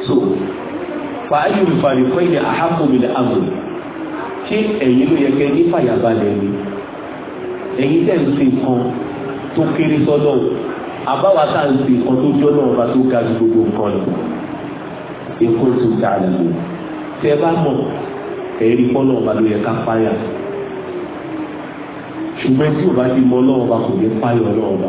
so fàáyù ìfàlùfẹ́ ilẹ̀ àhákòmìlẹ̀ àmọ̀ ṣé ẹ̀yin ló yẹ kẹ́ ní fàyàbalẹ̀ ni ẹ̀yin tẹ̀ ń ṣe nǹkan tó kéré sọ́dọ̀ àbáwá tá à se ṣe nǹkan tó jọ́nà ọba tó ga ju gbogbo nǹkan lọ èkó tó ga lò tẹ bá mọ̀ ẹ̀rí fọ́nà ọba ló yẹ ká fáyà ṣùgbọ́n tí ò bá ti mọ ọlọ́wọ́ ọba kò ní fáyà ọlọ́wọ́ ọba.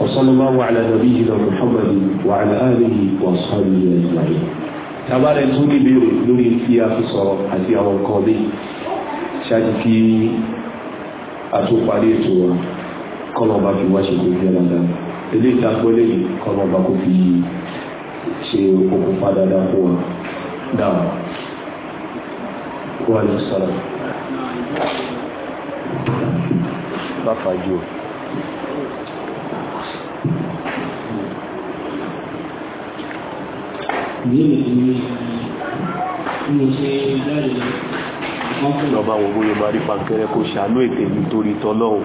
وصلى الله على نبينا محمد وعلى آله وأصحابه أجمعين tabaare tún ní béèrè lórí tí a fi sọ̀rọ̀ àti àwọn nǹkan bí ṣáàjú kí a tó parí ètò wa kọlọba fi wá ṣe gbogbo dáadáa eléyìí tá a gbọ́ lẹ́yìn kọlọba kò fi ṣe okùnfà dáadáa fún wa dáa wa ní sọ̀rọ̀ bá fàájú o. ìbéèrè tó ní bí mo ṣe jáde lọ. lọ́ba wo bóyá máa rí pankẹ́rẹ́ kó ṣàánú ètè mi torí tọ́lọ́hùn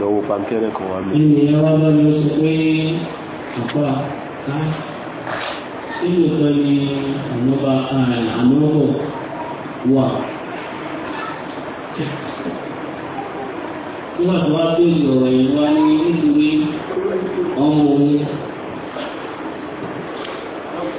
lọ́wọ́ pankẹ́rẹ́ kan wá mi. ènìyàn wá bá mi sọ pé àpá ká sílùú kan ní ànọ́bà ànọ́bọ̀ wà nígbà tó wá bèèrè ọ̀rọ̀ yẹn wá ní nítorí ọmọ òun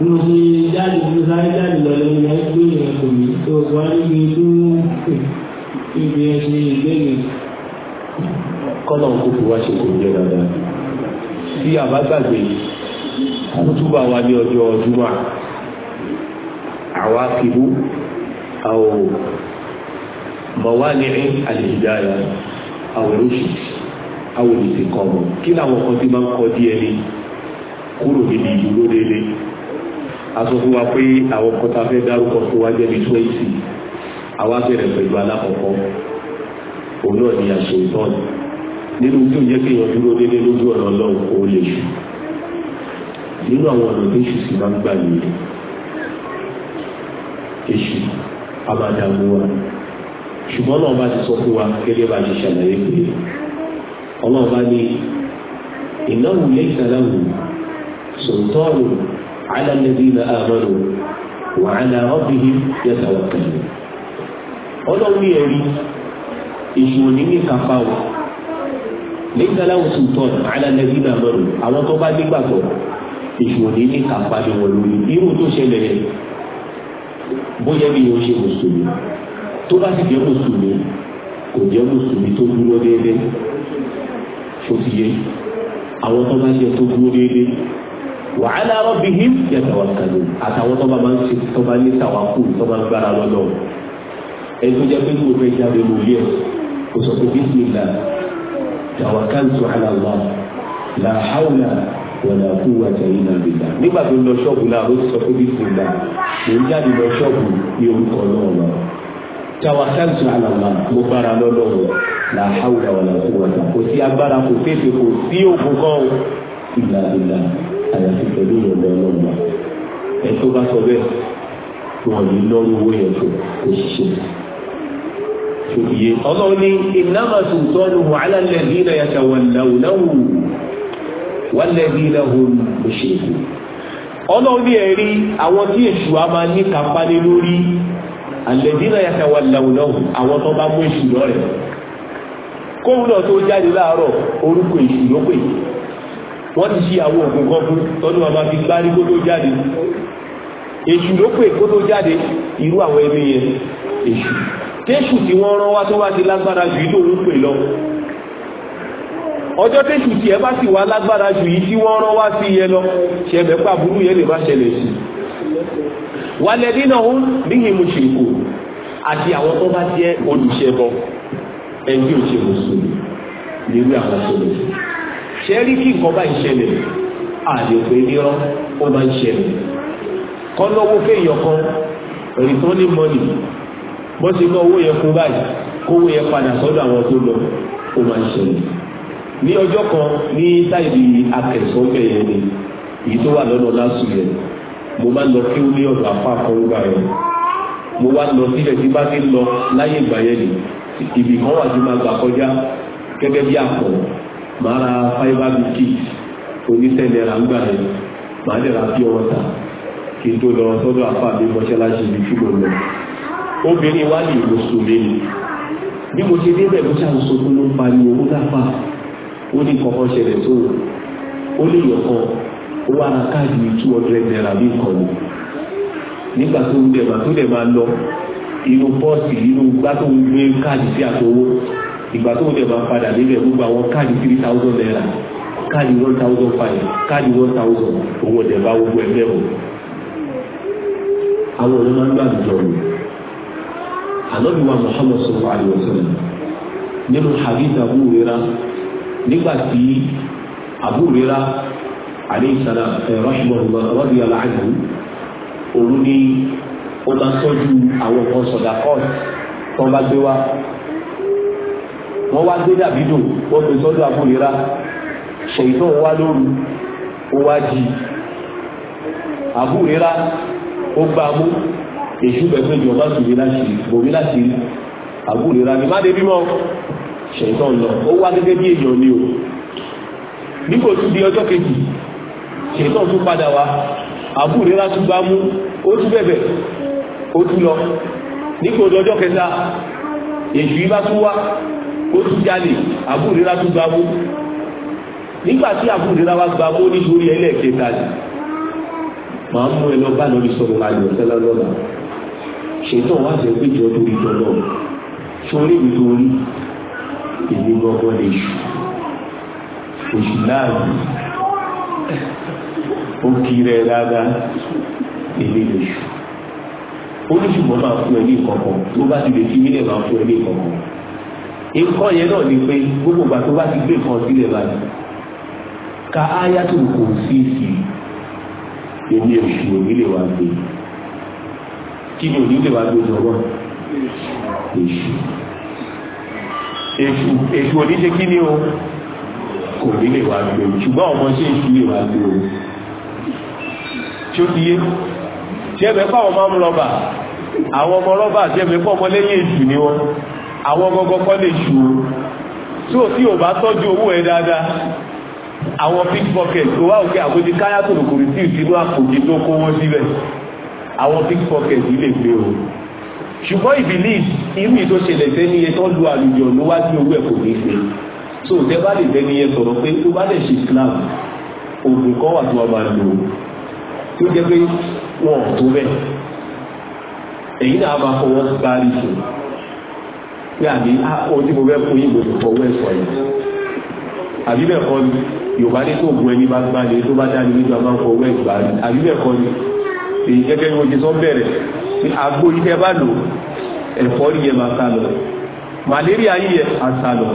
bí mo ṣe jáde mo sáré jáde lọ lẹ́yìn rẹ̀ gbé yẹn kò ní tó wá níbi tó ibi ẹ ṣe ìgbẹ́yìn. kọ́nà ń wá ṣe kò jẹ́ dáadáa tí a bá gbàgbé kútúbà wa ní ọjọ́ ọdúnwà àwa kìbú àwọn mọ̀wálẹ̀ àlèhìdáyà àwọn oṣù àwọn olùsìnkọ́ kí làwọn kan ti máa ń kọ́ díẹ̀ ní kúrò níbi ìdúró déédéé asọ́fún wa pé àwọn kọta fẹ́ dárúkọ fún wa jẹ́ bí twenty àwa bẹ̀rẹ̀ pẹ̀lú alákọ̀ọ́kọ́ òun náà ni àṣọ ìtọ́ni nínú tí ó yẹ kí èèyàn dúró délé lójú ọ̀nà ọlọ́run kò lè ṣù nínú àwọn ọ̀nà tó ṣù sí máa ń gbà nìyẹn èṣù a máa dààmú wa ṣùgbọ́n náà bá ti sọ fún wa gẹ́gẹ́ bá ti ṣàlàyé pé ọlọ́run bá ní ìnáwó lẹ́yìn sáláwù sòtọ́ọ̀nù على الذين آمنوا وعلى ربهم يتوكلون ọlọ́run ní ẹ̀rí ìṣòro ní kápá o nígbàláwò sultan alálẹ́bí náà mọ̀rọ̀ àwọn tó bá nígbàgbọ́ ìṣòro ní kápá ni wọ́n lórí irú tó ṣẹlẹ̀ yẹn bóyá bí yóò ṣe mùsùlùmí tó bá sì jẹ́ mùsùlùmí kò jẹ́ mùsùlùmí tó dúró déédéé ṣó àwọn tó bá jẹ́ tó dúró déédéé wa ala rabbihim yatawakkalun àtàwọn tó bá máa ń ṣe tó bá ní tàwákù tó bá ń gbára lọ́dọ̀ ẹni tó jẹ́ pé kí o fẹ́ jáde ló yẹ kó sọ pé bismillah tawakkaltu ala Allah la hawla wala quwwata illa billah nígbà tó lọ ṣọ́ọ̀bù náà ló sọ pé bismillah mò ń jáde lọ ṣọ́ọ̀bù ní orúkọ náà lọ tawakkaltu ala Allah mo gbára lọ́dọ̀ la hawla wala quwwata kò sí agbára kò sí ètò kò ìlà ìlà àyàfi pẹ̀lú ìrọ̀lẹ́ ọlọ́run ẹ tó bá sọ bẹ́ẹ̀ tí wọ́n ní lọ́rú owó yẹn tó kò ṣiṣẹ́. Ṣòkìyẹ ọlọ́run ní ìnáma sùtọ́nù wàhálà lẹ́bí náà yàtọ̀ wàláwù láwù wàlẹ́bí láwù ló ṣe é. ọlọ́run ní ẹ̀rí àwọn tí èṣù á máa ní kápá lé lórí àlẹ́bí náà yàtọ̀ wàláwù láwù àwọn tó bá mú èṣù lọ́rẹ̀. kóhùn náà tó jáde láàárọ̀ orúkọ èṣù ló pè é wọ́n ti ṣe àwọn oògùn kan fún tọ́dún wa máa fi gbárí kó tó jáde èṣù ló pè kó tó jáde irú àwọn ẹbí yẹn èṣù téṣù tí wọ́n rán wá tó bá ti lágbára jù yìí tó ń pè lọ ọjọ́ téṣù tí ẹ bá sì wá lágbára jù yìí tí wọ́n rán wá sí yẹn lọ ṣẹbẹ̀ pa burú yẹn lè má ṣẹlẹ̀ sí i wàlẹ̀ nínà ó níhìn mu ṣèkò àti àwọn tó bá jẹ́ olùṣẹ́bọ ẹni tí ò ṣe mùsùlùmí nírú àwọn tó lè ṣe ṣe rí kí nǹkan bá ń ṣẹlẹ̀ àdìpé nírọ́ ó máa ń ṣẹlẹ̀ kọ́ lọ́wọ́ kéèyàn kan rìtọ́nì mọ́nì bó ti mọ owó yẹn kú báyìí kówó yẹn padà sọ́dọ̀ àwọn tó lọ ó máa ń ṣẹlẹ̀ ní ọjọ́ kan ní sáìdì akẹ̀sọ́gbẹ̀ yẹn ni èyí tó wà lọ́nà lásù yẹn mo máa ń lọ kí ó ní ọ̀dọ̀ afá kan gbà yẹn mo wá lọ sílẹ̀ tí bá ti lọ láyé ìgbà yẹn ni ibì wà tí máa gbà kọjá gẹ́gẹ́ bí àpọ̀ máa ra fiber biscuit onísẹ̀lẹ̀ra ń gbà yẹn máa dẹ̀ ra pure water kí n tó lọ sọ́dọ̀ àfa mi mọ́ṣáláṣí ibi tí mo lọ. obìnrin wa lè mùsùlùmí ni bí mo ṣe débẹ̀ mo ṣàkóso tó ló ń pariwo ó dáfà ó ní kọ̀ọ̀kan ṣẹlẹ̀ sóòrò ó lè yọ̀kan ó wá ra káàdì two hundred naira bí nǹkan wò nígbà tó ń dẹ̀ máa tó dẹ̀ máa lọ inú bọ́ọ̀sì inú gbá tó ń gbé káàdì sí àtọwọ́ ìgbà tó wọ́n dẹ̀ máa padà níbẹ̀ gbogbo àwọn káàdì three thousand naira káàdì one thousand five káàdì one thousand òun ọ̀dẹ̀ bá gbogbo ẹgbẹ́ o àwọn ọ̀dọ́ máa ń gbà jọ mi ànábì wa Muhammad sọ̀rọ̀ àdìwọ̀sọ̀rọ̀ nínú hadith Abu Hurairah nígbà tí Abu Hurairah àdéhìsára rọ́ṣùmọ̀ rọ́bì aláàjù òun ni ó máa sọ́jú àwọn kan sọ̀dà kọ́ọ̀tù tó bá gbé wá wọ́n wá gbé dàbí dùn wọ́n fi sọ́dọ̀ àbúrera ṣèyítọ́ wá lóru ó wá jí àbúrera ó gbá mú èṣù bẹ̀ pé ìjọba sì rí láti bòmí láti rí àbúrera ni má débi mọ́ ṣèyítọ́ lọ ó wá gẹ́gẹ́ bí èèyàn ni o nígbò tún di ọjọ́ kejì ṣètò tún padà wá àbúrera tún gbá mú ó tún bẹ̀bẹ̀ ó tún lọ nígbò tún ọjọ́ kẹta èṣù yìí bá tún wá ó tún jalè àbúrírà tún gbawó nígbà tí àbúrírà wa gbawó nítorí ẹlẹ́ẹ̀kẹta ni màá mú ẹ lọ bá lórí sọ̀rọ̀ ayọ̀ tẹ́lẹ̀ lọ́la ṣètò wá sí pé jọ torí jọ lọ sórí mi lórí èmi gbọ́ngàn lè ṣù oṣù láàbù ó kí rẹ dáadáa èmi lè ṣù ó ní ṣùgbọ́n máa fún ẹ ní ìkọ̀kọ̀ tó bá ti lè fi mílẹ̀ máa fún ẹ ní ìkọ̀kọ̀ ikọ́ yẹn náà ni pé gbogbo ìgbà tó bá ti gbé nǹkan sílẹ̀ báyìí ka áyá tó kò sí sí èmi èsì òní lè wá gbé kí ni òní lè gbé lọ́wọ́ èsì èsù èsù òní kí ni o kò ní lè wá gbé o ṣùgbọ́n ọmọ ṣe èsù lè wá gbé o tí ó ti yé tí ẹ̀mẹ́fà ọmọ ń lọ bà àwọn ọmọ rọ́bà tí ẹ̀mẹ́fà ọmọ lẹ́yìn èsù ni wọ́n àwọn gọgọ kọ́ lè ṣù ó tí ò tí ò bá tọ́jú owó ẹ dáadáa àwọn pickpocket tó wá òkè àpótí káyà tó lòkò rí sí ìtinú àpòjì tó kó wọn síbẹ̀ àwọn pickpocket yìí lè gbé o ṣùgbọ́n ìbílí irú ìtò ṣẹlẹ̀ sẹ́ni yẹn tó lu àlùjọ ló wá sí owó ẹ̀ kò ní í ṣe so tẹ bá lè bẹni yẹn sọ̀rọ̀ pé tó bá lè ṣe Islam oògùn kan wà tó wà máa lò tó jẹ́ pé wọn ò tó bẹ́ẹ̀ èyí náà máa fọwọ́ pé àbí ah, ohun tí mo fẹ́ fún yín gbòdò fọwọ́ ẹ̀sọ̀ yìí àbí bẹ́ẹ̀ kọ́ ni yorùbá ní tó gun ẹni bá gbá ni tó bá dání nígbà máa ń fọwọ́ ẹ̀gbá ni àbí bẹ́ẹ̀ kọ́ ni èyí gẹ́gẹ́ bí mo ti sọ bẹ̀rẹ̀ àgbo yìí tẹ́ bá lò ẹ̀fọ́ rí yẹ máa sá lọ màlẹ́ríà yìí yẹ á sá lọ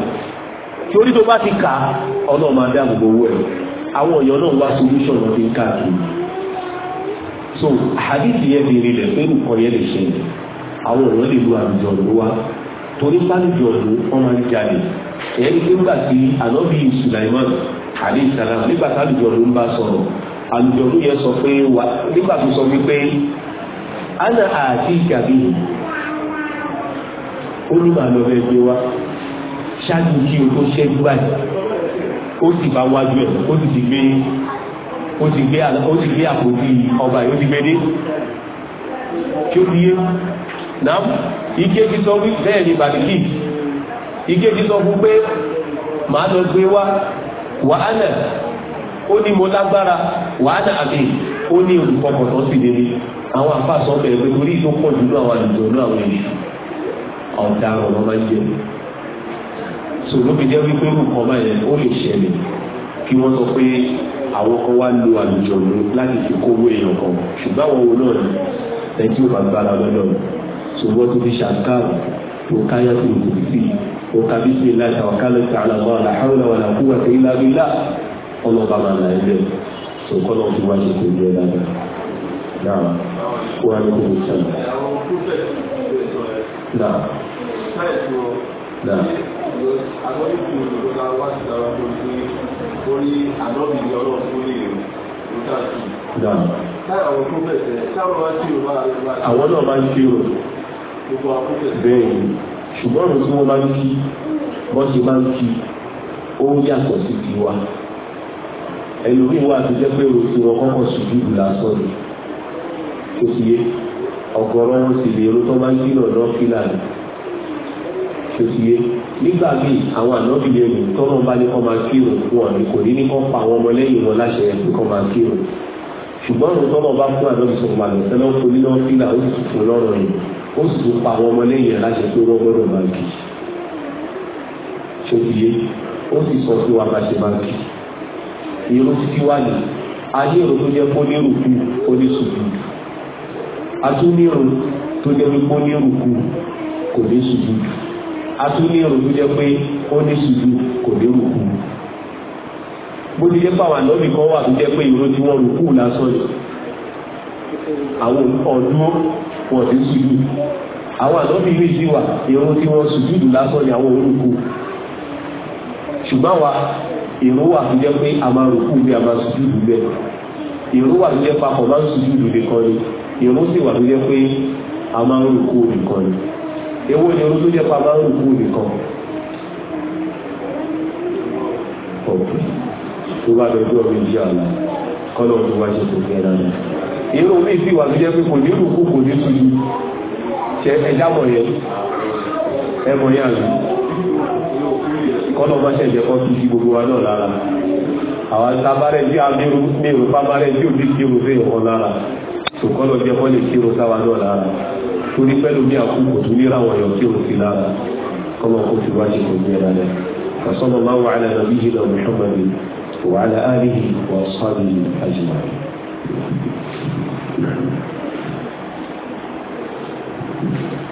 tí orí tó bá ti kà ọlọ́run máa dáàbò bò owó ẹ̀ àwọn èèyàn náà wá solution lọ fi ń káàkiri so àdìsí yẹn fi rinlẹ̀ pé nǹkan yẹn lè ṣe àwọn èèyàn lè lo àwùjọ lówá torí pálíjì ọ̀dọ́ wọn máa ń jáde ẹ̀yẹ́dì tó gbà sí ànábì Sulaiman alayhi salam nígbà pálíjì ọ̀dọ́ ń bá sọ̀rọ̀ àlùjọ̀dú yẹn sọ pé wà nígbà tó sọ wípé ana àti ìjàbí ó ní màá lọ bẹ́ẹ̀ gbé wá ṣáájú kí o tó ṣẹ́jú báyìí ó sì bá wájú ẹ̀ ó sì ti gbé ó ti gbé àpótí ọba yìí ó ti gbé dé kí ó ti yé náà ìkejì sọ wí bẹ́ẹ̀ ni bàbíkì ìkejì sọ fún pé màá lọ gbé wá wàhánà ó ní mo lágbára wàhánà àbí ó ní olùkọ́kọ̀tọ́ sì lé àwọn afáàsọ bẹ̀rẹ̀ pé torí tó pọ̀ nínú àwọn àlùjọ ní àwọn ènìyàn ọ̀daràn wọn máa ń jẹ sòrò mi jẹ́ wípé nǹkan báyẹn ó lè ṣẹlẹ̀ kí wọ́n sọ pé àwọn kan wá lo àlùjọ láti fi kówó èèyàn kan ṣùgbọ́n àwọn owó náà ni ẹ tí ò bá gbára lọ́dọ̀ ni ṣùgbọ́n tó fi ṣàkàrọ̀ tó káyà tó kò sí ó ka bismillah tawakkaltu ta'ala Allah la hawla wa la quwwata illa billah ọlọ́ba máa là ẹ́ bẹ́ẹ̀ tó kọ́nà tó wá ṣe kò ní ẹ lábẹ́ náà wà ní kò sàn. náà náà. Àwọn náà máa ń ṣe o bẹ́ẹ̀ ṣùgbọ́n ọ̀rọ̀ tí wọ́n máa ń kí wọ́n ṣe máa ń kí ó yàtọ̀ sí tiwa ẹlòmíín wà tó jẹ́ pé oṣù wọn kọ́kọ́ ṣùgbọ́n lásán ni tó ti yé ọ̀gọ̀rọ̀ wọn sì lè ro tó máa ń kí lọ́dọ̀ fílà ni tó ti yé nígbà míì àwọn ànábì lè rìn tọ́nà bá ní kọ́ máa kírun wọn ni kò ní ní kọ́ pa àwọn ọmọlẹ́yìn wọn láṣẹ ẹ̀sìn kọ́ máa kírun ṣùgbọ́n ọ̀run tọ́nà bá fún ànábì sọ̀rọ̀ màlúù tẹ́lẹ̀ ó fún nínú fílà ó sì fún lọ́rùn yìí ó sì tún pa àwọn ọmọlẹ́yìn ẹ̀ tó pé wọ́n gbọ́dọ̀ máa kì í ó sì sọ fún wa bá ṣe máa irú títí wà ní ayé ìrò tó jẹ́ fónírùkù oníṣùkù atúnírò tó jẹ́ pé kò ní ṣùkù tó jẹ́ pé kò ní bó ti àwọn ọdún wọn ti sùdù àwọn àdọ́bí méjì wà èrò tí wọ́n sùdùdù lásán ni àwọn orúkọ ṣùgbọ́n wa èrò wà tó jẹ́ pé a máa rùkú bí a máa sùdùdù bẹ́ẹ̀ èrò wà tó jẹ́ pé akọ̀ máa ń sùdùdù nìkan ni èrò sì wà tó jẹ́ pé a máa ń rùkú nìkan ni èwo ni èrò tó jẹ́ pé a máa ń rùkú nìkan tó bá dọjọ́ mi jẹ́ àlà kọ́lọ́ tó wá ṣe kò fẹ́ dáadáa irú omi sì wà tó jẹ́ pé kò ní rúkú kò ní sùn ṣe ẹja mọ̀ yẹn ẹmọ̀ yẹn àlù kọ́nà má ṣe jẹ́ kọ́ tún sí gbogbo wa náà lára àwọn tabarẹ́ bí amírú mi ò bábarẹ́ bí òbí kí o fẹ́ ọ̀kan lára ṣùkọ́nà jẹ́ kọ́ lè kí o sáwa náà lára torí pẹ́lú bí àkókò tó ní ráwọ̀ yọ̀ kí o sí lára kọ́nà kó ti wá ṣe kò ní ẹ̀rọ rẹ̀ الله على نبينا محمد وعلى آله وأصحابه أجمعين Thank you.